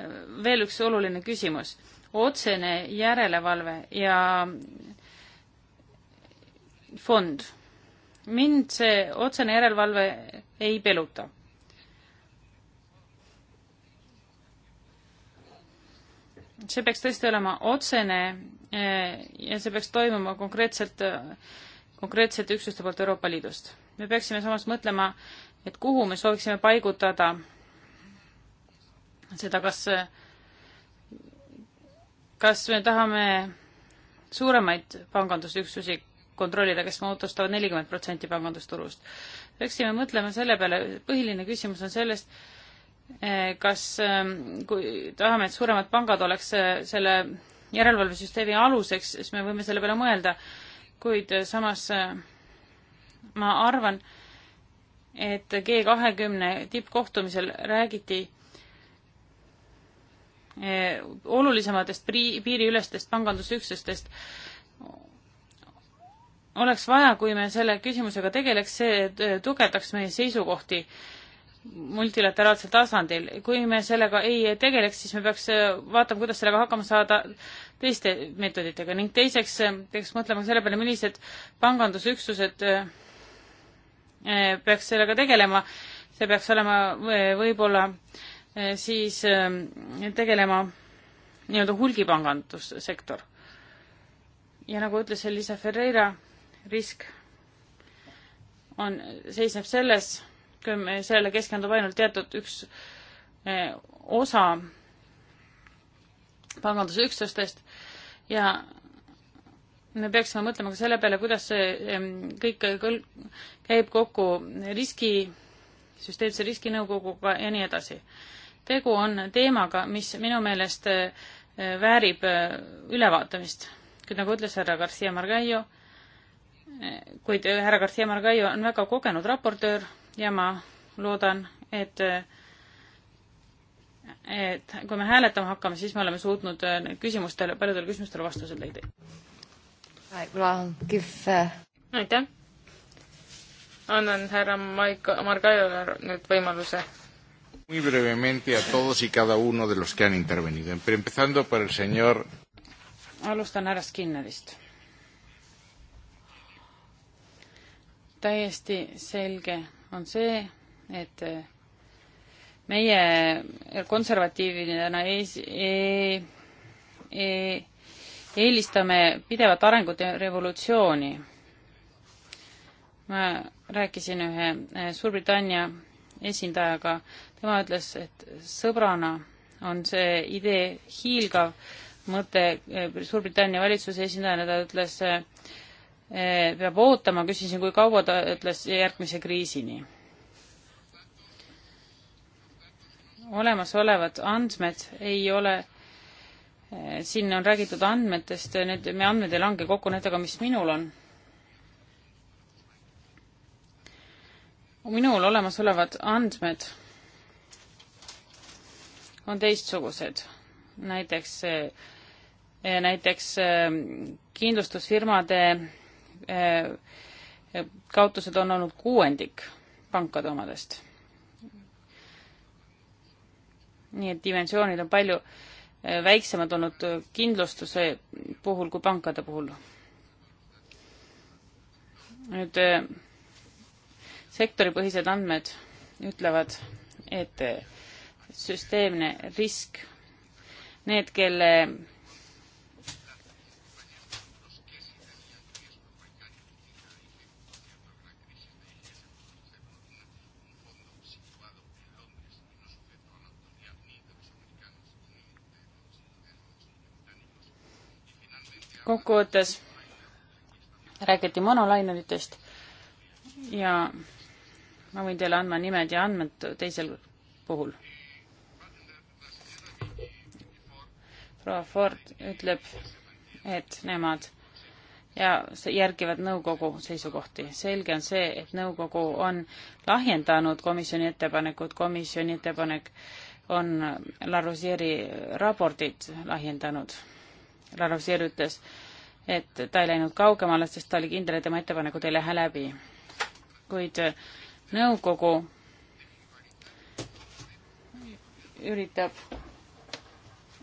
äh, veel üks oluline küsimus otsene järelevalve ja fond. mind see otsene järelevalve ei peluta. see peaks tõesti olema otsene eh, ja see peaks toimuma konkreetselt, konkreetsete üksuste poolt Euroopa Liidust. me peaksime samas mõtlema, et kuhu me sooviksime paigutada seda, kas äh, kas me tahame suuremaid pangandusüksusi kontrollida, kes moodustavad nelikümmend protsenti pangandusturust. peaksime mõtlema selle peale, põhiline küsimus on sellest, eh, kas, ehm, kui tahame, et suuremad pangad oleks eh, selle järelevalvesüsteemi aluseks, siis me võime selle peale mõelda, kuid eh, samas ma arvan, et G kahekümne tippkohtumisel räägiti Eh, olulisematest piiriülestest pangandusüksustest. oleks vaja, kui me selle küsimusega tegeleks, see eh, tugevdaks meie seisukohti multilateraalsel tasandil. kui me sellega ei tegeleks, siis me peaks eh, vaatama, kuidas sellega hakkama saada teiste meetoditega ning teiseks peaks mõtlema selle peale, millised pangandusüksused peaks sellega tegelema. see peaks olema võib-olla võib Eh, siis eh, tegelema nii-öelda hulgipangandussektor. ja nagu ütles Elisa Ferreira, risk on, seisneb selles, kui me sellele keskendub ainult teatud üks eh, osa panganduse üksustest ja me peaksime mõtlema ka selle peale, kuidas see kõik käib kokku riski, süsteemse riskinõukoguga ja nii edasi tegu on teemaga, mis minu meelest äh, väärib äh, ülevaatamist. kuid nagu ütles härra Garcia Margallo, äh, kuid härra Garcia Margallo on väga kogenud raportöör ja ma loodan, et et kui me hääletama hakkame, siis me oleme suutnud küsimustele, paljudele küsimustele vastused leida. Uh, aitäh! annan härra Maiko Margaiole nüüd võimaluse Muy brevemente a todos y cada uno de los que han intervenido, empezando por el señor. alustan härra Skinnerist. täiesti selge on see, et eh, meie konservatiividena ees, e, e, eelistame pidevat arengut ja revolutsiooni. ma rääkisin ühe eh, Suurbritannia esindajaga tema ütles, et sõbrana on see idee hiilgav mõte eh, Suurbritannia valitsuse esindajana, ta ütles, eh, peab ootama, küsisin, kui kaua ta ütles järgmise kriisini. olemasolevad andmed ei ole, eh, siin on räägitud andmetest, need, meie andmed ei lange kokku nendega, mis minul on. minul olemasolevad andmed on teistsugused. näiteks, eh, eh, näiteks eh, kindlustusfirmade kaotused on olnud kuuendik pankade omadest. nii et dimensioonid on palju väiksemad olnud kindlustuse puhul kui pankade puhul. nüüd sektoripõhised andmed ütlevad, et süsteemne risk. Need, kelle kokkuvõttes räägiti monolaineritest ja ma võin teile andma nimed ja andmed teisel puhul proua Ford ütleb, et nemad ja järgivad nõukogu seisukohti. selge on see, et nõukogu on lahjendanud komisjoni ettepanekut, komisjoni ettepanek on La Rosieri raportit lahjendanud. La Rosier ütles, et ta ei läinud kaugemale, sest ta oli kindel, et tema ettepanekud ei lähe läbi. kuid nõukogu üritab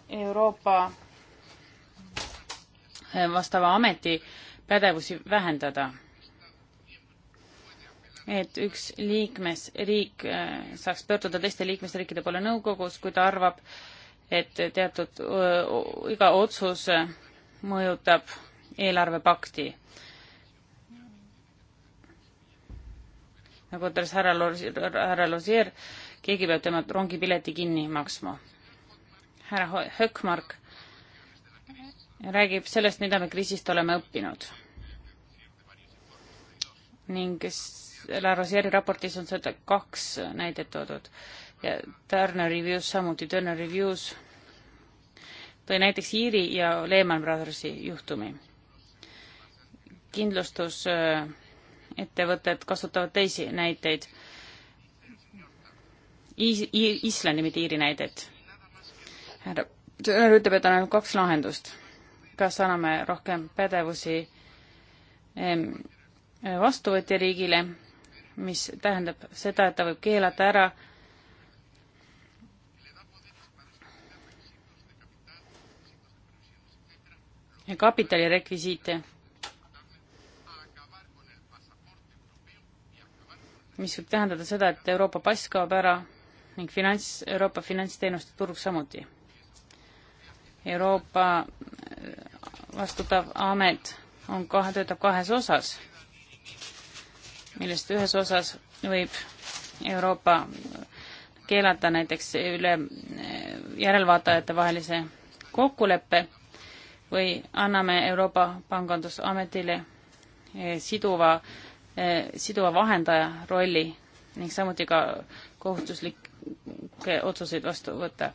Euroopa eh, vastava ameti pädevusi vähendada. et üks liikmesriik eh, saaks pöörduda teiste liikmesriikide poole nõukogus, kui ta arvab, et teatud eh, iga otsus mõjutab eelarvepakti. nagu ütles härra Losier, keegi peab tema rongipileti kinni maksma härra Höckmark räägib sellest, mida me kriisist oleme õppinud. ning La Rosieri raportis on seda kaks näidet toodud ja Turner Reviews, samuti Turner Reviews tõi näiteks Iiri ja Lehman Brothersi juhtumi. kindlustusettevõtted äh, kasutavad teisi näiteid Is, Islandi, mitte Iiri näidet härra, Sõnar ütleb, et on ainult kaks lahendust. kas anname rohkem pädevusi ehm, vastuvõtja riigile, mis tähendab seda, et ta võib keelata ära kapitali rekvisiite, mis võib tähendada seda, et Euroopa pass kaob ära ning finants, Euroopa finantsteenuste turg samuti Euroopa vastutav amet on kahe, töötab kahes osas, millest ühes osas võib Euroopa keelata näiteks üle eh, järelvaatajate vahelise kokkuleppe või anname Euroopa Pangandusametile eh, siduva, eh, siduva vahendaja rolli ning samuti ka kohustuslikke otsuseid vastu võtta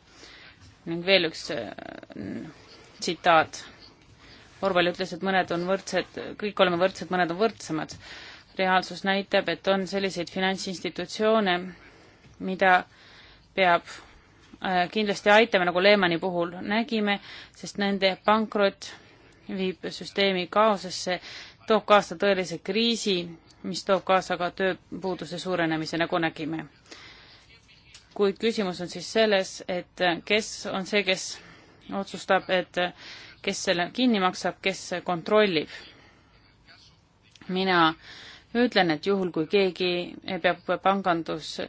ning veel üks äh, tsitaat. Orwell ütles, et mõned on võrdsed, kõik oleme võrdsed, mõned on võrdsemad. reaalsus näitab, et on selliseid finantsinstitutsioone, mida peab äh, kindlasti aitama, nagu Lehmani puhul nägime, sest nende pankrot viib süsteemi kaosesse, toob kaasa tõelise kriisi, mis toob kaasa ka tööpuuduse suurenemise, nagu nägime kuid küsimus on siis selles, et kes on see, kes otsustab, et kes selle kinni maksab, kes kontrollib. mina ütlen, et juhul, kui keegi peab pangandus,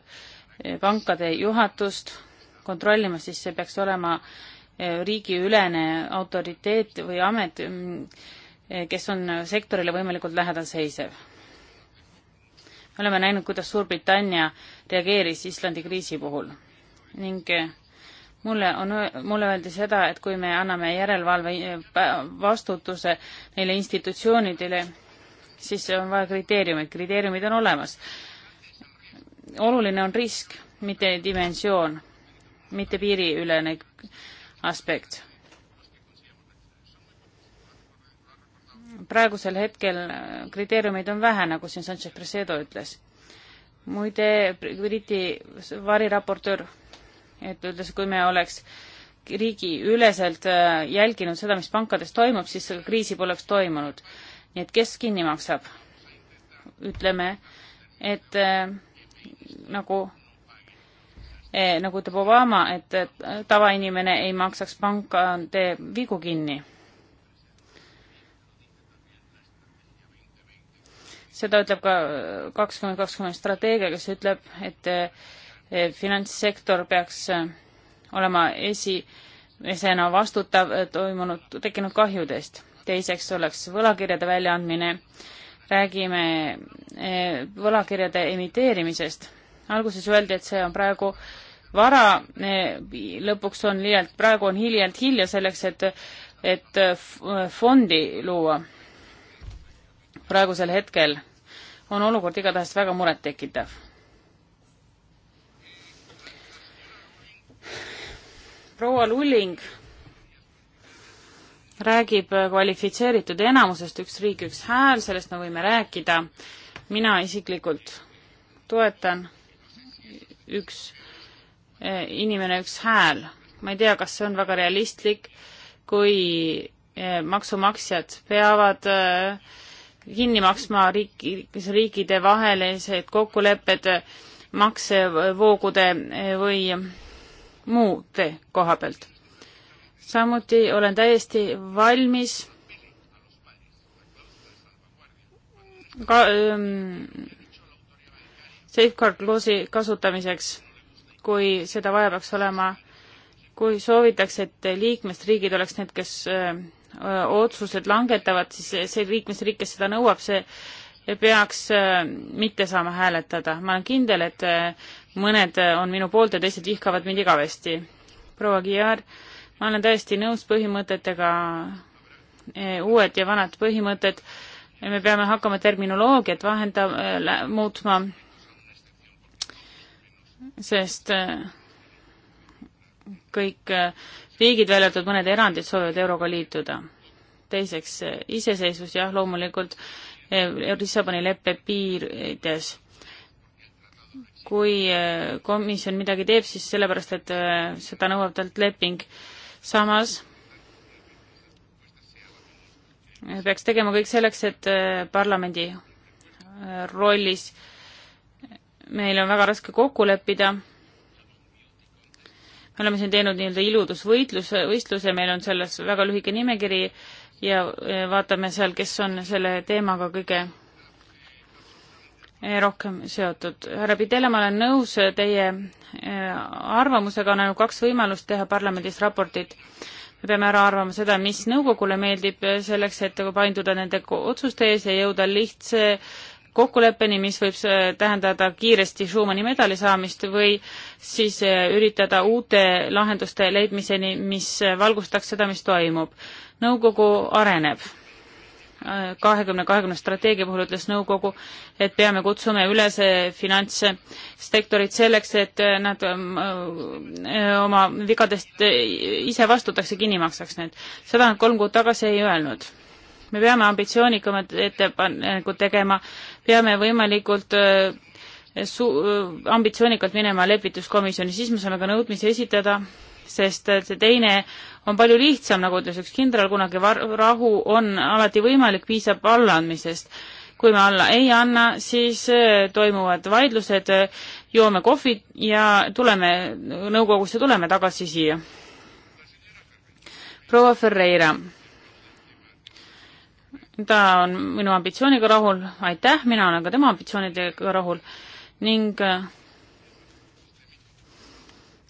pankade juhatust kontrollima, siis see peaks olema eh, riigiülene autoriteet või amet, mm, eh, kes on sektorile võimalikult lähedal seisev me oleme näinud, kuidas Suurbritannia reageeris Islandi kriisi puhul ning eh, mulle on, mulle öeldi seda, et kui me anname järelevalve eh, vastutuse neile institutsioonidele, siis on vaja kriteeriumeid, kriteeriumid on olemas. oluline on risk, mitte dimensioon, mitte piiriülene aspekt. praegusel hetkel äh, kriteeriumeid on vähe, nagu siin Sanchez Presedo ütles. muide, Briti variraportöör, et ütles, kui me oleks riigiüleselt äh, jälginud seda, mis pankades toimub, siis kriisi poleks toimunud. nii et kes kinni maksab? ütleme, et äh, nagu eh, nagu ütleb Obama, et, et tavainimene ei maksaks pankade vigu kinni seda ütleb ka kakskümmend kakskümmend strateegia, kes ütleb, et eh, finantssektor peaks eh, olema esimesena vastutav eh, toimunud, tekkinud kahjudest. teiseks oleks võlakirjade väljaandmine. räägime võlakirjade emiteerimisest. alguses öeldi, et see on praegu vara, lõpuks on liialt, praegu on hiljalt hilja selleks, et, et fondi luua praegusel hetkel on olukord igatahes väga murettekitav. proua Lulling räägib kvalifitseeritud enamusest üks riik, üks hääl, sellest me võime rääkida. mina isiklikult toetan üks eh, inimene, üks hääl. ma ei tea, kas see on väga realistlik, kui eh, maksumaksjad peavad äh, kinni maksma riikide, riikide vahelised kokkulepped maksevoogude eh, või muude koha pealt. samuti olen täiesti valmis ka ähm, safeguard clause'i kasutamiseks, kui seda vaja peaks olema, kui soovitakse, et liikmesriigid oleks need, kes äh, otsused langetavad, siis see liikmesriik, kes seda nõuab, see peaks mitte saama hääletada. ma olen kindel, et mõned on minu poolt ja teised vihkavad mind igavesti. proua Kiiar, ma olen täiesti nõus põhimõtetega, e, uued ja vanad põhimõtted, me peame hakkama terminoloogiat vahenda-, muutma, sest kõik riigid, välja arvatud mõned erandid, soovivad euroga liituda. teiseks, iseseisvus, jah, loomulikult eh, Lissaboni leppe piirides. kui eh, komisjon midagi teeb, siis sellepärast, et eh, seda nõuab talt leping. samas peaks tegema kõik selleks, et parlamendi rollis meil on väga raske kokku leppida me oleme siin teinud nii-öelda iludusvõitluse, võistluse, meil on selles väga lühike nimekiri ja vaatame seal, kes on selle teemaga kõige eh, rohkem seotud. härra Pidele, ma olen nõus eh, teie eh, arvamusega, on ainult kaks võimalust teha parlamendis raportit. me peame ära arvama seda, mis nõukogule meeldib, selleks et painduda nende otsuste ees ja jõuda lihtsa kokkuleppeni, mis võib tähendada kiiresti Schumanni medali saamist või siis eh, üritada uute lahenduste leidmiseni, mis eh, valgustaks seda, mis toimub. nõukogu areneb kahekümne kahekümne strateegia puhul ütles nõukogu, et peame kutsuma üles eh, finantssektorit selleks, et nad oma vigadest ise vastutaks ja kinni maksaks need. seda nad kolm kuud tagasi ei öelnud me peame ambitsioonikamad ettepanekud tegema, peame võimalikult äh, su-, äh, ambitsioonikalt minema lepituskomisjoni, siis me saame ka nõudmisi esitada, sest äh, see teine on palju lihtsam, nagu ütles üks kindral kunagi, rahu on alati võimalik, piisab allaandmisest. kui me alla ei anna, siis toimuvad vaidlused, joome kohvi ja tuleme nõukogusse, tuleme tagasi siia. proua Ferreira ta on minu ambitsiooniga rahul, aitäh, mina olen ka tema ambitsioonidega rahul ning äh,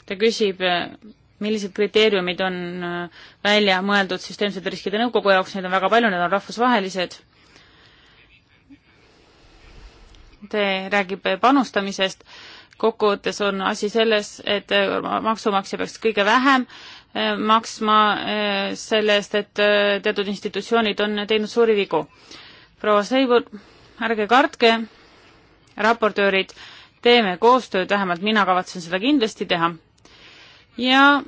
ta küsib, äh, millised kriteeriumid on äh, välja mõeldud süsteemsete riskide nõukogu jaoks, neid on väga palju, need on rahvusvahelised. Te räägib panustamisest, kokkuvõttes on asi selles, et maksumaksja peaks kõige vähem äh, Äh, maksma äh, selle eest, et äh, teatud institutsioonid on teinud suuri vigu. proua Seibur, ärge kartke, raportöörid, teeme koostööd, vähemalt mina kavatsen seda kindlasti teha. ja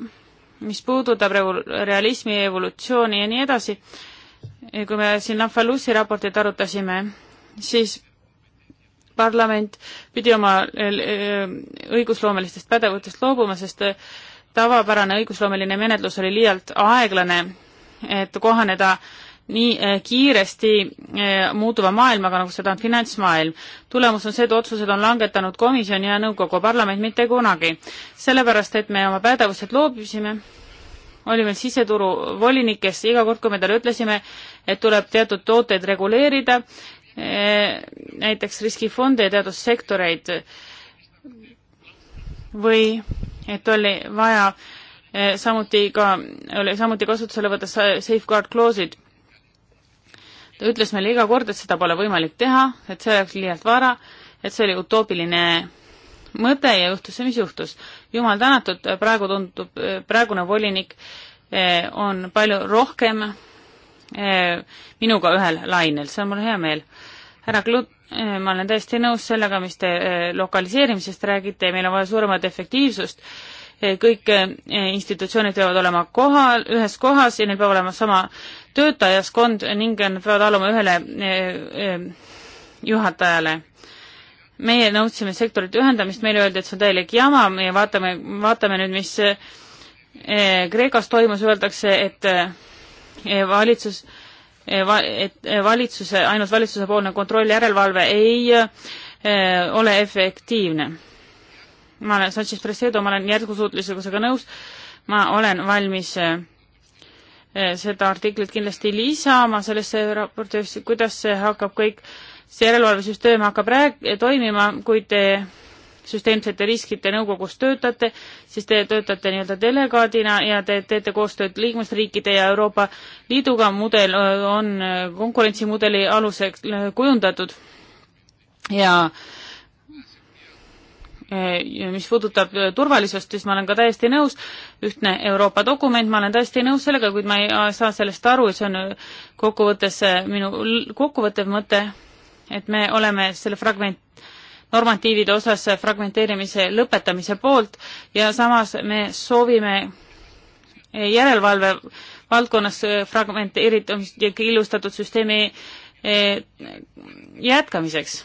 mis puudutab revol-, realismi evolutsiooni ja nii edasi, kui me siin Lamfalussi raportit arutasime, siis parlament pidi oma õigusloomelistest pädevustest loobuma, sest tavapärane õigusloomeline menetlus oli liialt aeglane, et kohaneda nii eh, kiiresti eh, muutuva maailmaga, nagu seda on finantsmaailm. tulemus on see, et otsused on langetanud komisjon ja nõukogu parlament mitte kunagi. sellepärast, et me oma pädevused loobisime, oli meil siseturu volinik, kes iga kord, kui me talle ütlesime, et tuleb teatud tooteid reguleerida, eh, näiteks riskifonde ja teadussektoreid või et oli vaja eh, samuti ka, oli samuti kasutusele võtta safeguard clause'id. ta ütles meile iga kord, et seda pole võimalik teha, et see oleks liialt vara, et see oli utoopiline mõte ja juhtus see, mis juhtus. jumal tänatud, praegu tundub, praegune volinik eh, on palju rohkem eh, minuga ühel lainel, see on mul hea meel. härra Klut-, Äh, ma olen täiesti nõus sellega, mis te äh, lokaliseerimisest räägite ja meil on vaja suuremat efektiivsust. Äh, kõik institutsioonid peavad olema kohal, ühes kohas ja neil peab olema sama töötajaskond ning nad peavad alluma ühele juhatajale. meie nõudsime sektorite ühendamist, meile öeldi, et see on täielik jama, me vaatame, vaatame nüüd, mis Kreekas toimus, öeldakse, et valitsus äh, Eh, et eh, valitsuse, ainult valitsusepoolne kontroll, järelevalve ei eh, ole efektiivne. ma olen Sanchez Presedo, ma olen jätkusuutlikkusega nõus, ma olen valmis seda artiklit kindlasti lisama sellesse raporti, kuidas see hakkab kõik, see järelevalvesüsteem hakkab rääk-, toimima, kui te süsteemsete riskide nõukogus töötate, siis te töötate nii-öelda delegaadina ja te teete koostööd liikmesriikide ja Euroopa Liiduga, mudel on konkurentsimudeli aluseks kujundatud ja mis puudutab turvalisust, siis ma olen ka täiesti nõus, ühtne Euroopa dokument, ma olen täiesti nõus sellega, kuid ma ei äh, saa sellest aru, see on kokkuvõttes minu kokkuvõttev mõte, et me oleme selle fragment, normatiivide osas fragmenteerimise lõpetamise poolt ja samas me soovime järelevalve valdkonnas fragmenteeritumist ja killustatud süsteemi eh, jätkamiseks.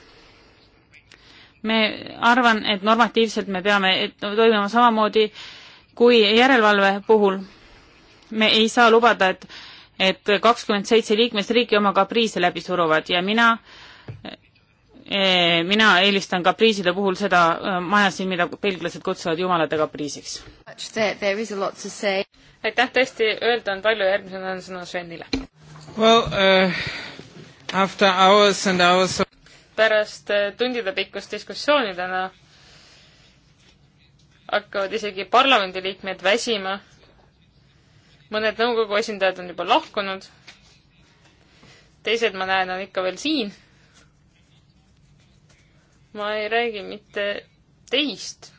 me arvan, et normatiivselt me peame toimima samamoodi kui järelevalve puhul. me ei saa lubada, et et kakskümmend seitse liikmesriiki oma kapriise läbi suruvad ja mina Eh, mina eelistan kapriiside puhul seda äh, maja siin, mida belglased kutsuvad jumalate kapriisiks. aitäh, tõesti, öelda on palju, järgmisena on sõna Svenile. Well uh,, after hours and hours of pärast äh, tundide pikkust diskussiooni täna hakkavad isegi parlamendiliikmed väsima. mõned nõukogu esindajad on juba lahkunud. teised, ma näen, on ikka veel siin ma ei räägi mitte teist.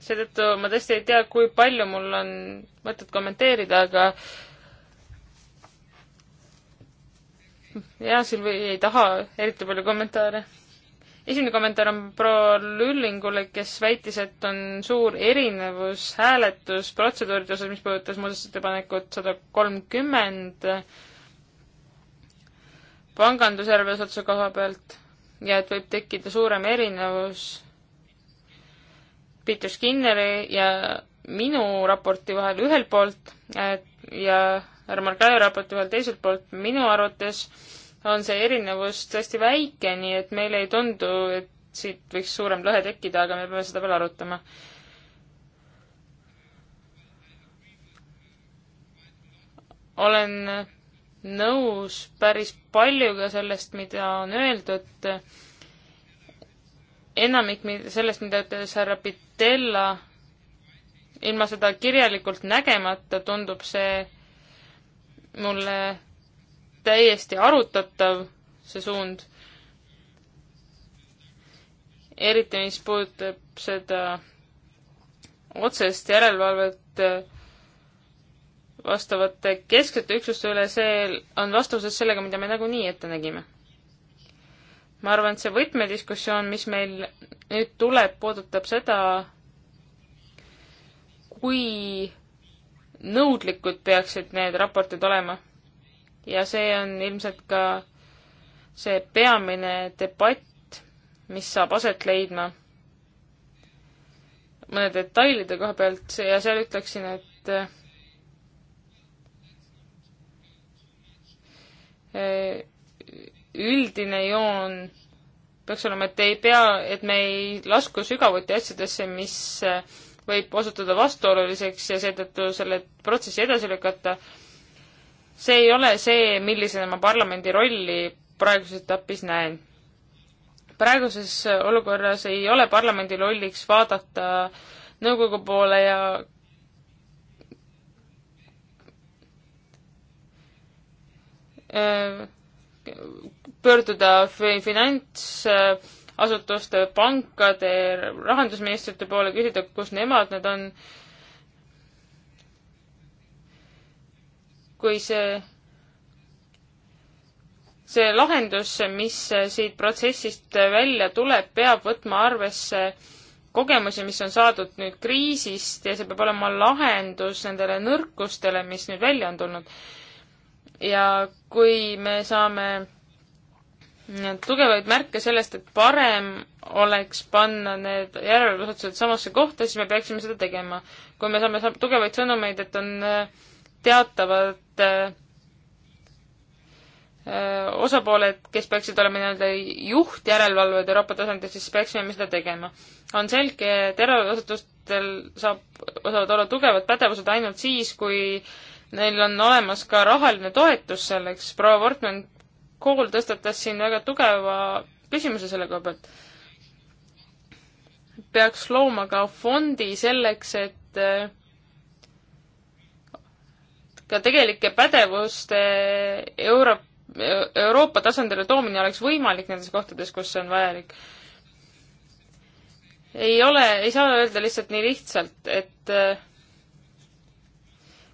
seetõttu ma tõesti ei tea, kui palju mul on mõtet kommenteerida, aga jaa, Silvi ei taha eriti palju kommentaare. esimene kommentaar on proua Lüllingule, kes väitis, et on suur erinevus hääletusprotseduuride osas, mis puudutas muudatusettepanekut sada kolmkümmend pangandusjärelevalve koha pealt ja et võib tekkida suurem erinevus Peter Skinneri ja minu raporti vahel ühelt poolt ja härra Margaio raporti vahel teiselt poolt. minu arvates on see erinevus tõesti väike, nii et meile ei tundu, et siit võiks suurem lõhe tekkida, aga me peame seda veel arutama. olen nõus päris paljuga sellest, mida on öeldud. enamik sellest, mida ütles härra Pitella, ilma seda kirjalikult nägemata tundub see mulle täiesti arutatav, see suund. eriti, mis puudutab seda otsest järelevalvet vastavate kesksete üksuste üle, see on vastuses sellega, mida me nagunii ette nägime. ma arvan, et see võtmediskussioon, mis meil nüüd tuleb, puudutab seda, kui nõudlikud peaksid need raportid olema. ja see on ilmselt ka see peamine debatt, mis saab aset leidma mõne detailide koha pealt ja seal ütleksin, et Äh, üldine joon peaks olema, et ei pea, et me ei lasku sügavuti asjadesse, mis äh, võib osutuda vastuoluliseks ja seetõttu selle protsessi edasi lükata. see ei ole see, millisena ma parlamendi rolli praeguses etapis näen. praeguses olukorras ei ole parlamendi rolliks vaadata nõukogu poole ja pöörduda finantsasutuste, pankade, rahandusministrite poole, küsida, kus nemad need on. kui see, see lahendus, mis siit protsessist välja tuleb, peab võtma arvesse kogemusi, mis on saadud nüüd kriisist ja see peab olema lahendus nendele nõrkustele, mis nüüd välja on tulnud ja kui me saame tugevaid märke sellest, et parem oleks panna need järelevalveasutused samasse kohta, siis me peaksime seda tegema. kui me saame tugevaid sõnumeid, et on äh, teatavad äh, äh, osapooled, kes peaksid olema nii-öelda juhtjärelevalved Euroopa tasandil, siis peaksime me seda tegema. on selge, et järelevalveasutustel saab, saavad olla tugevad pädevused ainult siis, kui äh, neil on olemas ka rahaline toetus selleks, proua Wortmann Kool tõstatas siin väga tugeva küsimuse selle koha pealt. peaks looma ka fondi selleks, et äh, ka tegelike pädevuste euro, Euroopa tasandile toomine oleks võimalik nendes kohtades, kus see on vajalik ei ole, ei saa öelda lihtsalt nii lihtsalt, et äh,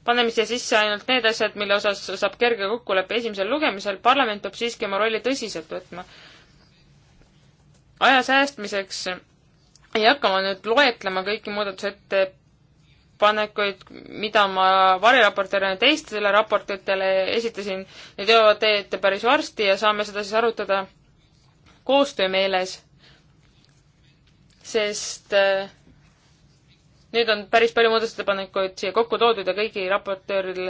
paneme siia sisse ainult need asjad, mille osas saab kerge kokkulepe esimesel lugemisel, parlament peab siiski oma rolli tõsiselt võtma. aja säästmiseks ei hakka ma nüüd loetlema kõiki muudatusettepanekuid, mida ma variraportöörina teistele raportitele esitasin, need jõuavad teie ette päris varsti ja saame seda siis arutada koostöömeeles, sest äh, nüüd on päris palju muudatusettepanekuid siia kokku toodud ja kõigil raportööril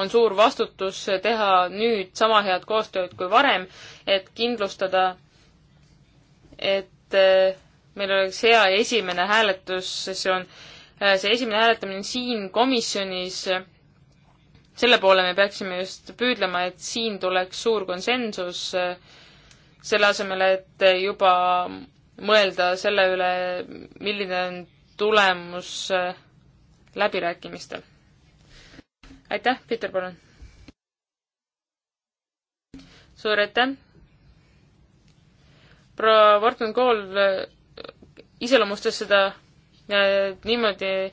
on suur vastutus teha nüüd sama head koostööd kui varem, et kindlustada, et eh, meil oleks hea esimene hääletus, see on, eh, see esimene hääletamine siin komisjonis, selle poole me peaksime just püüdlema, et siin tuleks suur konsensus, eh, selle asemel, et juba mõelda selle üle, milline on tulemus äh, läbirääkimistel. aitäh, Peeter, palun. suur aitäh. proua Wortmann Kool äh, iseloomustas seda äh, niimoodi,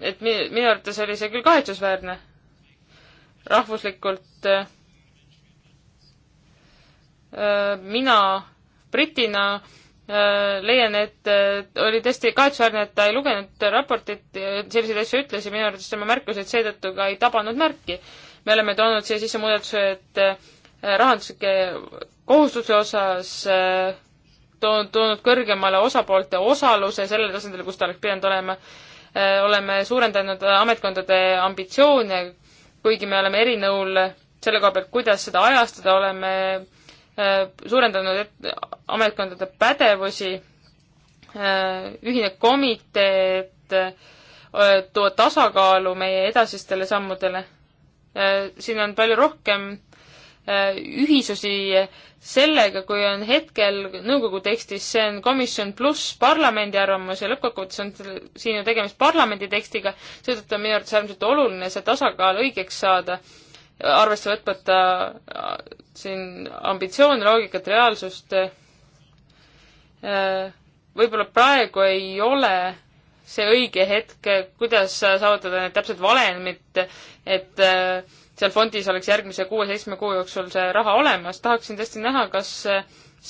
et minu arvates oli see küll kahetsusväärne. rahvuslikult mina britina Äh, leian, et äh, oli tõesti kahetsusväärne, et ta ei lugenud raportit, selliseid asju ütles ja minu arvates tema märkused seetõttu ka ei tabanud märki. me oleme toonud siia sisse muudatuse, et äh, rahanduslike kohustuse osas toonud, toonud kõrgemale osapoolte osaluse sellele tasandile, kus ta oleks pidanud olema. oleme suurendanud ametkondade ambitsioone, kuigi me oleme erinõul selle koha pealt, kuidas seda ajastada, oleme Äh, suurendanud ametkondade pädevusi, äh, ühine komitee, et äh, tuua tasakaalu meie edasistele sammudele. siin on palju rohkem ühisusi sellega, kui on hetkel nõukogu tekstis, see on komisjon pluss parlamendi arvamus ja lõppkokkuvõttes on siin ju tegemist parlamendi tekstiga, seetõttu on minu arvates äärmiselt oluline see tasakaal õigeks saada arvesse võtmata äh, siin ambitsioon, loogikat, reaalsust. Äh, võib-olla praegu ei ole see õige hetk, kuidas saavutada need täpsed valemid, et äh, seal fondis oleks järgmise kuue-seitsme kuu jooksul see raha olemas, tahaksin tõesti näha, kas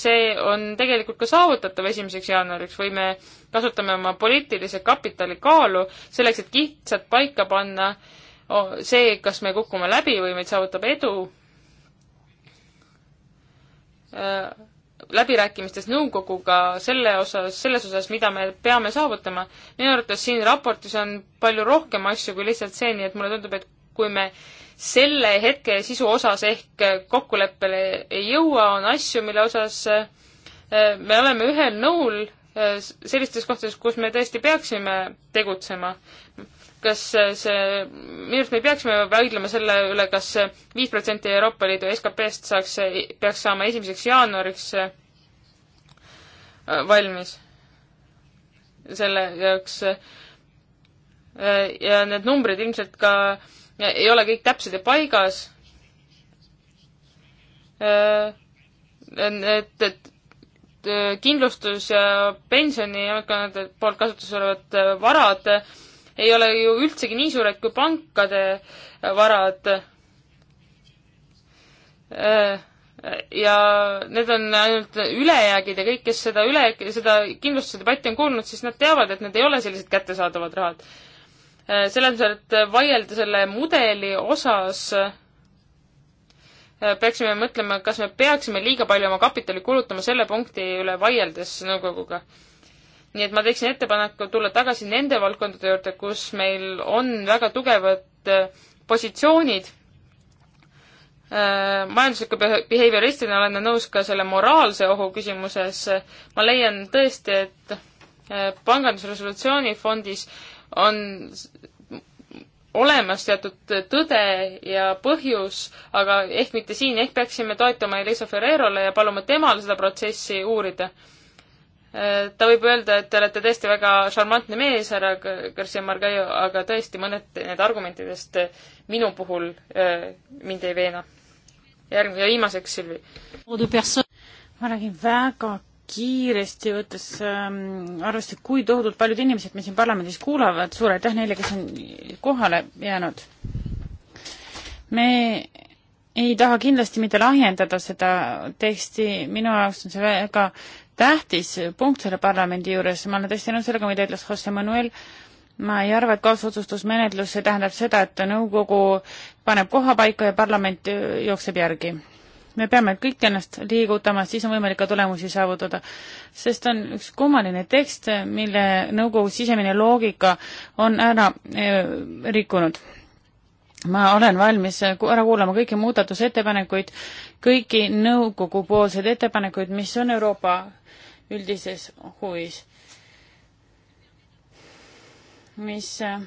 see on tegelikult ka saavutatav esimeseks jaanuariks või me kasutame oma poliitilise kapitali kaalu selleks, et kitsalt paika panna äh, Oh, see, kas me kukume läbi või meid saavutab edu. Äh, läbirääkimistes nõukoguga selle osas, selles osas, mida me peame saavutama. minu arvates siin raportis on palju rohkem asju kui lihtsalt see, nii et mulle tundub, et kui me selle hetke sisu osas ehk kokkuleppele ei jõua, on asju, mille osas äh, me oleme ühel nõul äh, sellistes kohtades, kus me tõesti peaksime tegutsema kas see, minu arust me peaksime vaidlema selle üle kas, kas viis protsenti Euroopa Liidu SKP-st saaks, peaks saama esimeseks jaanuariks äh, valmis selle jaoks. Äh, ja need numbrid ilmselt ka ei ole kõik täpsed ja paigas. Äh, et, et kindlustus ja pensioni ametkonnade poolt kasutusel olevad varad ei ole ju üldsegi nii suured kui pankade varad. ja need on ainult ülejäägid ja kõik, kes seda üle, seda kindlustuse debatti on kuulnud, siis nad teavad, et need ei ole sellised kättesaadavad rahad. selles mõttes, et vaielda selle mudeli osas peaksime mõtlema, kas me peaksime liiga palju oma kapitali kulutama selle punkti üle vaieldes nõukoguga no, nii et ma teeksin ettepaneku tulla tagasi nende valdkondade juurde, kus meil on väga tugevad äh, positsioonid. Äh, majandusliku behavioristina olen nõus ka selle moraalse ohu küsimuses. ma leian tõesti, et äh, pangandusresolutsiooni fondis on olemas teatud tõde ja põhjus, aga ehk mitte siin, ehk peaksime toetama Elisa Ferrerole ja paluma temal seda protsessi uurida ta võib öelda, et te olete tõesti väga šarmantne mees, härra Garcia Margallo, aga tõesti, mõned need argumentidest minu puhul äh, mind ei veena. järgmine ja viimaseks, Silvi. ma räägin väga kiiresti, võttes ähm, arvesse, kui tohutult paljud inimesed meid siin parlamendis kuulavad, suur aitäh neile, kes on kohale jäänud. me ei taha kindlasti mitte lahjendada seda teksti, minu jaoks on see väga tähtis punkt selle parlamendi juures, ma olen tõesti nõus sellega, mida ütles Jose Manuel, ma ei arva, et kaasotsustusmenetlus, see tähendab seda, et nõukogu paneb koha paika ja parlament jookseb järgi. me peame kõik ennast liigutama, siis on võimalik ka tulemusi saavutada. sest on üks kummaline tekst, mille nõukogu sisemine loogika on ära eh, rikkunud ma olen valmis ära kuulama kõiki muudatusettepanekuid kõiki nõukogu poolseid ettepanekuid, mis on Euroopa üldises huvis, mis äh,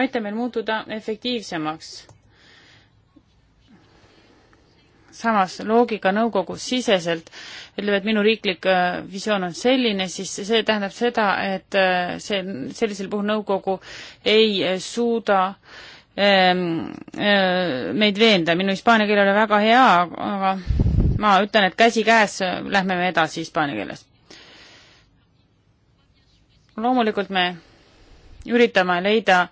aitab meil muutuda efektiivsemaks. samas loogika nõukogus siseselt ütleb, et minu riiklik äh, visioon on selline, siis see tähendab seda, et äh, see, sellisel puhul nõukogu ei suuda äh, Ehm, ehm, meid veenda, minu hispaania keel oli väga hea, aga ma ütlen, et käsikäes lähme me edasi hispaania keeles. loomulikult me üritame leida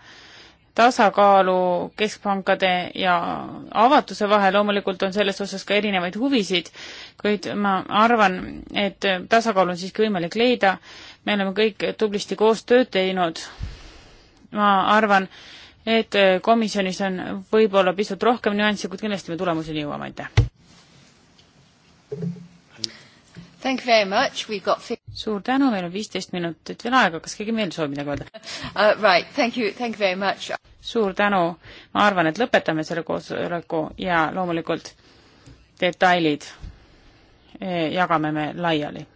tasakaalu keskpankade ja avatuse vahel, loomulikult on selles osas ka erinevaid huvisid, kuid ma arvan, et tasakaal on siiski võimalik leida, me oleme kõik tublisti koostööd teinud, ma arvan, et äh, komisjonis on võib-olla pisut rohkem nüansse, kuid kindlasti me tulemuseni jõuame, aitäh! Got... suur tänu, meil on viisteist minutit veel aega, kas keegi meil soovib midagi öelda uh,? Right, thank you, thank you very much. suur tänu, ma arvan, et lõpetame selle koosoleku ja loomulikult detailid eh, jagame me laiali